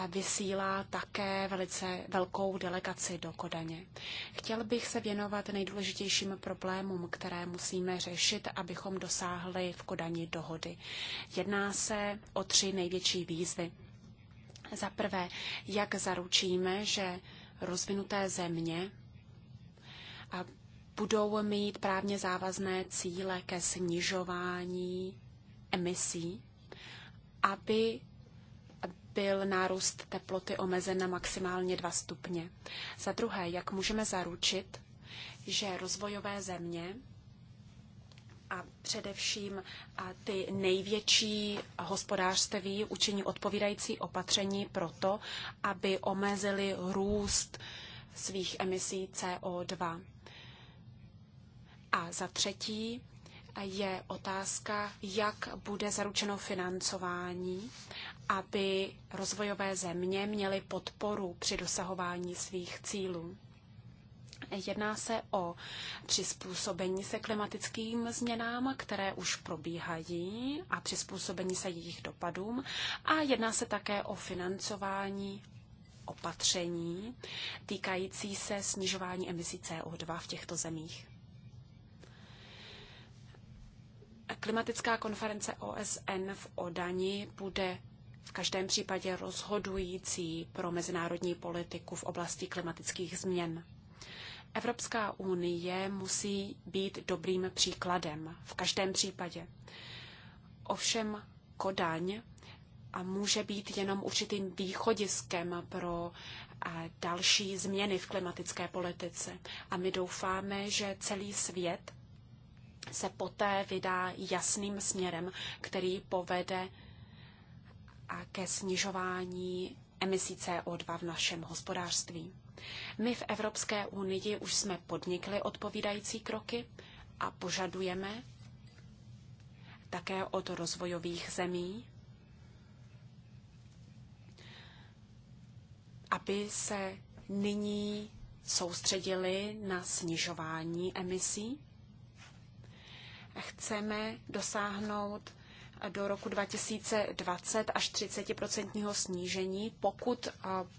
Speaker 3: vysílá také velice velkou delegaci do Kodaně. Chtěl bych se věnovat nejdůležitějším problémům, které musíme řešit, abychom dosáhli v Kodani dohody. Jedná se o tři největší výzvy. Za prvé, jak zaručíme, že rozvinuté země a budou mít právně závazné cíle ke snižování emisí, aby byl nárůst teploty omezen na maximálně 2 stupně. Za druhé, jak můžeme zaručit, že rozvojové země a především a ty největší hospodářství učiní odpovídající opatření pro to, aby omezili růst svých emisí CO2. A za třetí je otázka, jak bude zaručeno financování aby rozvojové země měly podporu při dosahování svých cílů. Jedná se o přizpůsobení se klimatickým změnám, které už probíhají a přizpůsobení se jejich dopadům a jedná se také o financování opatření týkající se snižování emisí CO2 v těchto zemích. Klimatická konference OSN v Odani bude v každém případě rozhodující pro mezinárodní politiku v oblasti klimatických změn. Evropská unie musí být dobrým příkladem v každém případě. Ovšem Kodaň a může být jenom určitým východiskem pro další změny v klimatické politice. A my doufáme, že celý svět se poté vydá jasným směrem, který povede a ke snižování emisí CO2 v našem hospodářství. My v Evropské unii už jsme podnikli odpovídající kroky a požadujeme také od rozvojových zemí, aby se nyní soustředili na snižování emisí. Chceme dosáhnout do roku 2020 až 30% snížení, pokud eh,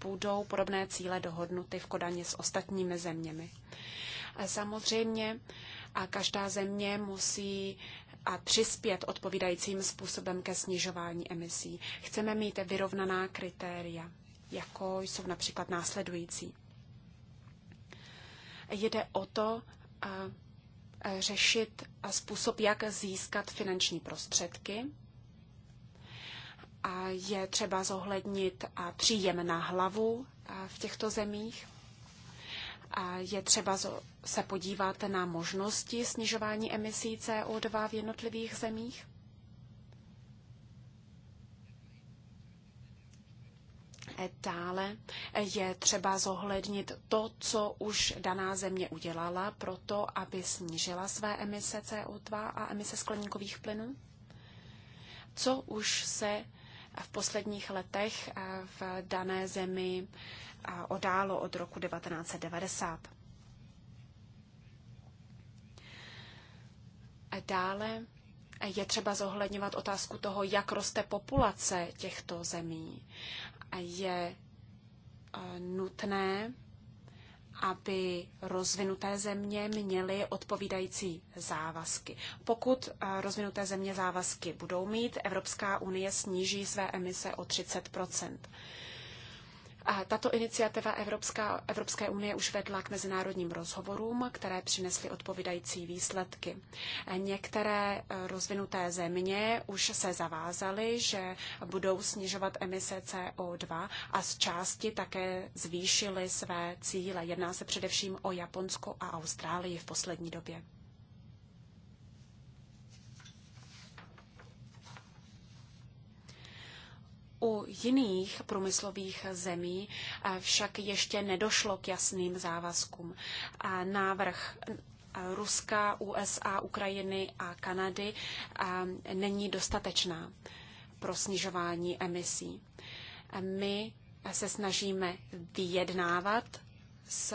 Speaker 3: budou podobné cíle dohodnuty v Kodaně s ostatními zeměmi. Samozřejmě a každá země musí a přispět odpovídajícím způsobem ke snižování emisí. Chceme mít vyrovnaná kritéria, jako jsou například následující. Jde o to, eh, řešit způsob, jak získat finanční prostředky. A je třeba zohlednit a příjem na hlavu v těchto zemích. A je třeba se podívat na možnosti snižování emisí CO2 v jednotlivých zemích. Dále je třeba zohlednit to, co už daná země udělala pro to, aby snížila své emise CO2 a emise skleníkových plynů. Co už se v posledních letech eh, v dané zemi eh, odálo od roku 1990. Dále eh, je třeba zohledňovat otázku toho, jak roste populace těchto zemí je eh, nutné, aby rozvinuté země měly odpovídající závazky. Pokud eh, rozvinuté země závazky budou mít, Evropská unie sníží své emise o 30 tato iniciativa Evropská, Evropské unie už vedla k mezinárodním rozhovorům, které přinesly odpovídající výsledky. Některé eh, rozvinuté země už se zavázaly, že budou snižovat emise CO2 a z části také zvýšily své cíle. Jedná se především o Japonsko a Austrálii v poslední době. U jiných průmyslových zemí eh, však ještě nedošlo k jasným závazkům. Návrh eh, Ruska, USA, Ukrajiny a Kanady eh, není dostatečná pro snižování emisí. My se snažíme vyjednávat s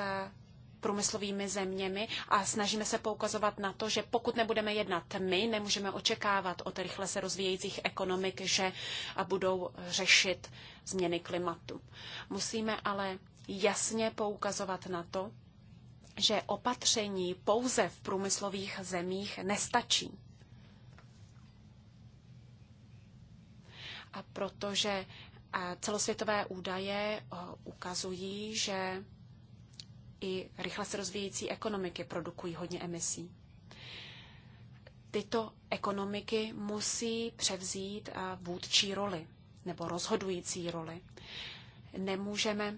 Speaker 3: průmyslovými zeměmi a snažíme se poukazovat na to, že pokud nebudeme jednat my, nemůžeme očekávat od rychle se rozvíjejících ekonomik, že budou řešit změny klimatu. Musíme ale jasně poukazovat na to, že opatření pouze v průmyslových zemích nestačí. A protože celosvětové údaje ukazují, že i rychle se rozvíjející ekonomiky produkují hodně emisí. Tyto ekonomiky musí převzít eh, vůdčí roli nebo rozhodující roli. Nemůžeme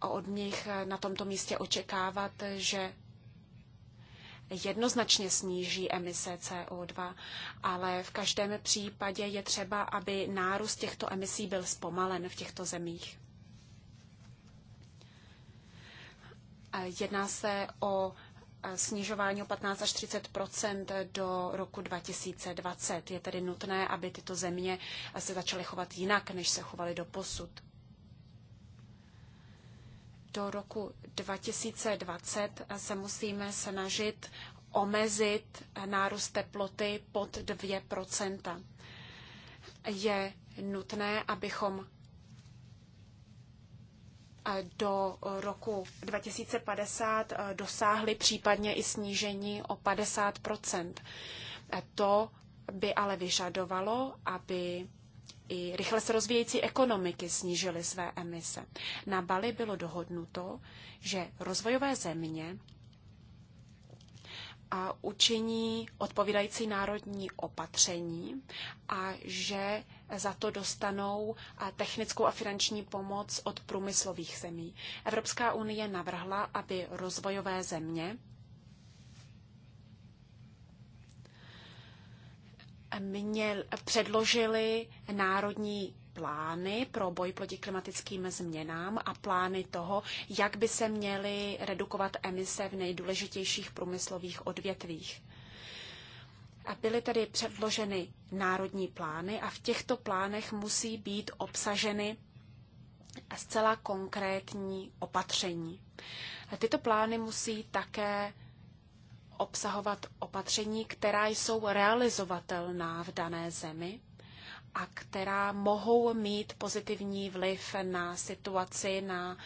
Speaker 3: od nich eh, na tomto místě očekávat, že jednoznačně sníží emise CO2, ale v každém případě je třeba, aby nárůst těchto emisí byl zpomalen v těchto zemích. Jedná se o e, snižování o 15 až 30 do roku 2020. Je tedy nutné, aby tyto země e, se začaly chovat jinak, než se chovaly do posud. Do roku 2020 e, se musíme snažit omezit nárůst teploty pod 2 Je nutné, abychom do roku 2050 eh, dosáhly případně i snížení o 50 eh, To by ale vyžadovalo, aby i rychle se rozvíjející ekonomiky snížily své emise. Na Bali bylo dohodnuto, že rozvojové země a učiní odpovídající národní opatření a že za to dostanou technickou a finanční pomoc od průmyslových zemí. Evropská unie navrhla, aby rozvojové země měl, předložili národní plány pro boj proti klimatickým změnám a plány toho, jak by se měly redukovat emise v nejdůležitějších průmyslových odvětvích. A byly tedy předloženy národní plány a v těchto plánech musí být obsaženy zcela konkrétní opatření. A tyto plány musí také obsahovat opatření, která jsou realizovatelná v dané zemi a která mohou mít pozitivní vliv na situaci na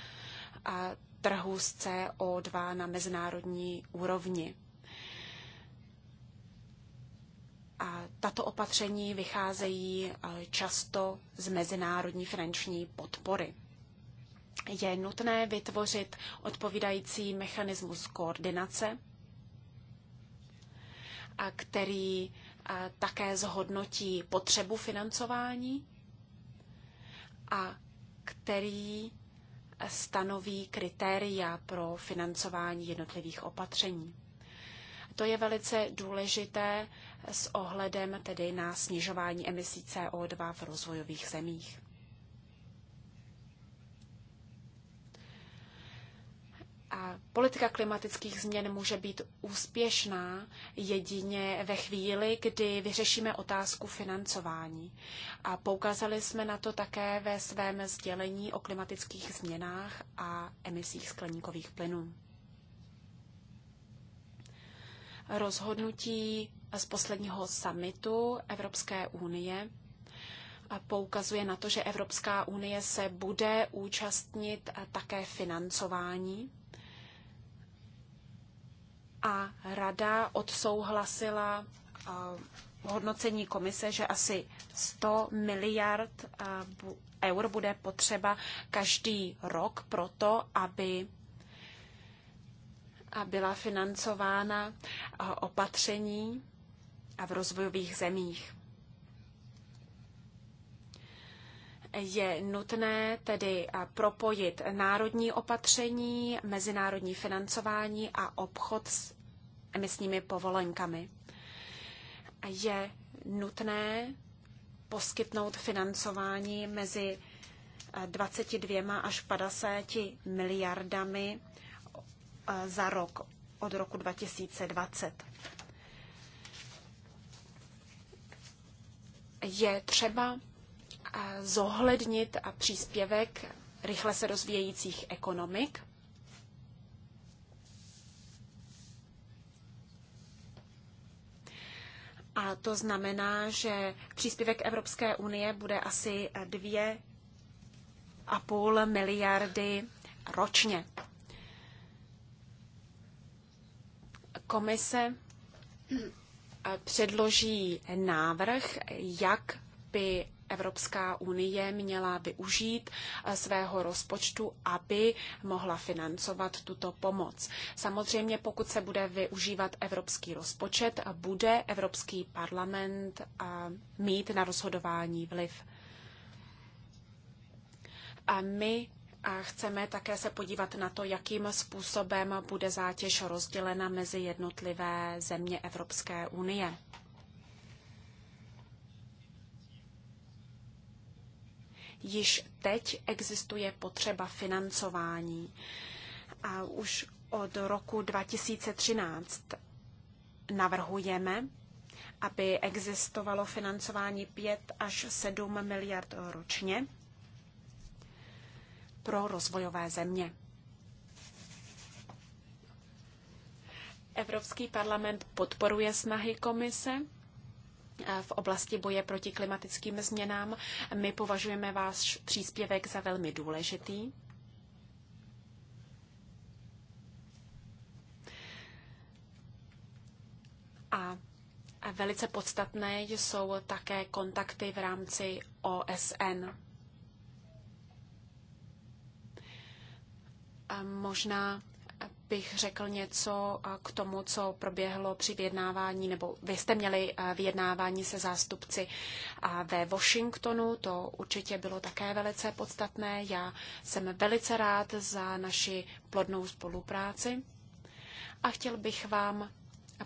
Speaker 3: trhu s CO2 na mezinárodní úrovni. A tato opatření vycházejí často z mezinárodní finanční podpory. Je nutné vytvořit odpovídající mechanismus koordinace, a který také zhodnotí potřebu financování a který stanoví kritéria pro financování jednotlivých opatření. To je velice důležité s ohledem tedy na snižování emisí CO2 v rozvojových zemích. Politika klimatických změn může být úspěšná jedině ve chvíli, kdy vyřešíme otázku financování. A poukázali jsme na to také ve svém sdělení o klimatických změnách a emisích skleníkových plynů. Rozhodnutí z posledního samitu Evropské unie a poukazuje na to, že Evropská unie se bude účastnit také financování a rada odsouhlasila eh, hodnocení komise, že asi 100 miliard eh, eur bude potřeba každý rok pro to, aby a eh, byla financována opatření a v rozvojových zemích. Je nutné tedy propojit národní opatření, mezinárodní financování a obchod s emisními povolenkami. Je nutné poskytnout financování mezi 22 eh, až 50 miliardami eh, za rok od roku 2020. Je třeba eh, zohlednit a příspěvek rychle se rozvíjejících ekonomik A to znamená, že příspěvek Evropské unie bude asi 2,5 miliardy ročně. Komise předloží návrh, jak by Evropská unie měla využít eh, svého rozpočtu, aby mohla financovat tuto pomoc. Samozřejmě, pokud se bude využívat evropský rozpočet, bude Evropský parlament eh, mít na rozhodování vliv. A my a eh, chceme také se podívat na to, jakým způsobem bude zátěž rozdělena mezi jednotlivé země Evropské unie. již teď existuje potřeba financování. A už od roku 2013 navrhujeme, aby existovalo financování 5 až 7 miliard ročně pro rozvojové země. Evropský parlament podporuje snahy komise v oblasti boje proti klimatickým změnám. My považujeme váš příspěvek za velmi důležitý. A velice podstatné jsou také kontakty v rámci OSN. A možná bych řekl něco eh, k tomu, co proběhlo při vyjednávání, nebo vy jste měli eh, vyjednávání se zástupci eh, ve Washingtonu, to určitě bylo také velice podstatné. Já jsem velice rád za naši plodnou spolupráci a chtěl bych vám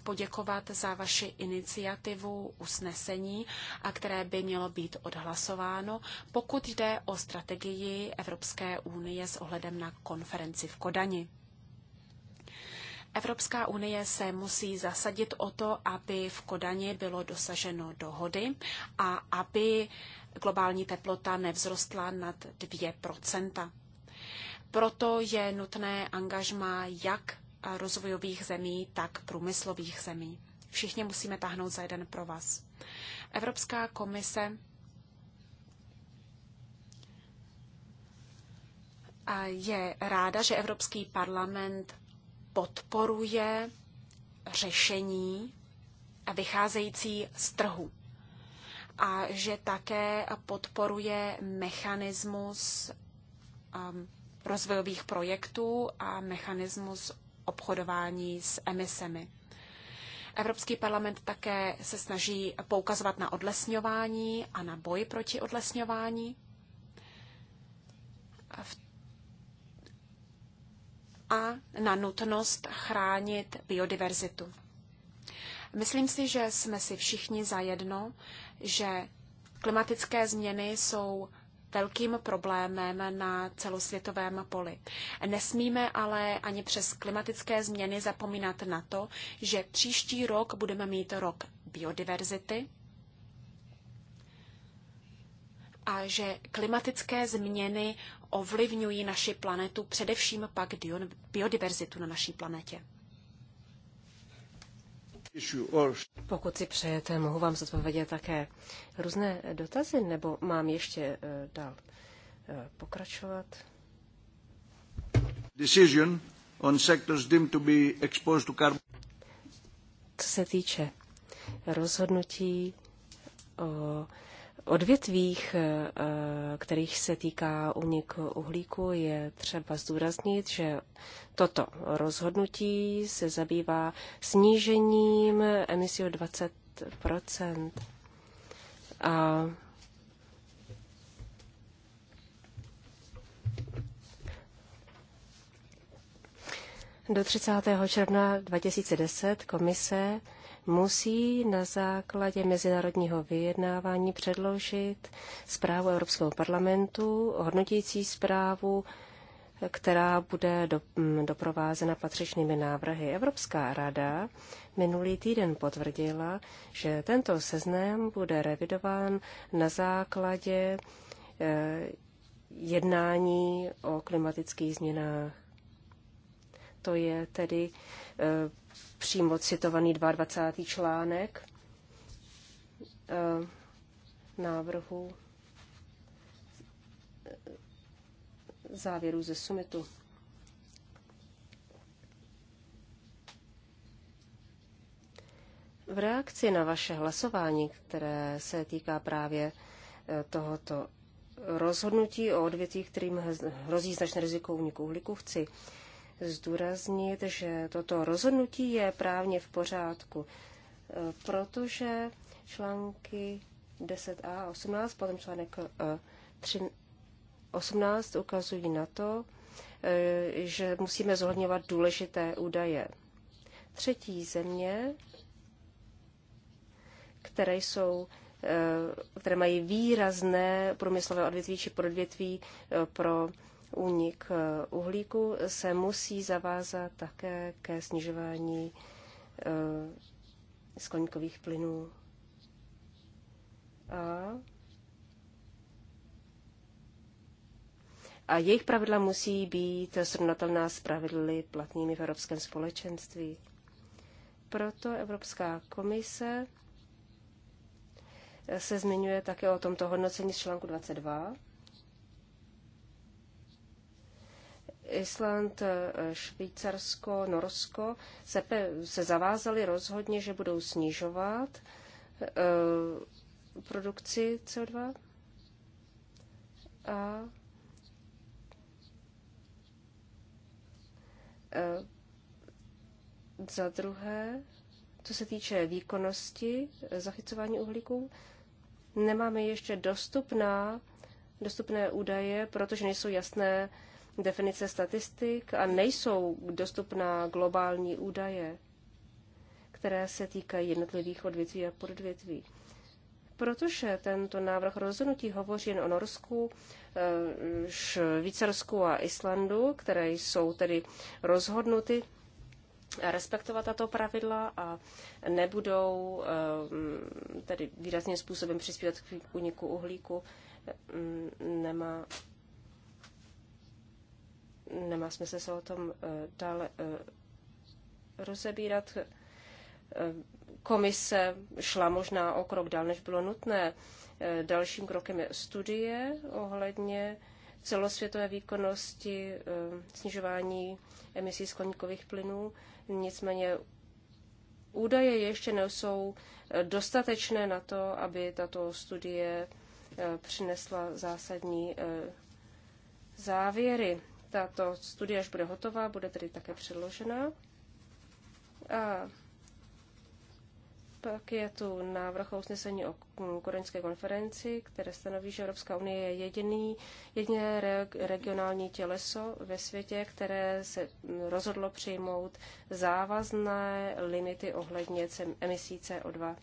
Speaker 3: poděkovat za vaši iniciativu usnesení, a které by mělo být odhlasováno, pokud jde o strategii Evropské unie s ohledem na konferenci v Kodani. Evropská unie se musí zasadit o to, aby v Kodani bylo dosaženo dohody a aby globální teplota nevzrostla nad 2 Proto je nutné angažma jak rozvojových zemí, tak průmyslových zemí. Všichni musíme tahnout za jeden pro vás. Evropská komise je ráda, že Evropský parlament podporuje řešení vycházející z trhu a že také podporuje mechanismus um, rozvojových projektů a mechanismus obchodování s emisemi. Evropský parlament také se snaží poukazovat na odlesňování a na boj proti odlesňování. V a na nutnost chránit biodiverzitu. Myslím si, že jsme si všichni zajedno, že klimatické změny jsou velkým problémem na celosvětovém poli. Nesmíme ale ani přes klimatické změny zapomínat na to, že příští rok budeme mít rok biodiverzity a že klimatické změny ovlivňují naši planetu, především pak biodiverzitu na naší planetě.
Speaker 2: Pokud si přejete, mohu vám zodpovědět také různé dotazy, nebo mám ještě eh, dál eh, pokračovat?
Speaker 3: Decision on sectors deemed to be exposed to carbon. Co
Speaker 2: se týče rozhodnutí o odvětvích, eh, eh, kterých se týká unik uhlíku, je třeba zdůraznit, že toto rozhodnutí se zabývá snížením emisí o 20 A do 30. června 2010 komise musí na základě mezinárodního vyjednávání předložit zprávu Evropského parlamentu, hodnotící zprávu, která bude do, mm, doprovázena patřičnými návrhy. Evropská rada minulý týden potvrdila, že tento seznam bude revidován na základě eh, jednání o klimatických změnách. To je tedy e, přímo citovaný 22. článek eh, návrhu eh, závěru ze sumitu V reakci na vaše hlasování, které se týká právě eh, tohoto rozhodnutí o odvětví, kterým hrozí značné riziko úniku uhlíku, chci zdůraznit, že toto rozhodnutí je právně v pořádku, e, protože články 10a a 18, potom článek 18 e, ukazují na to, e, že musíme zohledňovat důležité údaje. Třetí země, které jsou které mají výrazné průmyslové odvětví či podvětví pro únik eh, uhlíku, se musí zavázat také ke snižování eh, skleníkových plynů. A, a jejich pravidla musí být srovnatelná s pravidly platnými v Evropském společenství. Proto Evropská komise se zmiňuje také o tomto hodnocení z článku 22 Island, eh, Švýcarsko, Norsko se, se zavázali rozhodně, že budou snižovat eh, produkci CO2. A eh, za druhé, co se týče výkonnosti zachycování uhlíků, nemáme ještě dostupná, dostupné údaje, protože nejsou jasné definice statistik a nejsou dostupná globální údaje, které se týkají jednotlivých odvětví a podvětví. Protože tento návrh rozhodnutí hovoří jen o Norsku, eh, Švýcarsku a Islandu, které jsou tedy rozhodnuty respektovat tato pravidla a nebudou eh, tedy výrazným způsobem přispívat k úniku uhlíku, eh, nemá nemá smysl se o tom eh, dále eh, rozebírat. Eh, komise šla možná o krok dál, než bylo nutné. Dalším krokem je studie ohledně celosvětové výkonnosti snižování emisí skleníkových plynů. Nicméně údaje ještě nejsou dostatečné na to, aby tato studie přinesla zásadní závěry. Tato studie, až bude hotová, bude tedy také předložena. A pak je tu návrh o usnesení o koreňské konferenci, které stanoví, že Evropská unie je jediný, jediné regionální těleso ve světě, které se rozhodlo přijmout závazné limity ohledně emisí CO2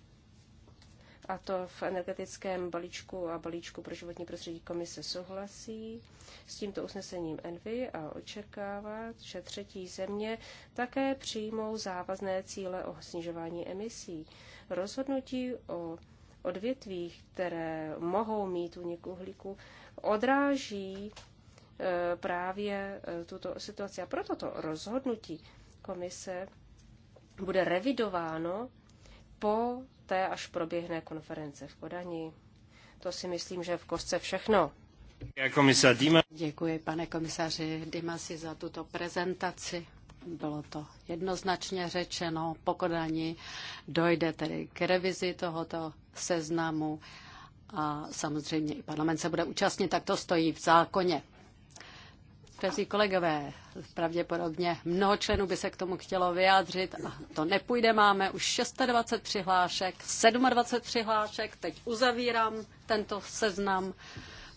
Speaker 2: a to v energetickém balíčku a balíčku pro životní prostředí komise souhlasí s tímto usnesením Envy a očekává, že třetí země také přijmou závazné cíle o snižování emisí. Rozhodnutí o odvětvích, které mohou mít unik uhlíku, odráží e, právě e, tuto situaci. A proto to rozhodnutí komise bude revidováno po poté, až proběhne konference v Kodani. To si myslím, že v kostce všechno. Děkuji, pane komisaři Dimasi, za tuto
Speaker 1: prezentaci. Bylo to jednoznačně řečeno. Po Kodani dojde tedy k revizi tohoto seznamu a samozřejmě i parlament se bude účastnit, tak to stojí v zákoně. Drazí kolegové, pravděpodobně mnoho členů by se k tomu chtělo vyjádřit a to nepůjde. Máme už 26 přihlášek, 27 přihlášek, teď uzavírám tento seznam.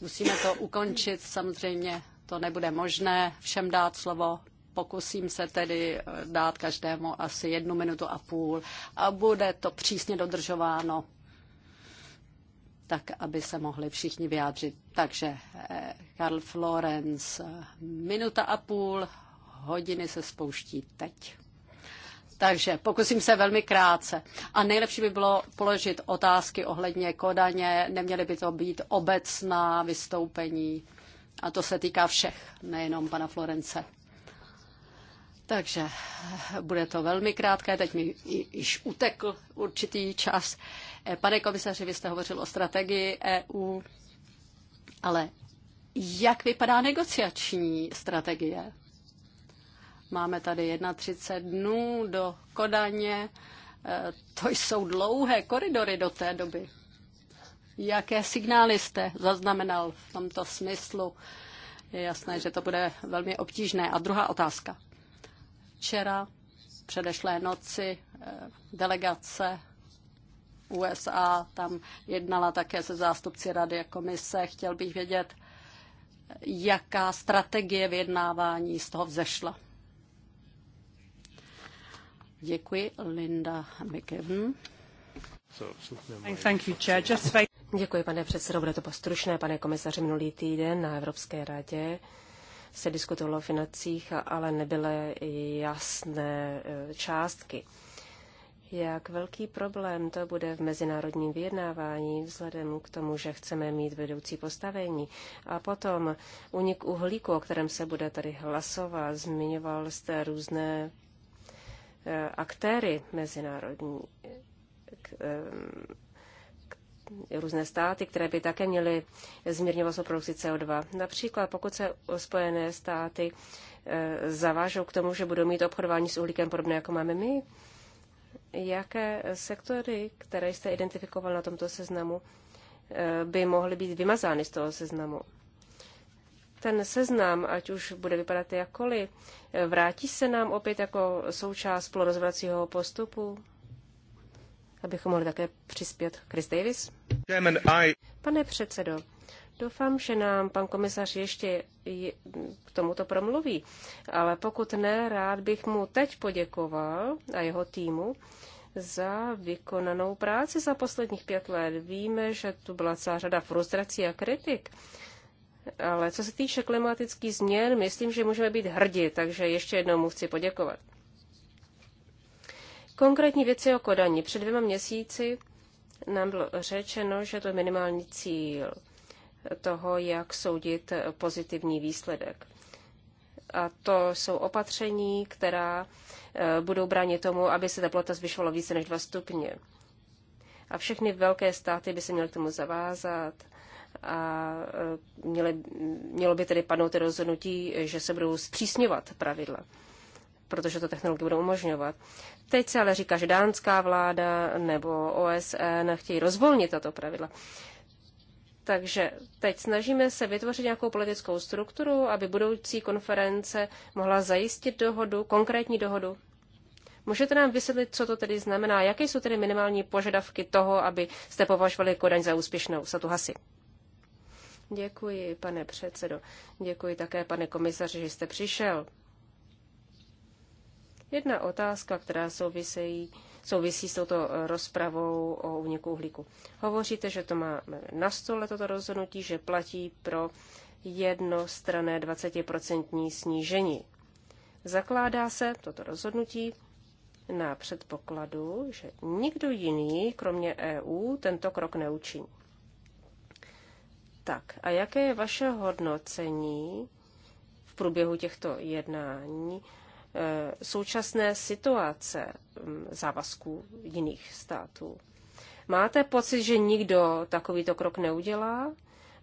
Speaker 1: Musíme to ukončit, samozřejmě to nebude možné všem dát slovo. Pokusím se tedy eh, dát každému asi jednu minutu a půl a bude to přísně dodržováno tak aby se mohli všichni vyjádřit. Takže eh, Karl Florenz, minuta a půl, hodiny se spouští teď. Takže pokusím se velmi krátce. A nejlepší by bylo položit otázky ohledně Kodaně, neměly by to být obecná vystoupení. A to se týká všech, nejenom pana Florence. Takže eh, bude to velmi krátké, teď mi již utekl určitý čas. Uh, Eh, Pane komisaři, vy jste hovořil o strategii EU, ale jak vypadá negociační strategie? Máme tady 31 dnů do Kodaně. Eh, to jsou dlouhé koridory do té doby. Jaké signály jste zaznamenal v tomto smyslu? Je jasné, že to bude velmi obtížné. A druhá otázka. Včera předešlé noci eh, delegace USA, tam jednala také se zástupci Rady a komise. Chtěl bych vědět, jaká strategie vyjednávání z toho vzešla. Děkuji, Linda McEwen.
Speaker 2: Děkuji, pane předsedo. Bude to postručné, pane komisaři. Minulý týden na Evropské radě se diskutovalo o financích, ale nebyly jasné eh, částky jak velký problém to bude v mezinárodním vyjednávání vzhledem k tomu, že chceme mít vedoucí postavení. A potom unik uhlíku, o kterém se bude tady hlasovat, zmiňoval jste různé eh, aktéry mezinárodní, k, eh, k, různé státy, které by také měly zmírňovat svou produkci CO2. Například pokud se Spojené státy eh, zavážou k tomu, že budou mít obchodování s uhlíkem podobné, jako máme my, jaké sektory, které jste identifikoval na tomto seznamu, eh, by mohly být vymazány z toho seznamu. Ten seznam, ať už bude vypadat jakkoliv, eh, vrátí se nám opět jako součást polorozvracího postupu, abychom mohli také přispět. Chris Davis? Pane předsedo, Doufám, že nám pan komisař ještě k tomuto promluví, ale pokud ne, rád bych mu teď poděkoval a jeho týmu za vykonanou práci za posledních pět let. Víme, že tu byla celá řada frustrací a kritik, ale co se týče klimatických změn, myslím, že můžeme být hrdí, takže ještě jednou mu chci poděkovat. Konkrétní věci o kodaní. Před dvěma měsíci nám bylo řečeno, že to je minimální cíl toho, jak soudit pozitivní výsledek. A to jsou opatření, která eh, budou bránit tomu, aby se teplota zvyšovala více než 2 stupně. A všechny velké státy by se měly k tomu zavázat a eh, měly, mělo by tedy padnout rozhodnutí, že se budou zpřísňovat pravidla protože to technologie budou umožňovat. Teď se ale říká, že dánská vláda nebo OSN chtějí rozvolnit tato pravidla. Takže teď snažíme se vytvořit nějakou politickou strukturu, aby budoucí konference mohla zajistit dohodu, konkrétní dohodu. Můžete nám vysvětlit, co to tedy znamená? Jaké jsou tedy minimální požadavky toho, aby jste považovali Kodaň za úspěšnou? Satuhasi. Děkuji, pane předsedo. Děkuji také, pane komisaři, že jste přišel. Jedna otázka, která souvisejí souvisí s touto eh, rozpravou o úniku uhlíku. Hovoříte, že to má na stole, toto rozhodnutí, že platí pro jednostrané 20% snížení. Zakládá se toto rozhodnutí na předpokladu, že nikdo jiný, kromě EU, tento krok neučiní. Tak, a jaké je vaše hodnocení v průběhu těchto jednání Eh, současné situace mm, závazků jiných států? Máte pocit, že nikdo takovýto krok neudělá?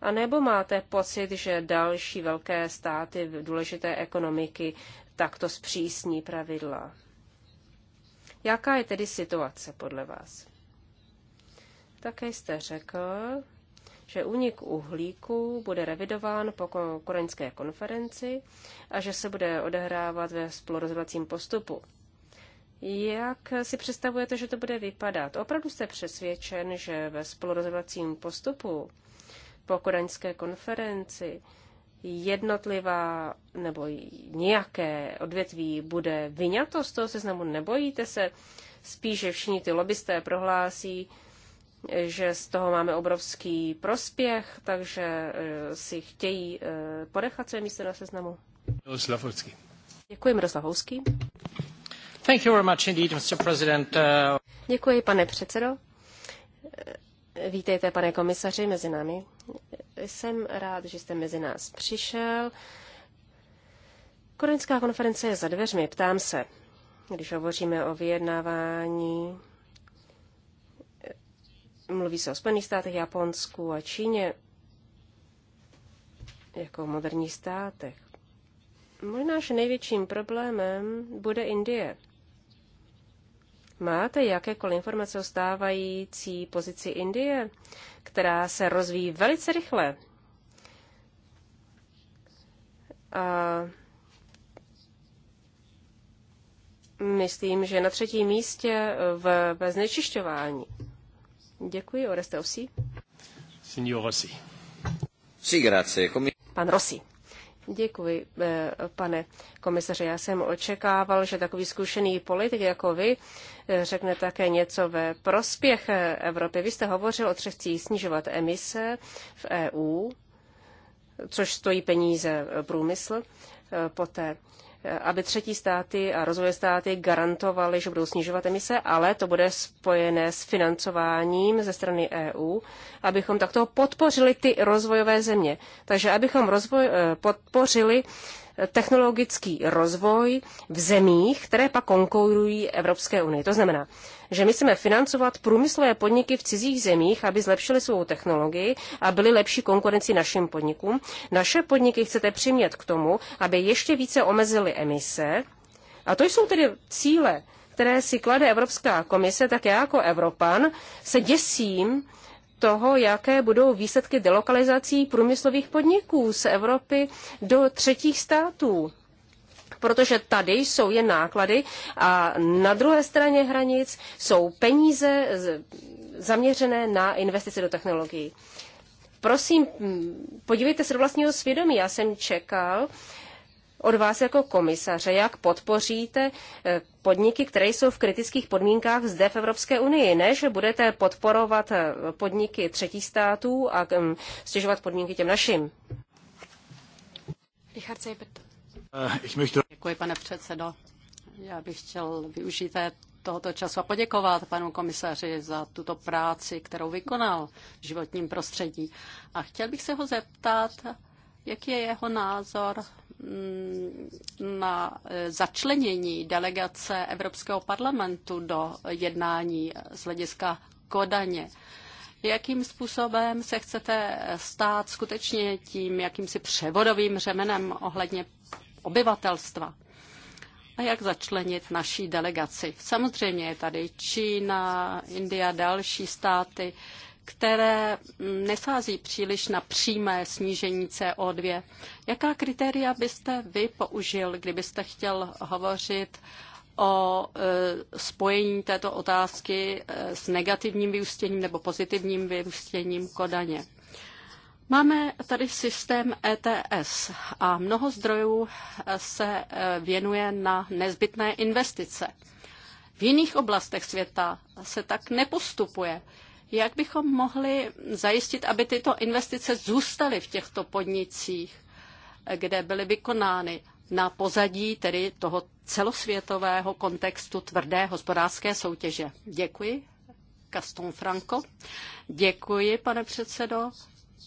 Speaker 2: A nebo máte pocit, že další velké státy důležité ekonomiky takto zpřísní pravidla? Jaká je tedy situace podle vás? Také jste řekl, že únik uhlíku bude revidován po koreňské konferenci a že se bude odehrávat ve spolurozvacím postupu. Jak si představujete, že to bude vypadat? Opravdu jste přesvědčen, že ve spolurozvacím postupu po koreňské konferenci jednotlivá nebo nějaké odvětví bude vyňato z toho seznamu? Nebojíte se spíš, že všichni ty lobbysté prohlásí, že z toho máme obrovský prospěch, takže eh, si chtějí eh, podechat své místo na seznamu. Miroslav Děkuji, Miroslav Housky. Thank you very much indeed, Mr. President. Eh, Děkuji, pane předsedo. Vítejte, pane komisaři, mezi námi. Jsem rád, že jste mezi nás přišel. Koreňská konference je za dveřmi. Ptám se, když hovoříme o vyjednávání Mluví se o Spojených státech, Japonsku a Číně jako o moderních státech. Možná, že největším problémem bude Indie. Máte jakékoliv informace o stávající pozici Indie, která se rozvíjí velice rychle? A myslím, že na třetím místě v, ve znečišťování. Děkuji, Oreste Signor Rossi. grazie. Pan Rossi. Děkuji, eh, pane komisaře. Já jsem očekával, že takový zkušený politik jako vy eh, řekne také něco ve prospěch eh, Evropy. Vy jste hovořil o třech snižovat emise v EU, což stojí peníze průmysl. Poté aby třetí státy a rozvojové státy garantovaly, že budou snižovat emise, ale to bude spojené s financováním ze strany EU, abychom takto podpořili ty rozvojové země. Takže abychom rozvoj, eh, podpořili technologický rozvoj v zemích, které pak konkurují Evropské unii. To znamená, že my chceme financovat průmyslové podniky v cizích zemích, aby zlepšili svou technologii a byly lepší konkurenci našim podnikům. Naše podniky chcete přimět k tomu, aby ještě více omezily emise. A to jsou tedy cíle, které si klade Evropská komise, tak já jako Evropan se děsím, toho, jaké budou výsledky delokalizací průmyslových podniků z Evropy do třetích států. Protože tady jsou jen náklady a na druhé straně hranic jsou peníze zaměřené na investice do technologií. Prosím, podívejte se do vlastního svědomí. Já jsem čekal, od vás jako komisaře, jak podpoříte eh, podniky, které jsou v kritických podmínkách zde v Evropské unii, že budete podporovat eh, podniky třetí států a hm, stěžovat podmínky těm našim. Richard eh, Děkuji,
Speaker 1: pane předsedo. Já bych chtěl využít tohoto času a poděkovat panu komisaři za tuto práci, kterou vykonal v životním prostředí. A chtěl bych se ho zeptat, jaký je jeho názor na mm, e, začlenění delegace Evropského parlamentu do jednání z hlediska Kodaně. Jakým způsobem se chcete stát skutečně tím jakýmsi převodovým řemenem ohledně obyvatelstva? a jak začlenit naší delegaci. Samozřejmě je tady Čína, India, další státy, které nesází příliš na přímé snížení CO2. Jaká kritéria byste vy použil, kdybyste chtěl hovořit o e, spojení této otázky e, s negativním vyústěním nebo pozitivním vyústěním Kodaně? Máme tady systém ETS a mnoho zdrojů se e, věnuje na nezbytné investice. V jiných oblastech světa se tak nepostupuje. Jak bychom mohli zajistit, aby tyto investice zůstaly v těchto podnicích, kde byly vykonány na pozadí tedy toho celosvětového kontextu tvrdé hospodářské soutěže? Děkuji. Gaston Franco. Děkuji, pane předsedo.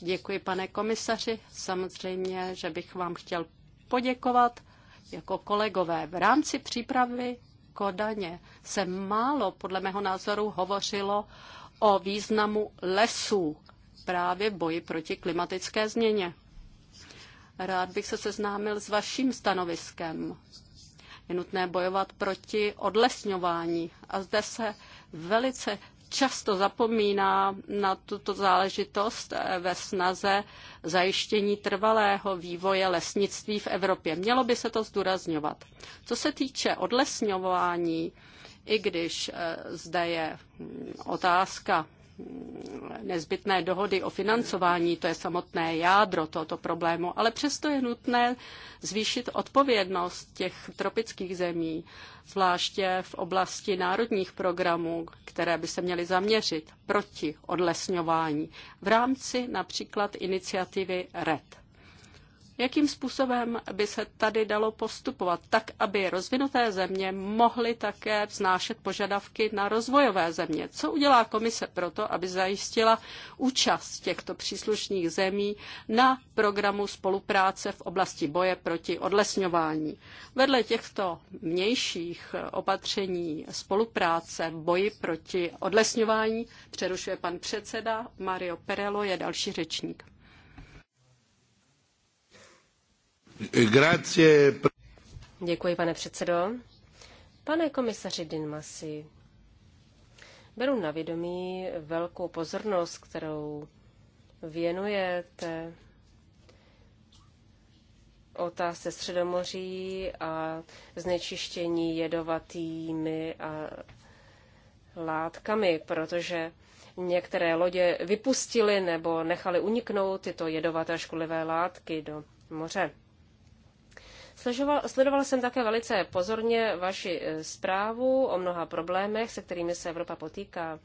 Speaker 1: Děkuji, pane komisaři. Samozřejmě, že bych vám chtěl poděkovat jako kolegové. V rámci přípravy Kodaně se málo, podle mého názoru, hovořilo o významu lesů právě v boji proti klimatické změně. Rád bych se seznámil s vaším stanoviskem. Je nutné bojovat proti odlesňování a zde se velice často zapomíná na tuto záležitost eh, ve snaze zajištění trvalého vývoje lesnictví v Evropě. Mělo by se to zdůrazňovat. Co se týče odlesňování, i když eh, zde je otázka nezbytné dohody o financování, to je samotné jádro tohoto problému, ale přesto je nutné zvýšit odpovědnost těch tropických zemí, zvláště v oblasti národních programů, které by se měly zaměřit proti odlesňování v rámci například iniciativy RED. Jakým způsobem by se tady dalo postupovat tak, aby rozvinuté země mohly také vznášet požadavky na rozvojové země? Co udělá komise proto, aby zajistila účast těchto příslušných zemí na programu spolupráce v oblasti boje proti odlesňování? Vedle těchto mnějších opatření spolupráce v boji proti odlesňování přerušuje pan předseda Mario Perelo je další řečník.
Speaker 2: Děkuji, pane předsedo. Pane komisaři Dinmasi, beru na vědomí velkou pozornost, kterou věnujete otázce Středomoří a znečištění jedovatými a látkami, protože některé lodě vypustily nebo nechaly uniknout tyto jedovaté škodlivé látky do moře. Sležoval, sledoval jsem také velice pozorně vaši eh, zprávu o mnoha problémech, se kterými se Evropa potýká.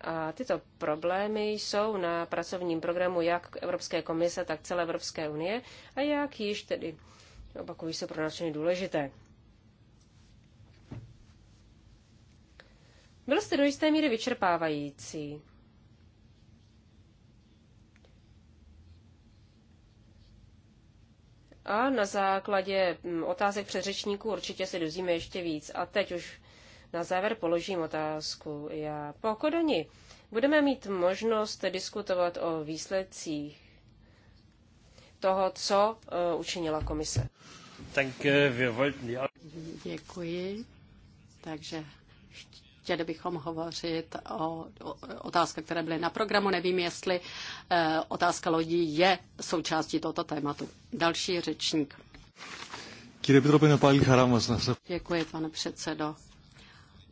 Speaker 2: A tyto problémy jsou na pracovním programu jak Evropské komise, tak celé Evropské unie a jak již tedy opakují se pro nás důležité. Byl jste do jisté míry vyčerpávající. A na základě mm, otázek předřečníků určitě se dozvíme ještě víc. A teď už na závěr položím otázku. Já po Kodani budeme mít možnost diskutovat o výsledcích toho, co e, učinila komise. E,
Speaker 1: Děkuji. Takže chtěli bychom hovořit o, o otázkách, které byly na programu. Nevím, jestli e, otázka lodí je součástí tohoto tématu. Další řečník. Děkuji, pane předsedo.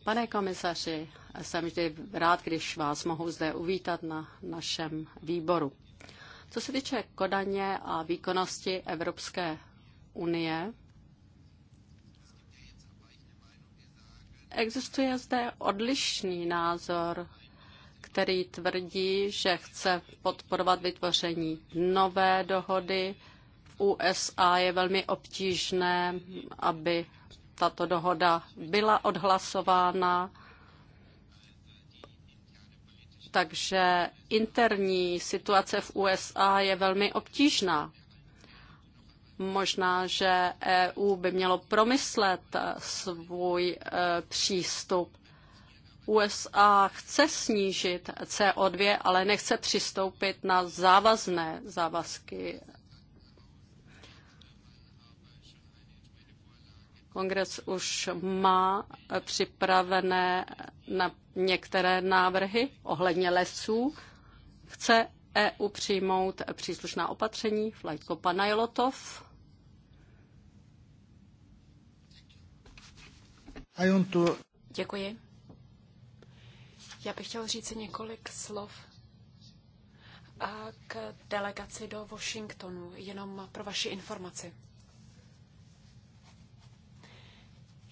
Speaker 1: Pane komisaři, jsem vždy rád, když vás mohu zde uvítat na našem výboru. Co se týče Kodaně a výkonnosti Evropské unie, Existuje zde odlišný názor, který tvrdí, že chce podporovat vytvoření nové dohody. V USA je velmi obtížné, aby tato dohoda byla odhlasována. Takže interní situace v USA je velmi obtížná. Možná, že EU by mělo promyslet eh, svůj eh, přístup. USA chce snížit CO2, ale nechce přistoupit na závazné závazky. Kongres už má připravené na některé návrhy ohledně lesů. Chce EU přijmout příslušná opatření, Vlajko Panajlotov.
Speaker 3: Děkuji. Já bych chtěl říct několik slov k delegaci do Washingtonu, jenom pro vaši informaci.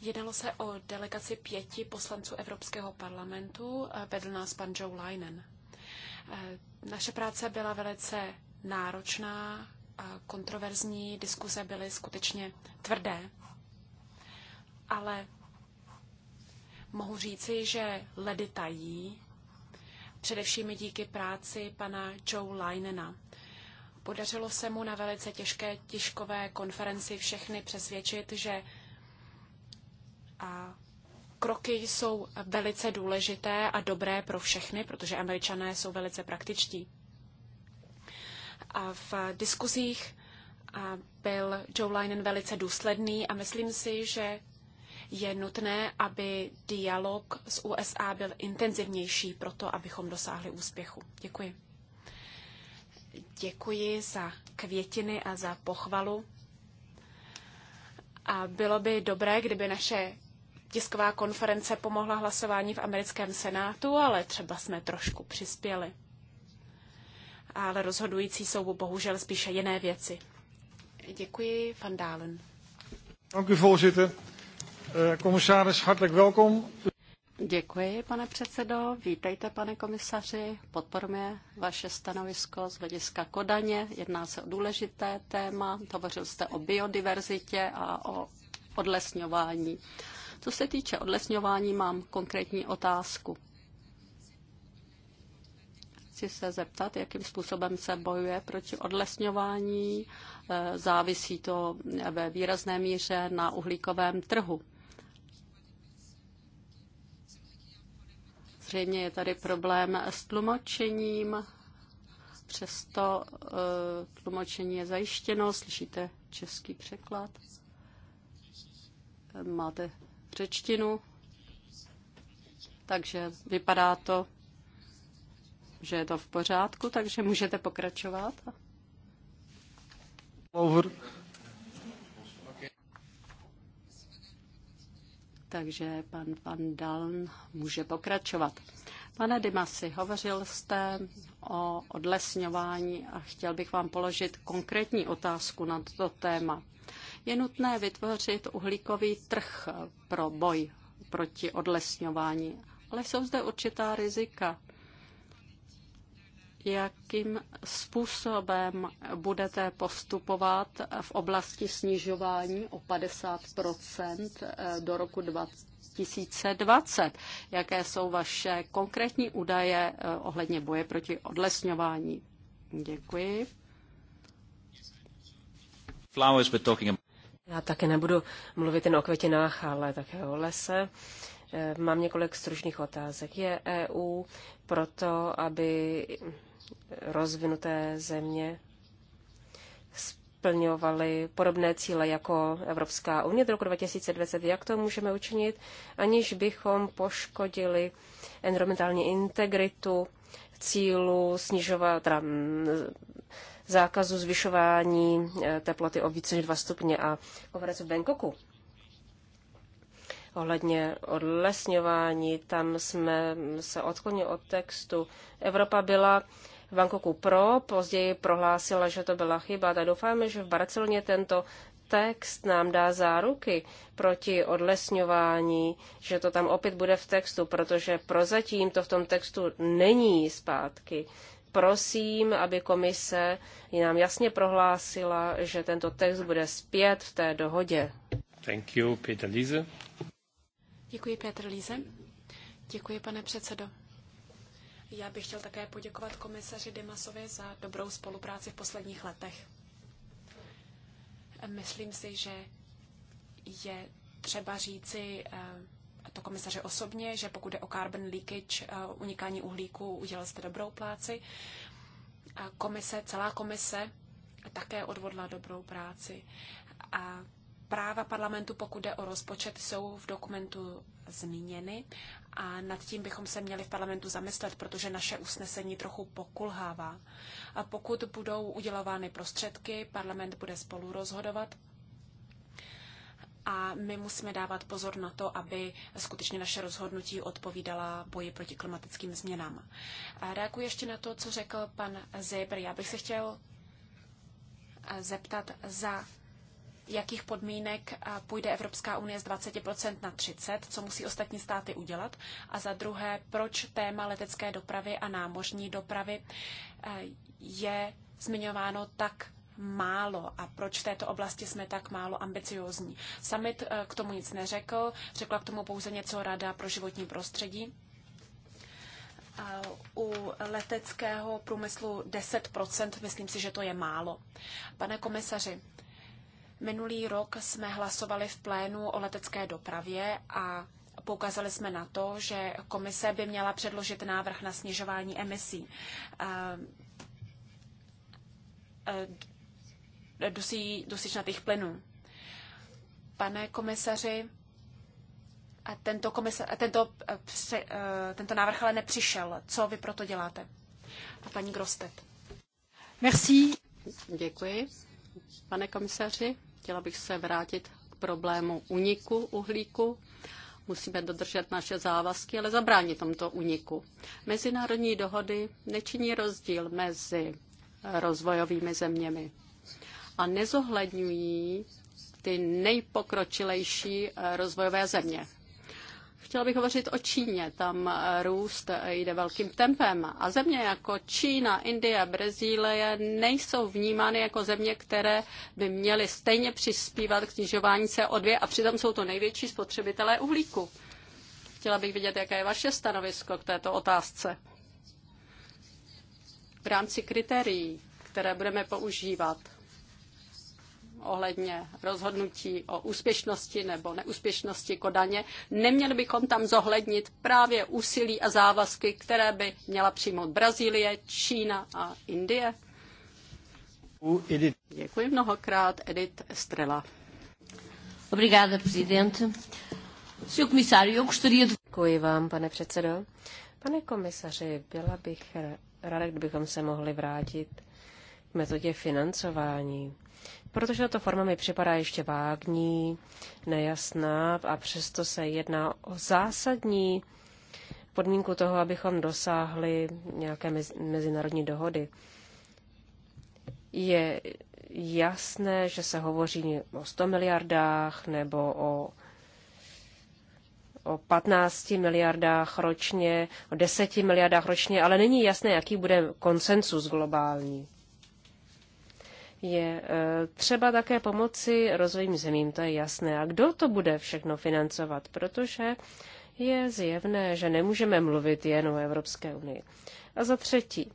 Speaker 3: Jednalo se o delegaci pěti poslanců Evropského parlamentu, vedl nás pan Joe Linen. Eh, naše práce byla velice náročná, kontroverzní, diskuze byly skutečně tvrdé, ale mohu říci, že ledy tají, především díky práci pana Joe Linena. Podařilo se mu na velice těžké tiškové konferenci všechny přesvědčit, že a kroky jsou velice důležité a dobré pro všechny, protože američané jsou velice praktičtí. A v diskuzích byl Joe Linen velice důsledný a myslím si, že je nutné, aby dialog s USA byl intenzivnější pro to, abychom dosáhli úspěchu. Děkuji. Děkuji za květiny a za pochvalu. A bylo by dobré, kdyby naše tisková konference pomohla hlasování v americkém senátu, ale třeba jsme trošku přispěli. Ale rozhodující jsou bohužel spíše jiné věci. Děkuji, van Dalen.
Speaker 2: Děkuji, voorzitter. Eh, commissaris, hartelijk welkom.
Speaker 3: Děkuji, pane předsedo.
Speaker 1: Vítejte, pane komisaři. Podporuji vaše stanovisko z hlediska Kodaně. Jedná se o důležité téma. Hovořil jste o biodiverzitě a o odlesňování. Co se týče odlesňování, mám konkrétní otázku. Chci se zeptat, jakým způsobem se bojuje proti odlesňování. E, závisí to e, ve výrazné míře na uhlíkovém trhu. Zřejmě je tady problém s tlumočením, přesto e, tlumočení je zajištěno, slyšíte český překlad. Máte řečtinu, takže vypadá to, že je to v pořádku, takže můžete pokračovat. Over. Takže pan Van Dalen může pokračovat. Pane Dimasi, hovořil jste o odlesňování a chtěl bych vám položit konkrétní otázku na toto téma. Je nutné vytvořit uhlíkový trh pro boj proti odlesňování, ale jsou zde určitá rizika. Jakým způsobem budete postupovat v oblasti snižování o 50 eh, do roku 2020? Jaké jsou vaše konkrétní údaje eh, ohledně boje proti odlesňování? Děkuji. Flowers, we're talking about...
Speaker 2: Já také nebudu mluvit jen o květinách, ale také o lese. Eh, mám několik stručných otázek. Je EU proto, aby rozvinuté země splňovaly podobné cíle jako Evropská unie do roku 2020. Jak to můžeme učinit, aniž bychom poškodili environmentální integritu cílu snižovat, teda zákazu zvyšování eh, teploty o více než 2 stupně a konferenci v Bangkoku. Ohledně odlesňování, tam jsme se odklonili od textu. Evropa byla v Bangkoku pro, později prohlásila, že to byla chyba. A doufáme, že v Barceloně tento text nám dá záruky proti odlesňování, že to tam opět bude v textu, protože prozatím to v tom textu není zpátky prosím, aby komise nám jasně prohlásila, že tento text bude zpět v té dohodě. Thank you,
Speaker 3: Peter Lise. Děkuji, Petr Líze. Děkuji, pane předsedo. Já bych chtěl také poděkovat komisaři Dimasovi za dobrou spolupráci v posledních letech. Myslím si, že je třeba říci eh, to komisaře osobně, že pokud je o carbon leakage, eh, unikání uhlíku, udělal jste dobrou práci. Komise, celá komise také odvodla dobrou práci. A práva parlamentu, pokud jde o rozpočet, jsou v dokumentu zmíněny a nad tím bychom se měli v parlamentu zamyslet, protože naše usnesení trochu pokulhává. A pokud budou udělovány prostředky, parlament bude spolu rozhodovat a my musíme dávat pozor na to, aby skutečně naše rozhodnutí odpovídala boji proti klimatickým změnám. A reaguji ještě na to, co řekl pan Zebr. Já bych se chtěl eh, zeptat, za jakých podmínek eh, půjde Evropská unie z 20% na 30%, co musí ostatní státy udělat. A za druhé, proč téma letecké dopravy a námořní dopravy eh, je zmiňováno tak málo a proč v této oblasti jsme tak málo ambiciózní. Summit eh, k tomu nic neřekl, řekla k tomu pouze něco Rada pro životní prostředí. Eh, u leteckého průmyslu 10%, myslím si, že to je málo. Pane komisaři, minulý rok jsme hlasovali v plénu o letecké dopravě a Poukázali jsme na to, že komise by měla předložit návrh na snižování emisí eh, dusí, dusičnatých plynů. Pane komisaři, a tento, komisa, a tento, eh, pře, eh, tento návrh ale nepřišel. Co vy proto děláte? A paní Grostet.
Speaker 1: Merci. Děkuji. Pane komisaři, chtěla bych se vrátit k problému uniku uhlíku. Musíme dodržet naše závazky, ale zabránit tomto uniku. Mezinárodní dohody nečiní rozdíl mezi rozvojovými zeměmi a nezohledňují ty nejpokročilejší eh, rozvojové země. Chtěla bych hovořit o Číně. Tam eh, růst eh, jde velkým tempem. A země jako Čína, Indie, Brazílie nejsou vnímány jako země, které by měly stejně přispívat k snižování CO2 a přitom jsou to největší spotřebitelé uhlíku. Chtěla bych vidět, jaké je vaše stanovisko k této otázce. V rámci kritérií, které budeme používat, ohledně rozhodnutí o úspěšnosti nebo neúspěšnosti Kodaně, neměli bychom tam zohlednit právě úsilí a závazky, které by měla přijmout Brazílie, Čína a Indie? Děkuji mnohokrát, Edith Estrela.
Speaker 2: Obrigada, Presidente. Senhor comissário, eu gostaria de... Děkuji vám, pane předsedo. Pane komisaři, byla bych ráda, kdybychom se mohli vrátit k metodě financování. Protože tato forma mi připadá ještě vágní, nejasná a přesto se jedná o zásadní podmínku toho, abychom dosáhli nějaké mezinárodní dohody. Je jasné, že se hovoří o 100 miliardách nebo o, o 15 miliardách ročně, o 10 miliardách ročně, ale není jasné, jaký bude konsensus globální je eh, třeba také pomoci rozvojím zemím, to je jasné. A kdo to bude všechno financovat? Protože je zjevné, že nemůžeme mluvit jen o Evropské unii. A za třetí,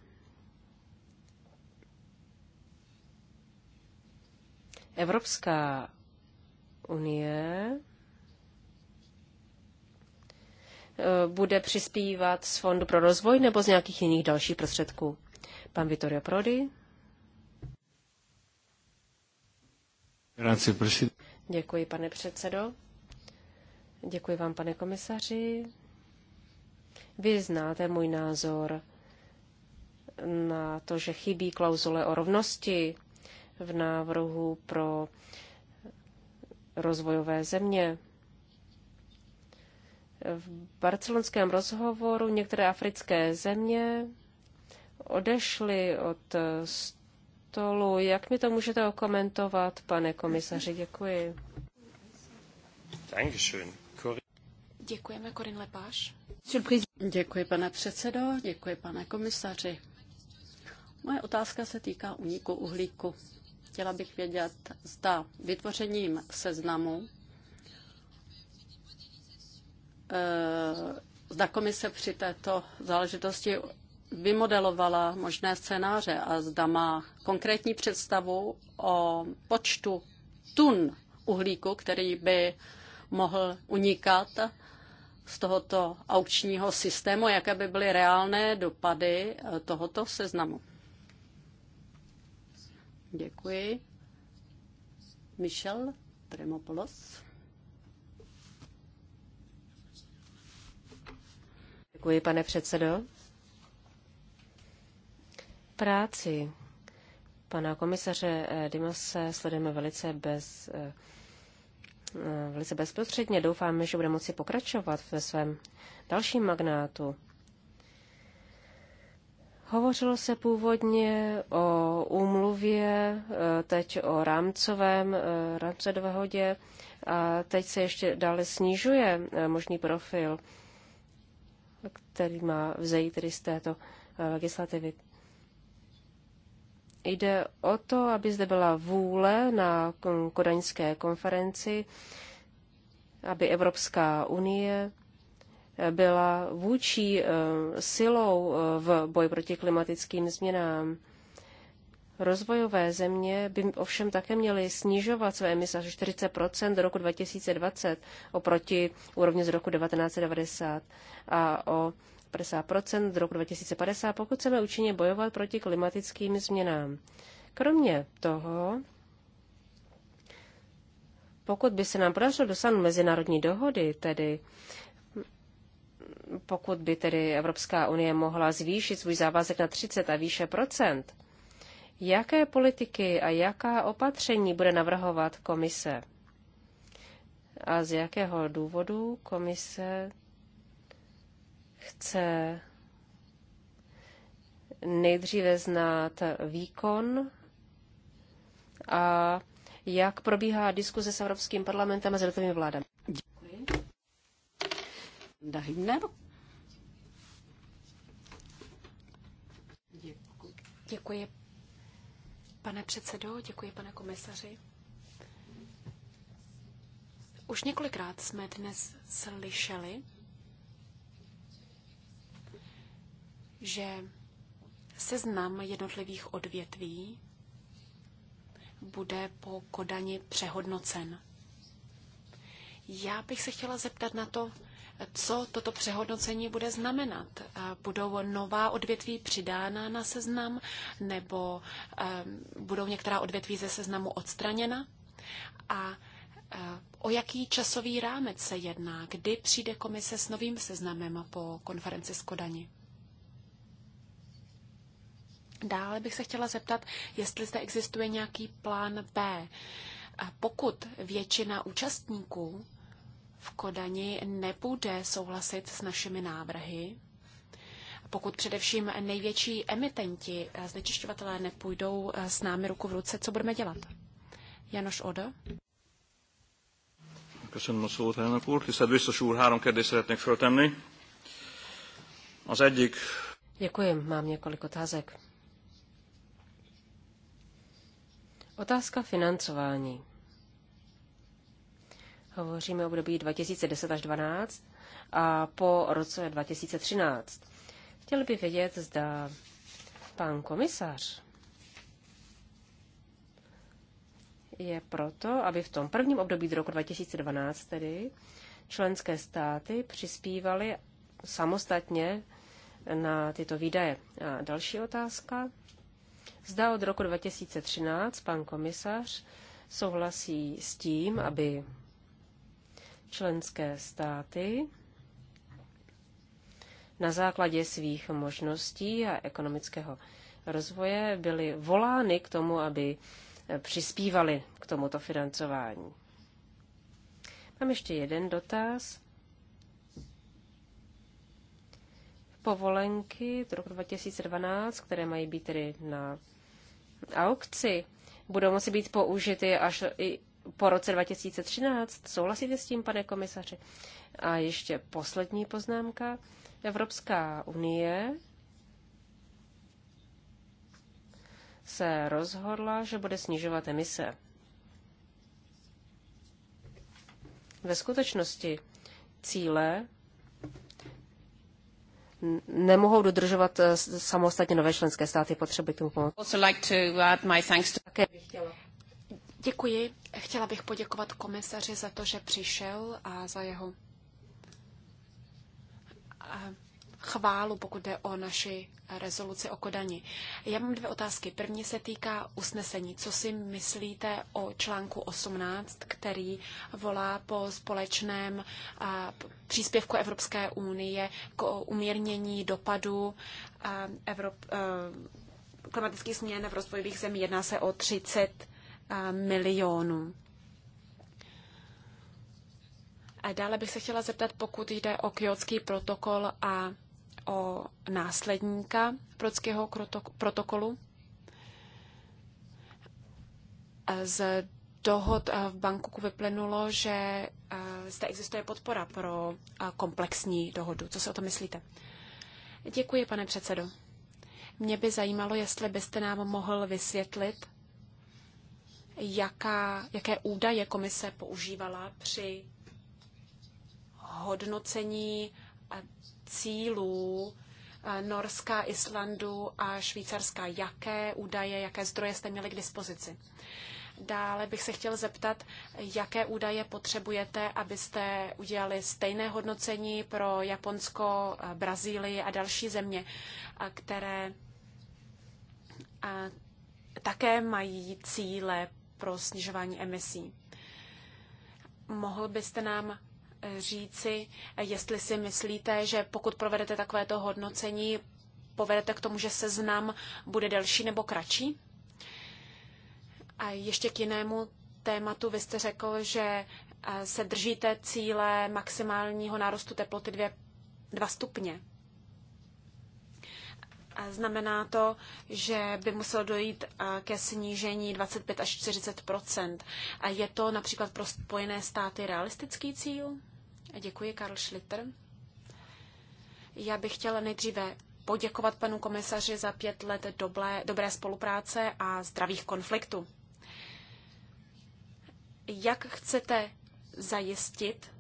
Speaker 2: Evropská unie eh, bude přispívat z Fondu pro rozvoj nebo z nějakých jiných dalších prostředků. Pan Vittorio Prodi. Děkuji, pane předsedo. Děkuji vám, pane komisaři. Vy znáte můj názor na to, že chybí klauzule o rovnosti v návrhu pro rozvojové země. V barcelonském rozhovoru některé africké země odešly od kapitolu. Jak mi to můžete okomentovat, pane komisaři? Děkuji.
Speaker 3: Děkujeme, Corinne Lepáš. Děkuji, pane předsedo,
Speaker 1: děkuji, pane komisaři. Moje otázka se týká uniku uhlíku. Chtěla bych vědět, zda vytvořením seznamu eh, zda komise při této záležitosti vymodelovala možné scénáře a zda má konkrétní představu o počtu tun uhlíku, který by mohl unikat z tohoto aukčního systému, jaké by byly reálné dopady tohoto seznamu. Děkuji. Michel Tremopoulos.
Speaker 2: Děkuji, pane předsedo. Práci pana komisaře eh, Dimase sledujeme velice bez eh, eh, velice bezprostředně. Doufáme, že bude moci pokračovat ve svém dalším magnátu. Hovořilo se původně o úmluvě, teď o rámcovém, rámce dohodě a teď se ještě dále snižuje možný profil, který má vzejít tedy z této legislativy. Jde o to, aby zde byla vůle na kodaňské konferenci, aby Evropská unie eh, byla vůči eh, silou eh, v boji proti klimatickým změnám. Rozvojové země by ovšem také měly snižovat své emise až 40 do roku 2020 oproti úrovni z roku 1990 a o 50 do roku 2050, pokud chceme účinně bojovat proti klimatickým změnám. Kromě toho, pokud by se nám podařilo dosáhnout mezinárodní dohody, tedy pokud by tedy Evropská unie mohla zvýšit svůj závazek na 30 a výše procent, jaké politiky a jaká opatření bude navrhovat komise? A z jakého důvodu komise chce nejdříve znát výkon a jak probíhá diskuze s Evropským parlamentem a s vládami. Děkuji.
Speaker 1: Děkuji.
Speaker 3: Děkuji, pane předsedo, děkuji, pane komisaři. Už několikrát jsme dnes slyšeli, že seznam jednotlivých odvětví bude po Kodani přehodnocen. Já bych se chtěla zeptat na to, co toto přehodnocení bude znamenat. Budou nová odvětví přidána na seznam, nebo ehm, budou některá odvětví ze seznamu odstraněna? A eh, o jaký časový rámec se jedná? Kdy přijde komise s novým seznamem po konferenci s Kodani? Dále bych se chtěla zeptat, jestli zde existuje nějaký plán B. Pokud většina účastníků v Kodani nebude souhlasit s našimi návrhy, pokud především největší emitenti, znečišťovatelé, nepůjdou e, s námi ruku v ruce, co budeme dělat? Janoš Oda.
Speaker 2: Köszönöm a szót, elnök úr. Tisztelt biztos úr, három kérdést szeretnék föltenni. Az egyik... Děkuji, mám několik otázek. Otázka financování. Hovoříme o období 2010 až 2012 a po roce 2013. Chtěl bych vědět, zda pan komisař je proto, aby v tom prvním období do roku 2012 tedy členské státy přispívaly samostatně na tyto výdaje. A další otázka Zda od roku 2013 pan komisař souhlasí s tím, aby členské státy na základě svých možností a ekonomického rozvoje byly volány k tomu, aby eh, přispívali k tomuto financování. Mám ještě jeden dotaz. Povolenky z roku 2012, které mají být tedy na aukci budou moci být použity až i po roce 2013. Souhlasíte s tím, pane komisaři? A ještě poslední poznámka. Evropská unie se rozhodla, že bude snižovat emise. Ve skutečnosti cíle nemohou dodržovat eh, samostatně nové členské státy, potřebují k tomu pomoct.
Speaker 3: Děkuji. Chtěla bych poděkovat komisaři za to, že přišel a za jeho chválu, pokud jde o naši rezoluci o Kodani. Já mám dvě otázky. První se týká usnesení. Co si myslíte o článku 18, který volá po společném příspěvku Evropské unie k umírnění dopadu Evrop, klimatických změn v rozvojových zemích? Jedná se o 30 milionů. A dále bych se chtěla zeptat, pokud jde o kyotský protokol a o následníka Brodského protokolu z dohod eh, v Bankoku vyplynulo, že eh, zde existuje podpora pro eh, komplexní dohodu. Co si o to myslíte? Děkuji, pane předsedo. Mě by zajímalo, jestli byste nám mohl vysvětlit, jaká, jaké údaje komise používala při hodnocení cílů eh, Norska, Islandu a Švýcarska. Jaké údaje, jaké zdroje jste měli k dispozici? Dále bych se chtěl zeptat, jaké údaje potřebujete, abyste udělali stejné hodnocení pro Japonsko, eh, Brazílii a další země, které také mají cíle pro snižování emisí. Mohl byste nám říci, jestli si myslíte, že pokud provedete takovéto hodnocení, povedete k tomu, že seznam bude delší nebo kratší? A ještě k jinému tématu vy jste řekl, že se držíte cíle maximálního nárostu teploty 2, stupně. A znamená to, že by muselo dojít ke snížení 25 až 40 A je to například pro Spojené státy realistický cíl? Děkuji, Karl Schlitter. Já bych chtěla nejdříve poděkovat panu komisaři za pět let doble, dobré spolupráce a zdravých konfliktů. Jak chcete zajistit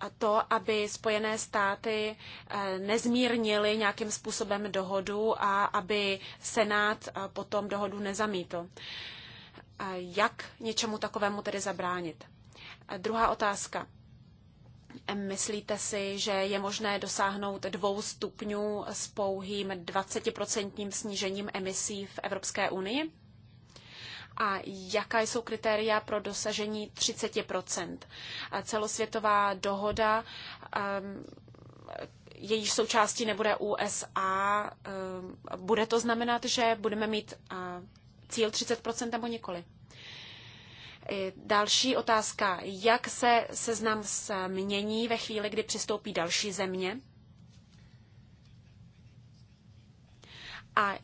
Speaker 3: a to, aby Spojené státy eh, nezmírnili nějakým způsobem dohodu a aby Senát eh, potom dohodu nezamítl. Eh, jak něčemu takovému tedy zabránit? A druhá otázka. Myslíte si, že je možné dosáhnout dvou stupňů s pouhým 20% snížením emisí v Evropské unii? A jaká jsou kritéria pro dosažení 30%? Celosvětová dohoda, ehm, jejíž součástí nebude USA, ehm, bude to znamenat, že budeme mít cíl 30% nebo nikoli? Další otázka. Jak se seznam změní ve chvíli, kdy přistoupí další země? A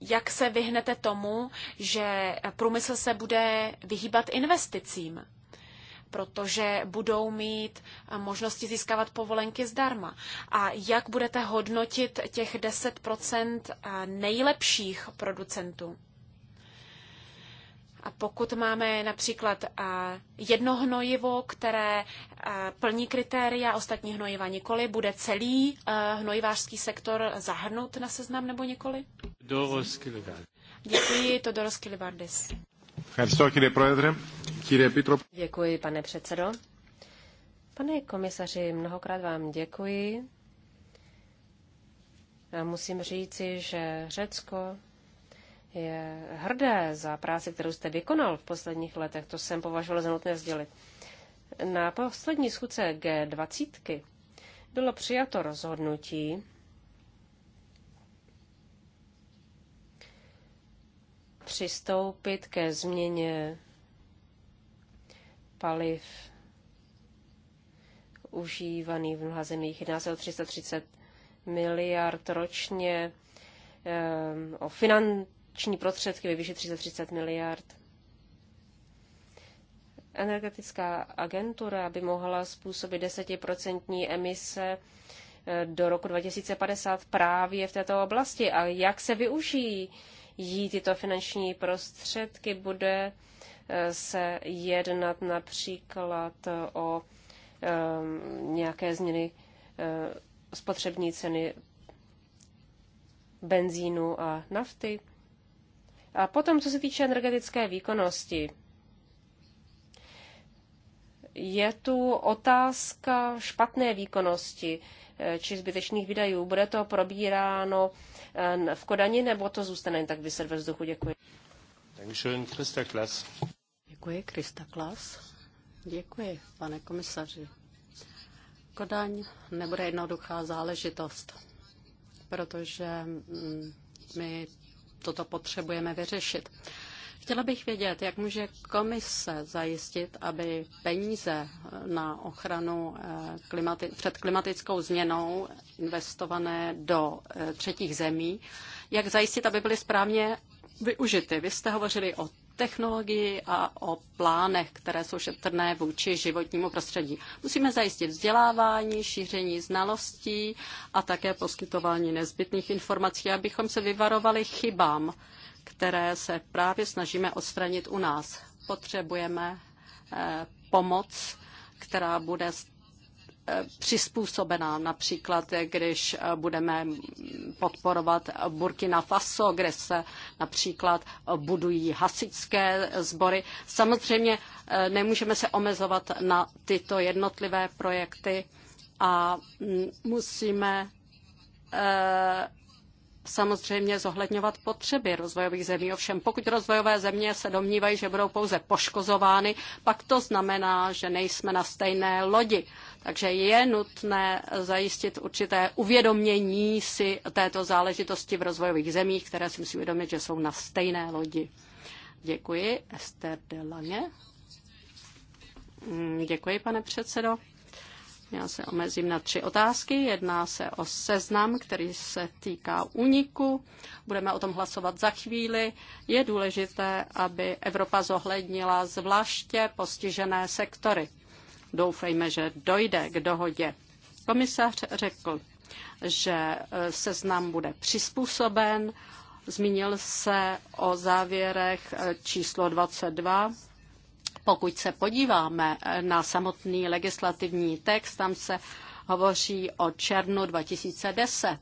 Speaker 3: jak se vyhnete tomu, že průmysl se bude vyhýbat investicím? protože budou mít možnosti získávat povolenky zdarma. A jak budete hodnotit těch 10 nejlepších producentů? A pokud máme například jedno hnojivo, které plní kritéria, ostatní hnojiva nikoli, bude celý hnojivářský sektor zahrnut na seznam nebo nikoli?
Speaker 2: Doros
Speaker 3: Děkuji, Todoros Kilibardis. Děkuji, pane předsedo.
Speaker 2: Pane komisaři, mnohokrát vám děkuji. Já musím říci, že Řecko je hrdé za práci, kterou jste vykonal v posledních letech. To jsem považoval za nutné sdělit. Na poslední schůdce G20 bylo přijato rozhodnutí, přistoupit ke změně paliv užívaný v mnoha zemích. Jedná se o 330 miliard ročně, ehm, o finan, Finanční prostředky ve výši 330 miliard. Energetická agentura by mohla způsobit desetiprocentní emise eh, do roku 2050 právě v této oblasti. A jak se využijí jí tyto finanční prostředky? Bude eh, se jednat například eh, o um, nějaké změny uh, spotřební ceny benzínu a nafty? A potom, co se týče energetické výkonnosti, je tu otázka špatné výkonnosti eh, či zbytečných výdajů. Bude to probíráno eh, v Kodani, nebo to zůstane jen tak vyset ve vzduchu? Děkuji. Dankeschön, Krista Klas. Děkuji, Krista Klas. Děkuji, pane komisaři.
Speaker 1: Kodaň nebude jednoduchá záležitost, protože mm, my toto potřebujeme vyřešit. Chtěla bych vědět, jak může komise zajistit, aby peníze na ochranu eh, klimati- před klimatickou změnou investované do eh, třetích zemí, jak zajistit, aby byly správně využity. Vy jste hovořili o technologii a o plánech, které jsou šetrné vůči životnímu prostředí. Musíme zajistit vzdělávání, šíření znalostí a také poskytování nezbytných informací, abychom se vyvarovali chybám, které se právě snažíme odstranit u nás. Potřebujeme eh, pomoc, která bude přizpůsobená. Například, když budeme podporovat Burkina Faso, kde se například budují hasičské sbory. Samozřejmě eh, nemůžeme se omezovat na tyto jednotlivé projekty a musíme eh, samozřejmě zohledňovat potřeby rozvojových zemí. Ovšem, pokud rozvojové země se domnívají, že budou pouze poškozovány, pak to znamená, že nejsme na stejné lodi. Takže je nutné zajistit určité uvědomění si této záležitosti v rozvojových zemích, které si musí uvědomit, že jsou na stejné lodi. Děkuji. Esther de Lange. Mm, děkuji, pane předsedo. Já se omezím na tři otázky. Jedná se o seznam, který se týká úniku. Budeme o tom hlasovat za chvíli. Je důležité, aby Evropa zohlednila zvláště postižené sektory. Doufejme, že dojde k dohodě. Komisař řekl, že e, seznam bude přizpůsoben. Zmínil se o závěrech e, číslo 22 pokud se podíváme e, na samotný legislativní text, tam se hovoří o černu 2010.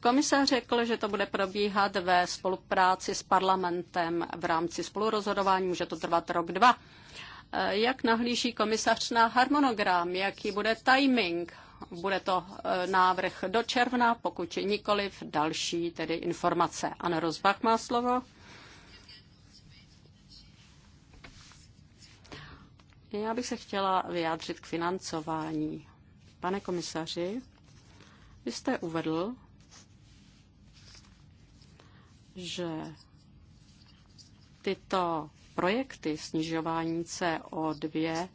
Speaker 1: Komisař řekl, že to bude probíhat ve spolupráci s parlamentem v rámci spolurozhodování, může to trvat rok, dva. Eh, jak nahlíží komisař na harmonogram? Jaký bude timing? Bude to eh, návrh do června, pokud nikoliv další tedy informace. ano, Rozbach má slovo. Já bych se chtěla vyjádřit k financování. Pane komisaři, vy jste uvedl, že tyto projekty snižování CO2 eh,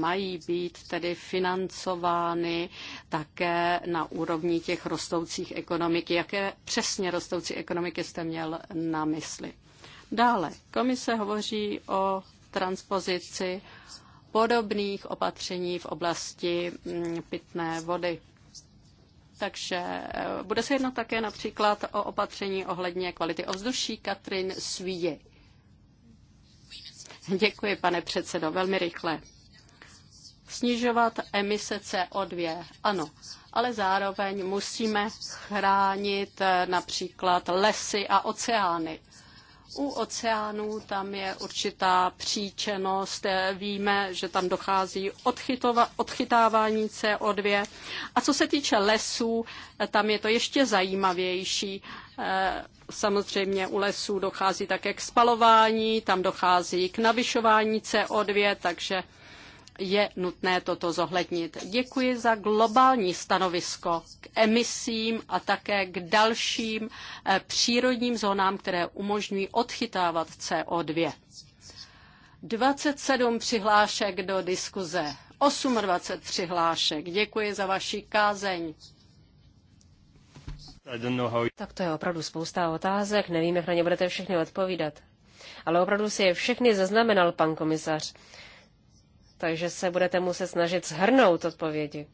Speaker 1: mají být tedy financovány také na úrovni těch rostoucích ekonomik. Jaké přesně rostoucí ekonomiky jste měl na mysli? Dále, komise hovoří o transpozici podobných opatření v oblasti mm, pitné vody. Takže eh, bude se jednat také například o opatření ohledně kvality ovzduší Katrin Svíje. Děkuji, pane předsedo, velmi rychle. Snižovat emise CO2, ano, ale zároveň musíme chránit eh, například lesy a oceány. U oceánů tam je určitá příčenost, víme, že tam dochází odchytova, odchytávání CO2. A co se týče lesů, tam je to ještě zajímavější. Eh, samozřejmě u lesů dochází také k spalování, tam dochází k navyšování CO2, takže je nutné toto zohlednit. Děkuji za globální stanovisko k emisím a také k dalším eh, přírodním zónám, které umožňují odchytávat CO2. 27 přihlášek do diskuze, 28 přihlášek. Děkuji za vaši kázeň.
Speaker 2: Tak to je opravdu spousta otázek, nevím, jak na ně budete všechny odpovídat. Ale opravdu si je všechny zaznamenal pan komisař takže se budete muset snažit shrnout odpovědi.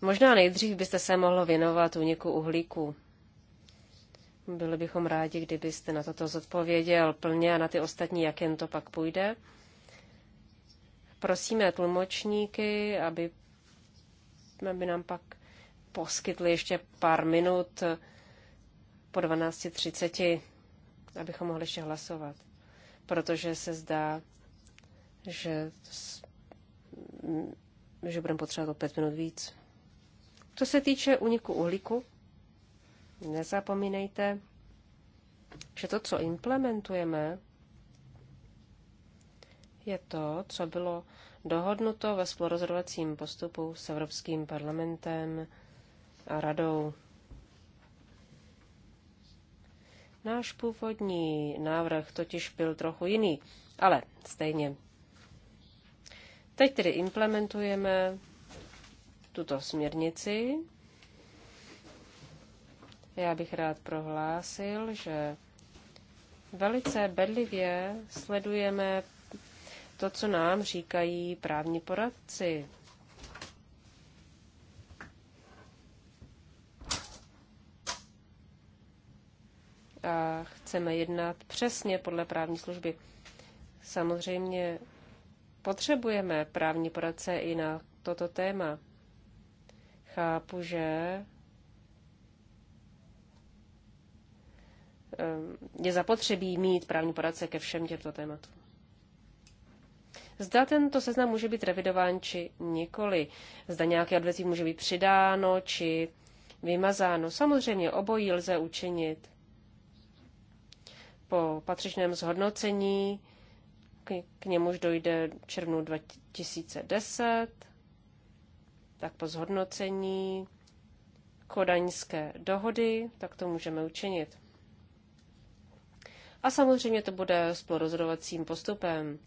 Speaker 2: Možná nejdřív byste se mohlo věnovat úniku uhlíku. Byli bychom rádi, kdybyste na toto zodpověděl plně a na ty ostatní, jak jen to pak půjde. Prosíme tlumočníky, aby, aby nám pak poskytli ještě pár minut po 12.30, abychom mohli ještě hlasovat, protože se zdá, že, že budeme potřebovat o pět minut víc. Co se týče uniku uhlíku, nezapomínejte, že to, co implementujeme, je to, co bylo dohodnuto ve spolurozhodovacím postupu s Evropským parlamentem a radou. Náš původní návrh totiž byl trochu jiný, ale stejně Teď tedy implementujeme tuto směrnici. Já bych rád prohlásil, že velice bedlivě sledujeme to, co nám říkají právní poradci. A chceme jednat přesně podle právní služby. Samozřejmě Potřebujeme právní poradce i na toto téma. Chápu, že ehm, je zapotřebí mít právní poradce ke všem těmto tématům. Zda tento seznam může být revidován či nikoli. Zda nějaké odvětví může být přidáno či vymazáno. Samozřejmě obojí lze učinit. Po patřičném zhodnocení k, k němuž dojde červnu 2010, tak po zhodnocení kodaňské dohody, tak to můžeme učinit. A samozřejmě to bude porozhodovacím postupem,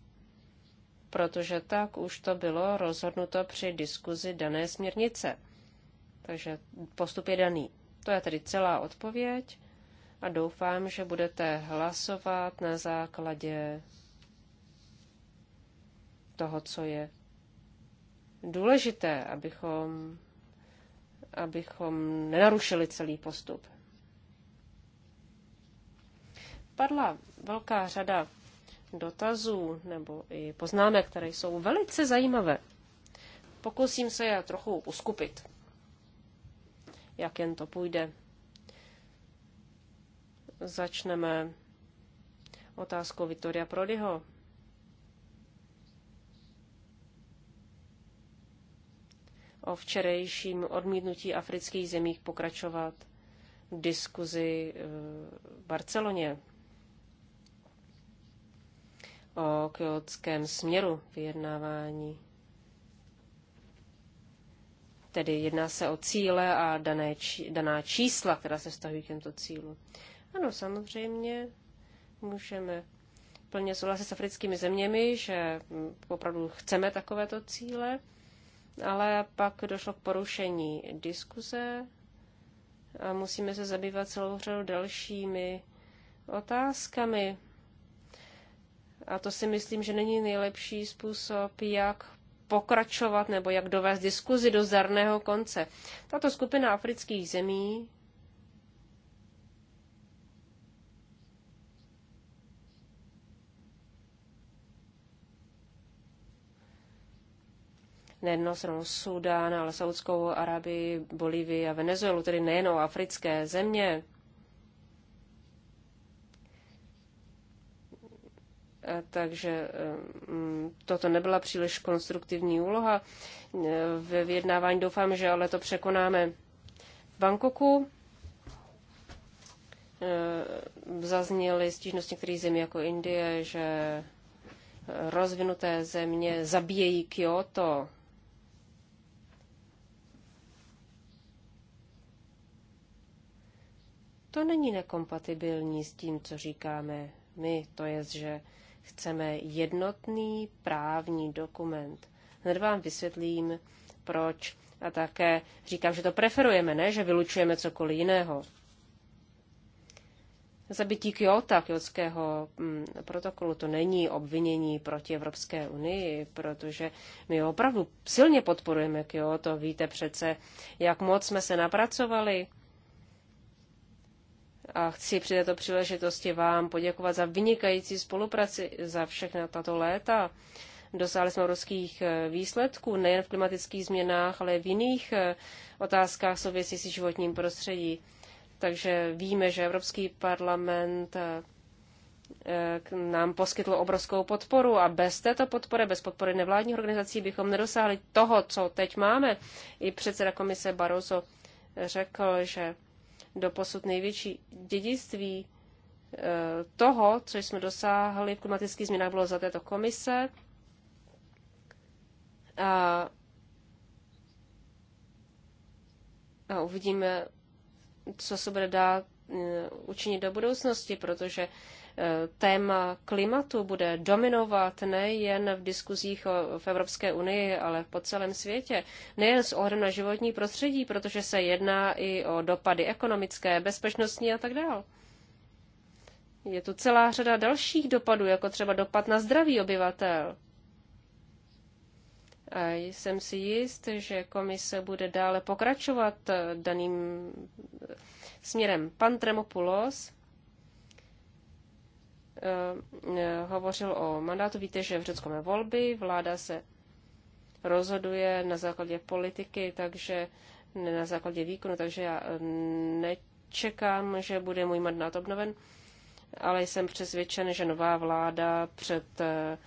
Speaker 2: protože tak už to bylo rozhodnuto při diskuzi dané směrnice. Takže postup je daný. To je tedy celá odpověď a doufám, že budete hlasovat na základě toho, co je důležité, abychom, abychom nenarušili celý postup. Padla velká řada dotazů nebo i poznámek, které jsou velice zajímavé. Pokusím se je trochu uskupit, jak jen to půjde. Začneme otázkou Vittoria Prodyho. o včerejším odmítnutí afrických zemích pokračovat v diskuzi e, v Barceloně o kyotském směru vyjednávání. Tedy jedná se o cíle a dané, či, daná čísla, která se vztahují k těmto cílu. Ano, samozřejmě můžeme plně souhlasit s africkými zeměmi, že opravdu chceme takovéto cíle ale pak došlo k porušení diskuze a musíme se zabývat celou řadou dalšími otázkami. A to si myslím, že není nejlepší způsob, jak pokračovat nebo jak dovést diskuzi do zarného konce. Tato skupina afrických zemí nejenom Sudán, ale Saudskou Arabii, Bolívii a Venezuelu, tedy nejenom africké země. takže ehm, toto nebyla příliš konstruktivní úloha. Eh, ve vyjednávání doufám, že ale to překonáme. V Bangkoku eh, zazněly stížnosti některých zemí jako Indie, že eh, rozvinuté země zabíjejí Kyoto. To není nekompatibilní s tím, co říkáme my, to je, že chceme jednotný právní dokument. Hned vám vysvětlím, proč. A také říkám, že to preferujeme, ne, že vylučujeme cokoliv jiného. Zabití Kyoto, kyotského mm, protokolu, to není obvinění proti Evropské unii, protože my opravdu silně podporujeme Kyoto. Víte přece, jak moc jsme se napracovali a chci při této příležitosti vám poděkovat za vynikající spolupráci za všechna tato léta. Dosáhli jsme ruských eh, výsledků nejen v klimatických změnách, ale i v jiných eh, otázkách souvisí s životním prostředí. Takže víme, že Evropský parlament eh, nám poskytl obrovskou podporu a bez této podpory, bez podpory nevládních organizací bychom nedosáhli toho, co teď máme. I předseda komise Barroso řekl, že posud největší dědictví eh, toho, co jsme dosáhli v klimatických změnách, bylo za této komise. A, a uvidíme, co se bude dát eh, učinit do budoucnosti, protože téma klimatu bude dominovat nejen v diskuzích v Evropské unii, ale po celém světě. Nejen s ohledem na životní prostředí, protože se jedná i o dopady ekonomické, bezpečnostní a tak dále. Je tu celá řada dalších dopadů, jako třeba dopad na zdraví obyvatel. A jsem si jist, že komise bude dále pokračovat daným směrem. Pan Tremopulos Eh, hovořil o mandátu. Víte, že v Řecku máme volby, vláda se rozhoduje na základě politiky, takže ne na základě výkonu, takže já eh, nečekám, že bude můj mandát obnoven, ale jsem přesvědčen, že nová vláda před eh,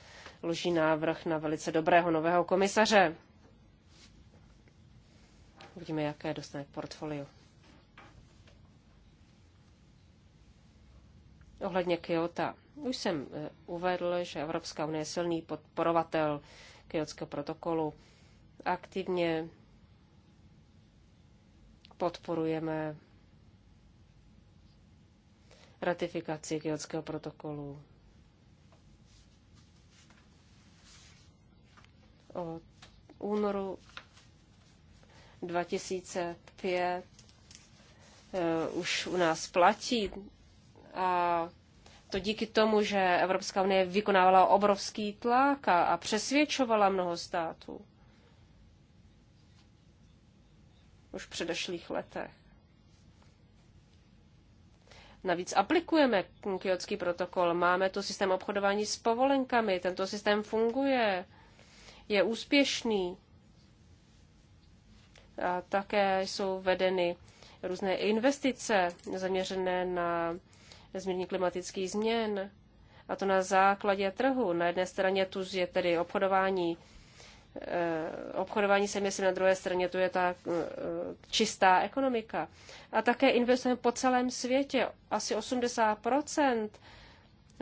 Speaker 2: loží návrh na velice dobrého nového komisaře. Uvidíme, jaké dostane portfolio. Ohledně Kyoto. Už jsem eh, uvedl, že Evropská unie je silný podporovatel Kyotského protokolu. Aktivně podporujeme ratifikaci Kyotského protokolu. Od únoru 2005 eh, už u nás platí a to díky tomu, že Evropská unie vykonávala obrovský tlak a, a přesvědčovala mnoho států už v předešlých letech. Navíc aplikujeme kyotský protokol, máme tu systém obchodování s povolenkami, tento systém funguje, je úspěšný. A také jsou vedeny různé investice zaměřené na změní klimatických změn. A to na základě trhu. Na jedné straně tu je tedy obchodování eh, obchodování se myslím, na druhé straně tu je ta eh, čistá ekonomika. A také investujeme po celém světě. Asi 80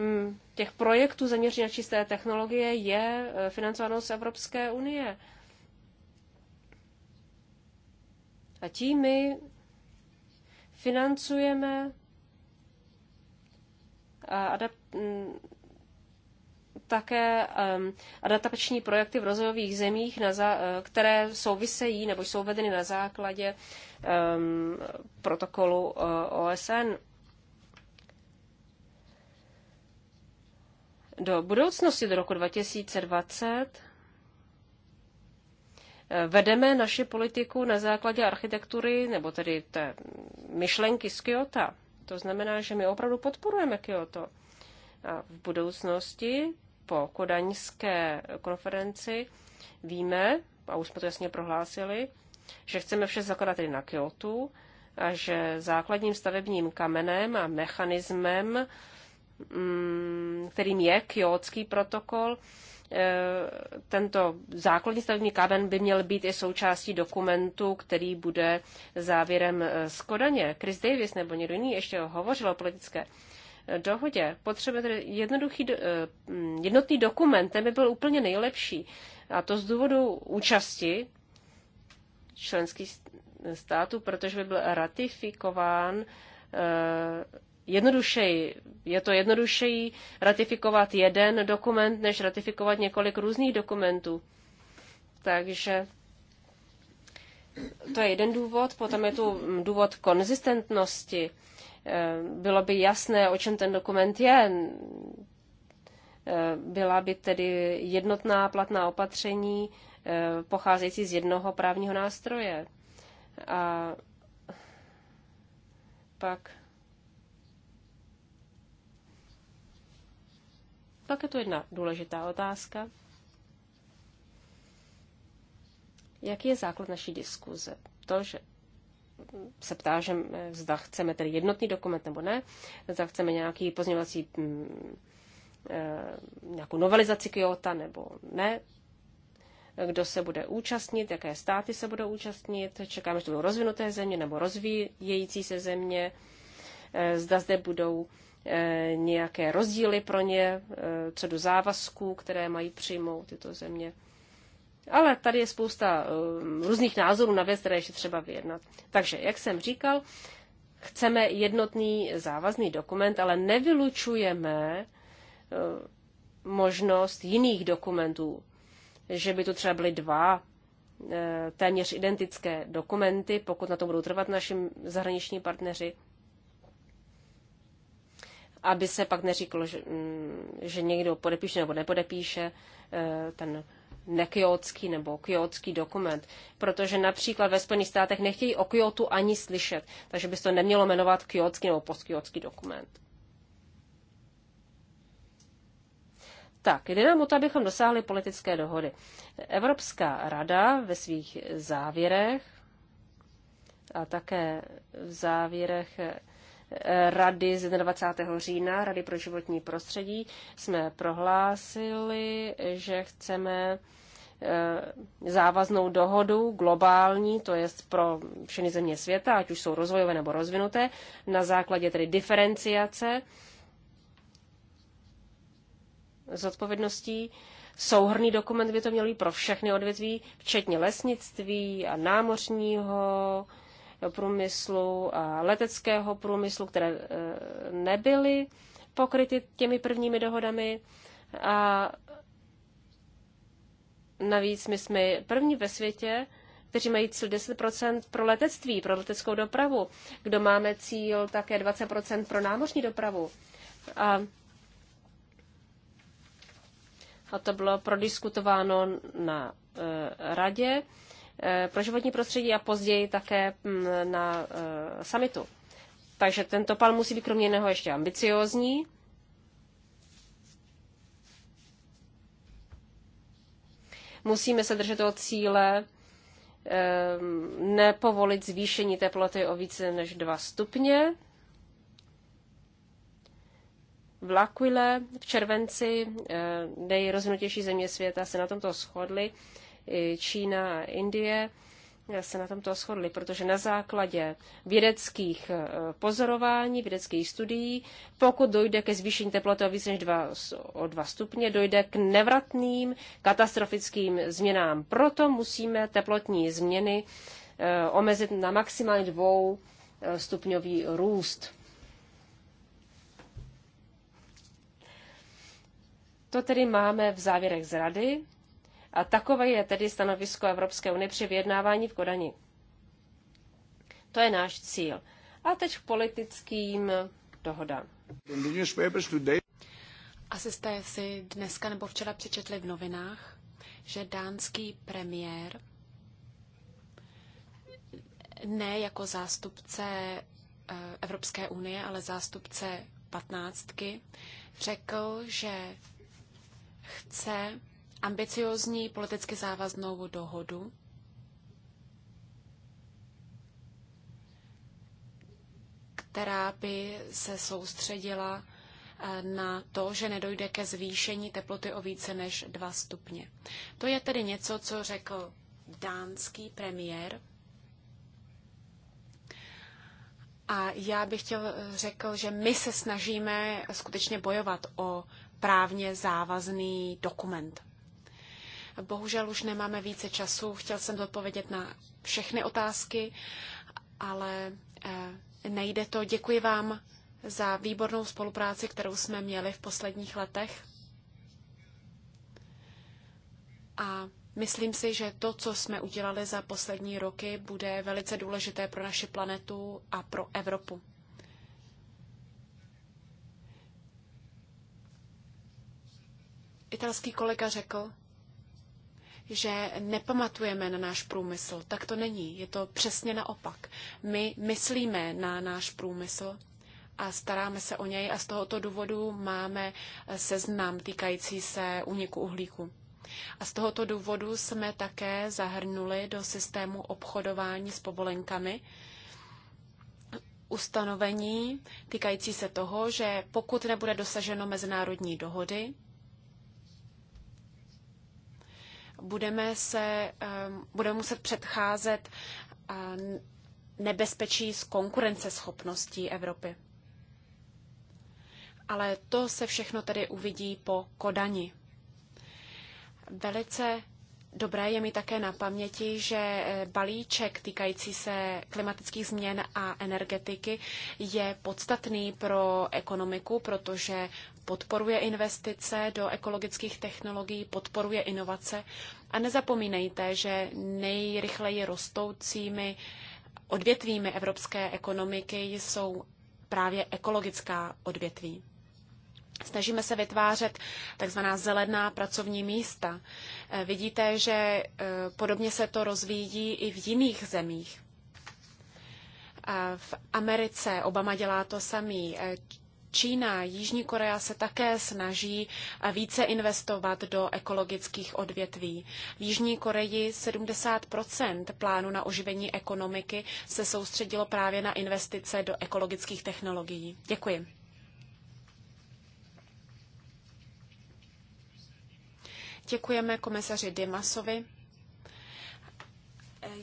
Speaker 2: hm, těch projektů zaměřených na čisté technologie je eh, financováno z Evropské unie. A tím my financujeme adap- mm, také um, adaptační projekty v rozvojových zemích, na za- eh, které souvisejí nebo jsou vedeny na základě um, protokolu uh, eh, OSN. Do budoucnosti, do roku 2020, eh, vedeme naši politiku na základě architektury, nebo tedy té myšlenky z Kyoto. To znamená, že my opravdu podporujeme Kyoto. A v budoucnosti po kodaňské konferenci víme, a už jsme to jasně prohlásili, že chceme vše zakladat tedy na Kyoto a že základním stavebním kamenem a mechanismem, mm, kterým je Kyotský protokol, Eh, tento základní stavební kámen by měl být i součástí dokumentu, který bude závěrem eh, z Kodaně. Chris Davis nebo někdo jiný ještě hovořil o politické eh, dohodě. Potřebujeme tedy jednoduchý, mm, jednotný dokument, ten by byl úplně nejlepší. A to z důvodu účasti členských států, protože by byl ratifikován jednodušeji, je to jednodušeji ratifikovat jeden dokument, než ratifikovat několik různých dokumentů. Takže to je jeden důvod. Potom je tu důvod konzistentnosti. Eh, bylo by jasné, o čem ten dokument je. Eh, byla by tedy jednotná platná opatření eh, pocházející z jednoho právního nástroje. A pak Pak je to jedna důležitá otázka. Jaký je základ naší diskuze? To, že se ptá, že zda chceme tedy jednotný dokument nebo ne, zda chceme nějaký pozměňovací e, nějakou novelizaci Kyoto nebo ne, kdo se bude účastnit, jaké státy se budou účastnit, čekáme, že to budou rozvinuté země nebo rozvíjející se země, e, zda zde budou Eh, nějaké rozdíly pro ně, eh, co do závazků, které mají přijmout tyto země. Ale tady je spousta eh, různých názorů na věc, které ještě třeba vyjednat. Takže, jak jsem říkal, chceme jednotný závazný dokument, ale nevylučujeme možnost jiných dokumentů, že by tu třeba byly dva téměř identické dokumenty, pokud na to budou trvat naši zahraniční partneři, aby se pak neříkalo, že, mm, že někdo podepíše nebo nepodepíše eh, ten nekyotský nebo kyotský dokument, protože například ve Spojených státech nechtějí o Kyotu ani slyšet, takže by se to nemělo jmenovat kyotský nebo postkyotský dokument. Tak, jde nám o to, abychom dosáhli politické dohody. Evropská rada ve svých závěrech a také v závěrech Rady z 21. října, Rady pro životní prostředí, jsme prohlásili, že chceme eh, závaznou dohodu globální, to je pro všechny země světa, ať už jsou rozvojové nebo rozvinuté, na základě tedy diferenciace odpovědností. Souhrný dokument by to měl být pro všechny odvětví, včetně lesnictví a námořního, průmyslu a leteckého průmyslu, které eh, nebyly pokryty těmi prvními dohodami. A navíc my jsme první ve světě, kteří mají cíl 10% pro letectví, pro leteckou dopravu, kdo máme cíl také 20% pro námořní dopravu. A, a to bylo prodiskutováno na e, radě Eh, pro životní prostředí a později také mm, na eh, summitu. Takže tento plán musí být kromě jiného ještě ambiciózní. Musíme se držet toho cíle eh, nepovolit zvýšení teploty o více než 2 stupně. V L'Aquile v červenci nejrozvinutější země světa se na tomto shodli. Čína a Indie se na tomto shodli, protože na základě vědeckých eh, pozorování, vědeckých studií, pokud dojde ke zvýšení teploty o více než 2, o 2 stupně, dojde k nevratným katastrofickým změnám. Proto musíme teplotní změny eh, omezit na maximálně dvou eh, stupňový růst. To tedy máme v závěrech z rady a takové je tedy stanovisko Evropské unie při vyjednávání v Kodani. To je náš cíl.
Speaker 3: A teď k politickým dohodám. Asi jste si dneska nebo včera přečetli v novinách, že dánský premiér ne jako zástupce eh, Evropské unie, ale zástupce patnáctky, řekl, že chce ambiciozní politicky závaznou dohodu, která by se soustředila eh, na to, že nedojde ke zvýšení teploty o více než 2 stupně. To je tedy něco, co řekl dánský premiér. A já bych chtěl eh, řekl, že my se snažíme skutečně bojovat o právně závazný dokument. Bohužel už nemáme více času. Chtěl jsem odpovědět na všechny otázky, ale eh, nejde to. Děkuji vám za výbornou spolupráci, kterou jsme měli v posledních letech. A myslím si, že to, co jsme udělali za poslední roky, bude velice důležité pro naši planetu a pro Evropu. Italský kolega řekl, že nepamatujeme na náš průmysl. Tak to není. Je to přesně naopak. My myslíme na náš průmysl a staráme se o něj a z tohoto důvodu máme seznam týkající se úniku uhlíku. A z tohoto důvodu jsme také zahrnuli do systému obchodování s povolenkami ustanovení týkající se toho, že pokud nebude dosaženo mezinárodní dohody, budeme, se, ehm, budeme muset předcházet nebezpečí z konkurenceschopností Evropy. Ale to se všechno tedy uvidí po Kodani. Velice dobré je mi také na paměti, že e, balíček týkající se klimatických změn a energetiky je podstatný pro ekonomiku, protože podporuje investice do ekologických technologií, podporuje inovace. A nezapomínejte, že nejrychleji rostoucími odvětvími evropské ekonomiky jsou právě ekologická odvětví. Snažíme se vytvářet takzvaná zelená pracovní místa. Eh, vidíte, že eh, podobně se to rozvíjí i v jiných zemích. V Americe Obama dělá to samý. Eh, Čína, Jižní Korea se také snaží více investovat do ekologických odvětví. V Jižní Koreji 70 plánu na oživení ekonomiky se soustředilo právě na investice do ekologických technologií. Děkuji. Děkujeme komisaři Dimasovi.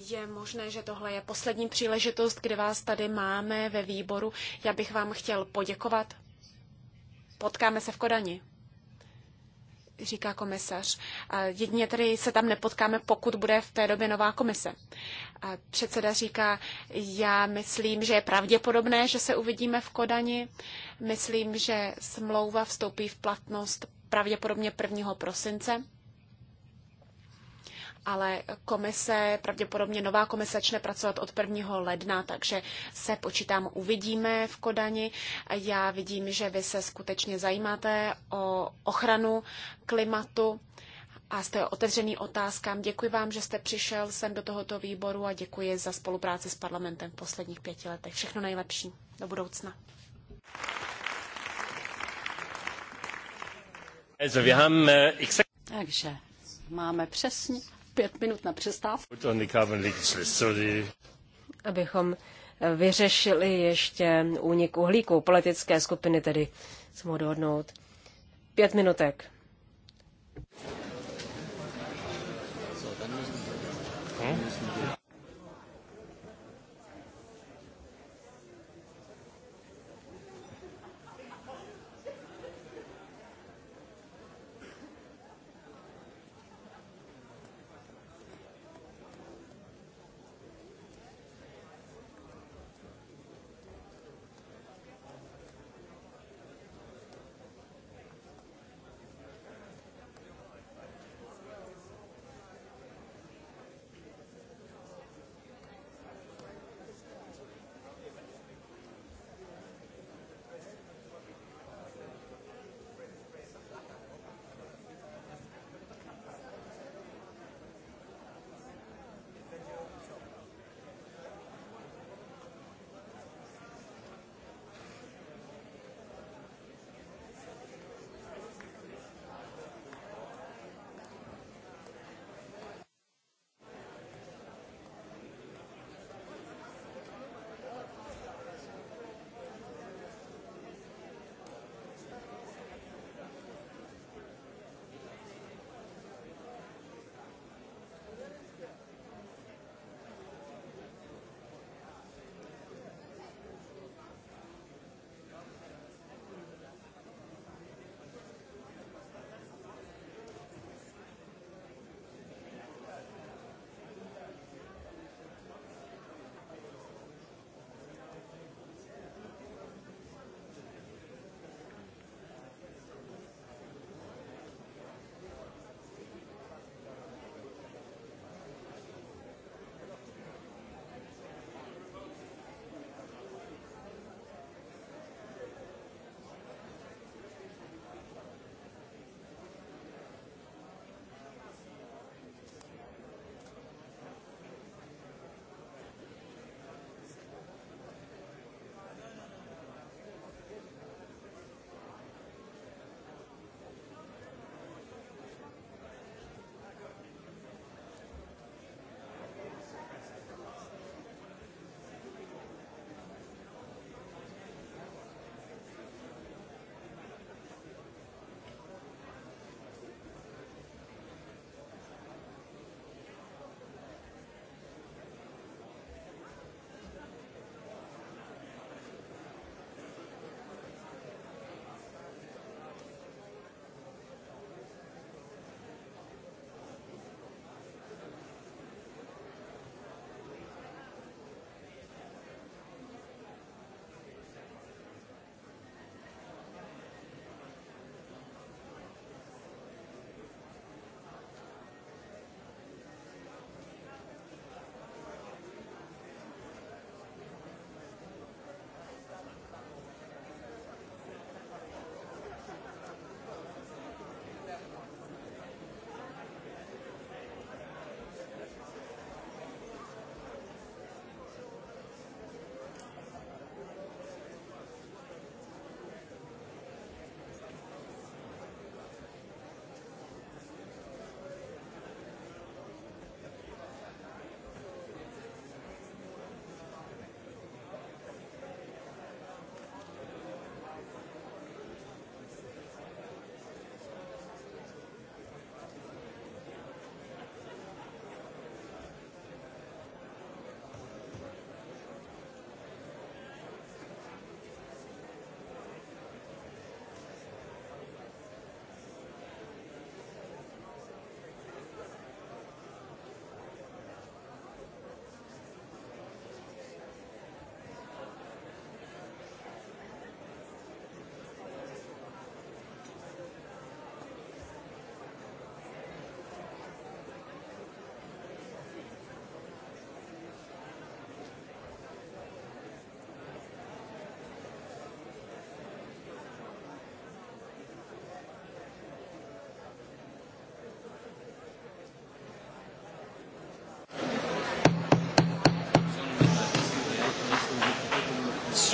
Speaker 3: Je možné, že tohle je poslední příležitost, kdy vás tady máme ve výboru. Já bych vám chtěl poděkovat. Potkáme se v Kodani, říká komisař. Jedině tedy se tam nepotkáme, pokud bude v té době nová komise. Předseda říká, já myslím, že je pravděpodobné, že se uvidíme v Kodani. Myslím, že smlouva vstoupí v platnost pravděpodobně 1. prosince ale komise, pravděpodobně nová komise začne pracovat od 1. ledna, takže se počítám uvidíme v Kodani. Já vidím, že vy se skutečně zajímáte o ochranu klimatu a jste otevřený otázkám. Děkuji vám, že jste přišel sem do tohoto výboru a děkuji za spolupráci s parlamentem v posledních pěti letech. Všechno nejlepší do budoucna.
Speaker 2: Äh,
Speaker 3: takže máme přesně pět
Speaker 2: minut na přestávku. Abychom vyřešili ještě únik uhlíku. Politické skupiny tedy se mohou dohodnout. Pět minutek.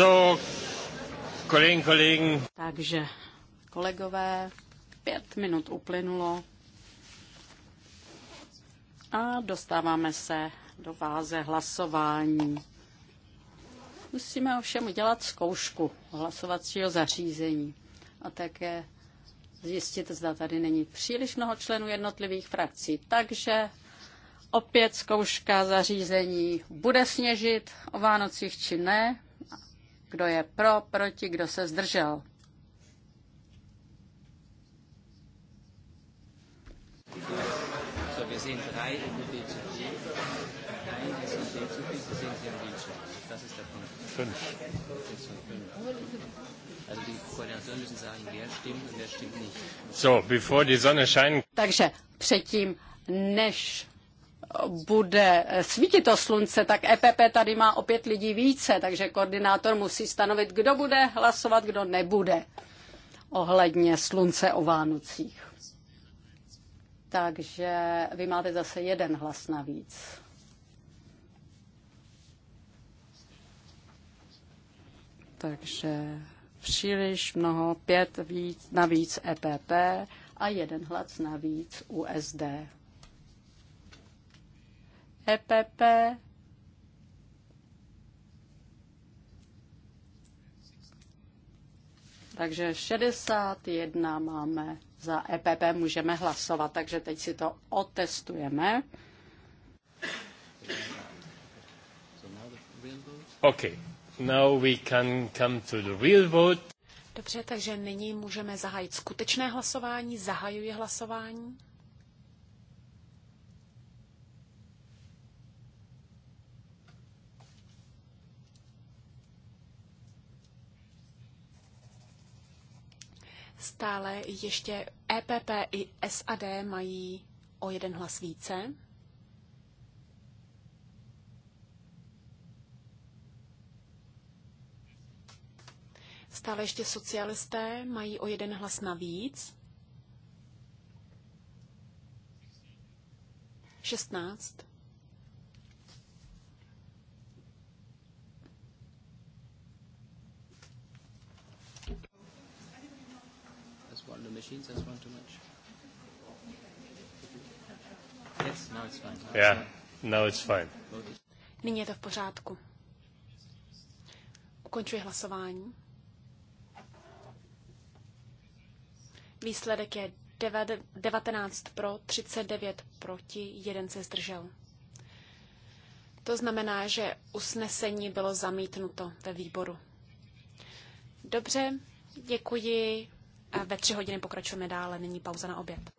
Speaker 2: So, kolegyň, kolegyň. Takže,
Speaker 1: kolegové, pět minut uplynulo a dostáváme se do váze hlasování. Musíme ovšem udělat zkoušku hlasovacího zařízení a také zjistit, zda tady není příliš mnoho členů jednotlivých frakcí. Takže opět zkouška zařízení. Bude sněžit o Vánocích či ne? Kdo je pro, proti, kdo se zdržel?
Speaker 2: Fünf. So, bevor die Sonne scheint.
Speaker 1: Takže předtím, než bude svítit to slunce, tak EPP tady má o pět lidí více, takže koordinátor musí stanovit, kdo bude hlasovat, kdo nebude ohledně slunce o Vánocích. Takže vy máte zase jeden hlas navíc. Takže příliš mnoho, pět víc, navíc EPP a jeden hlas navíc USD. EPP, takže 61 máme za EPP, můžeme hlasovat, takže teď si to otestujeme.
Speaker 2: Okay. Now we can come to the real vote.
Speaker 3: Dobře, takže nyní můžeme zahájit skutečné hlasování. Zahajuji hlasování. Stále ještě EPP i SAD mají o jeden hlas více. Stále ještě socialisté mají o jeden hlas navíc. 16. machines? That's one too much. Yes, now it's fine. Now
Speaker 2: yeah, it's fine. now it's fine.
Speaker 3: Nyní je to v pořádku. Ukončuji hlasování. Výsledek je 19 pro, 39 proti, jeden se zdržel. To znamená, že usnesení bylo zamítnuto ve výboru. Dobře, děkuji ve tři hodiny pokračujeme dále, nyní pauza na oběd.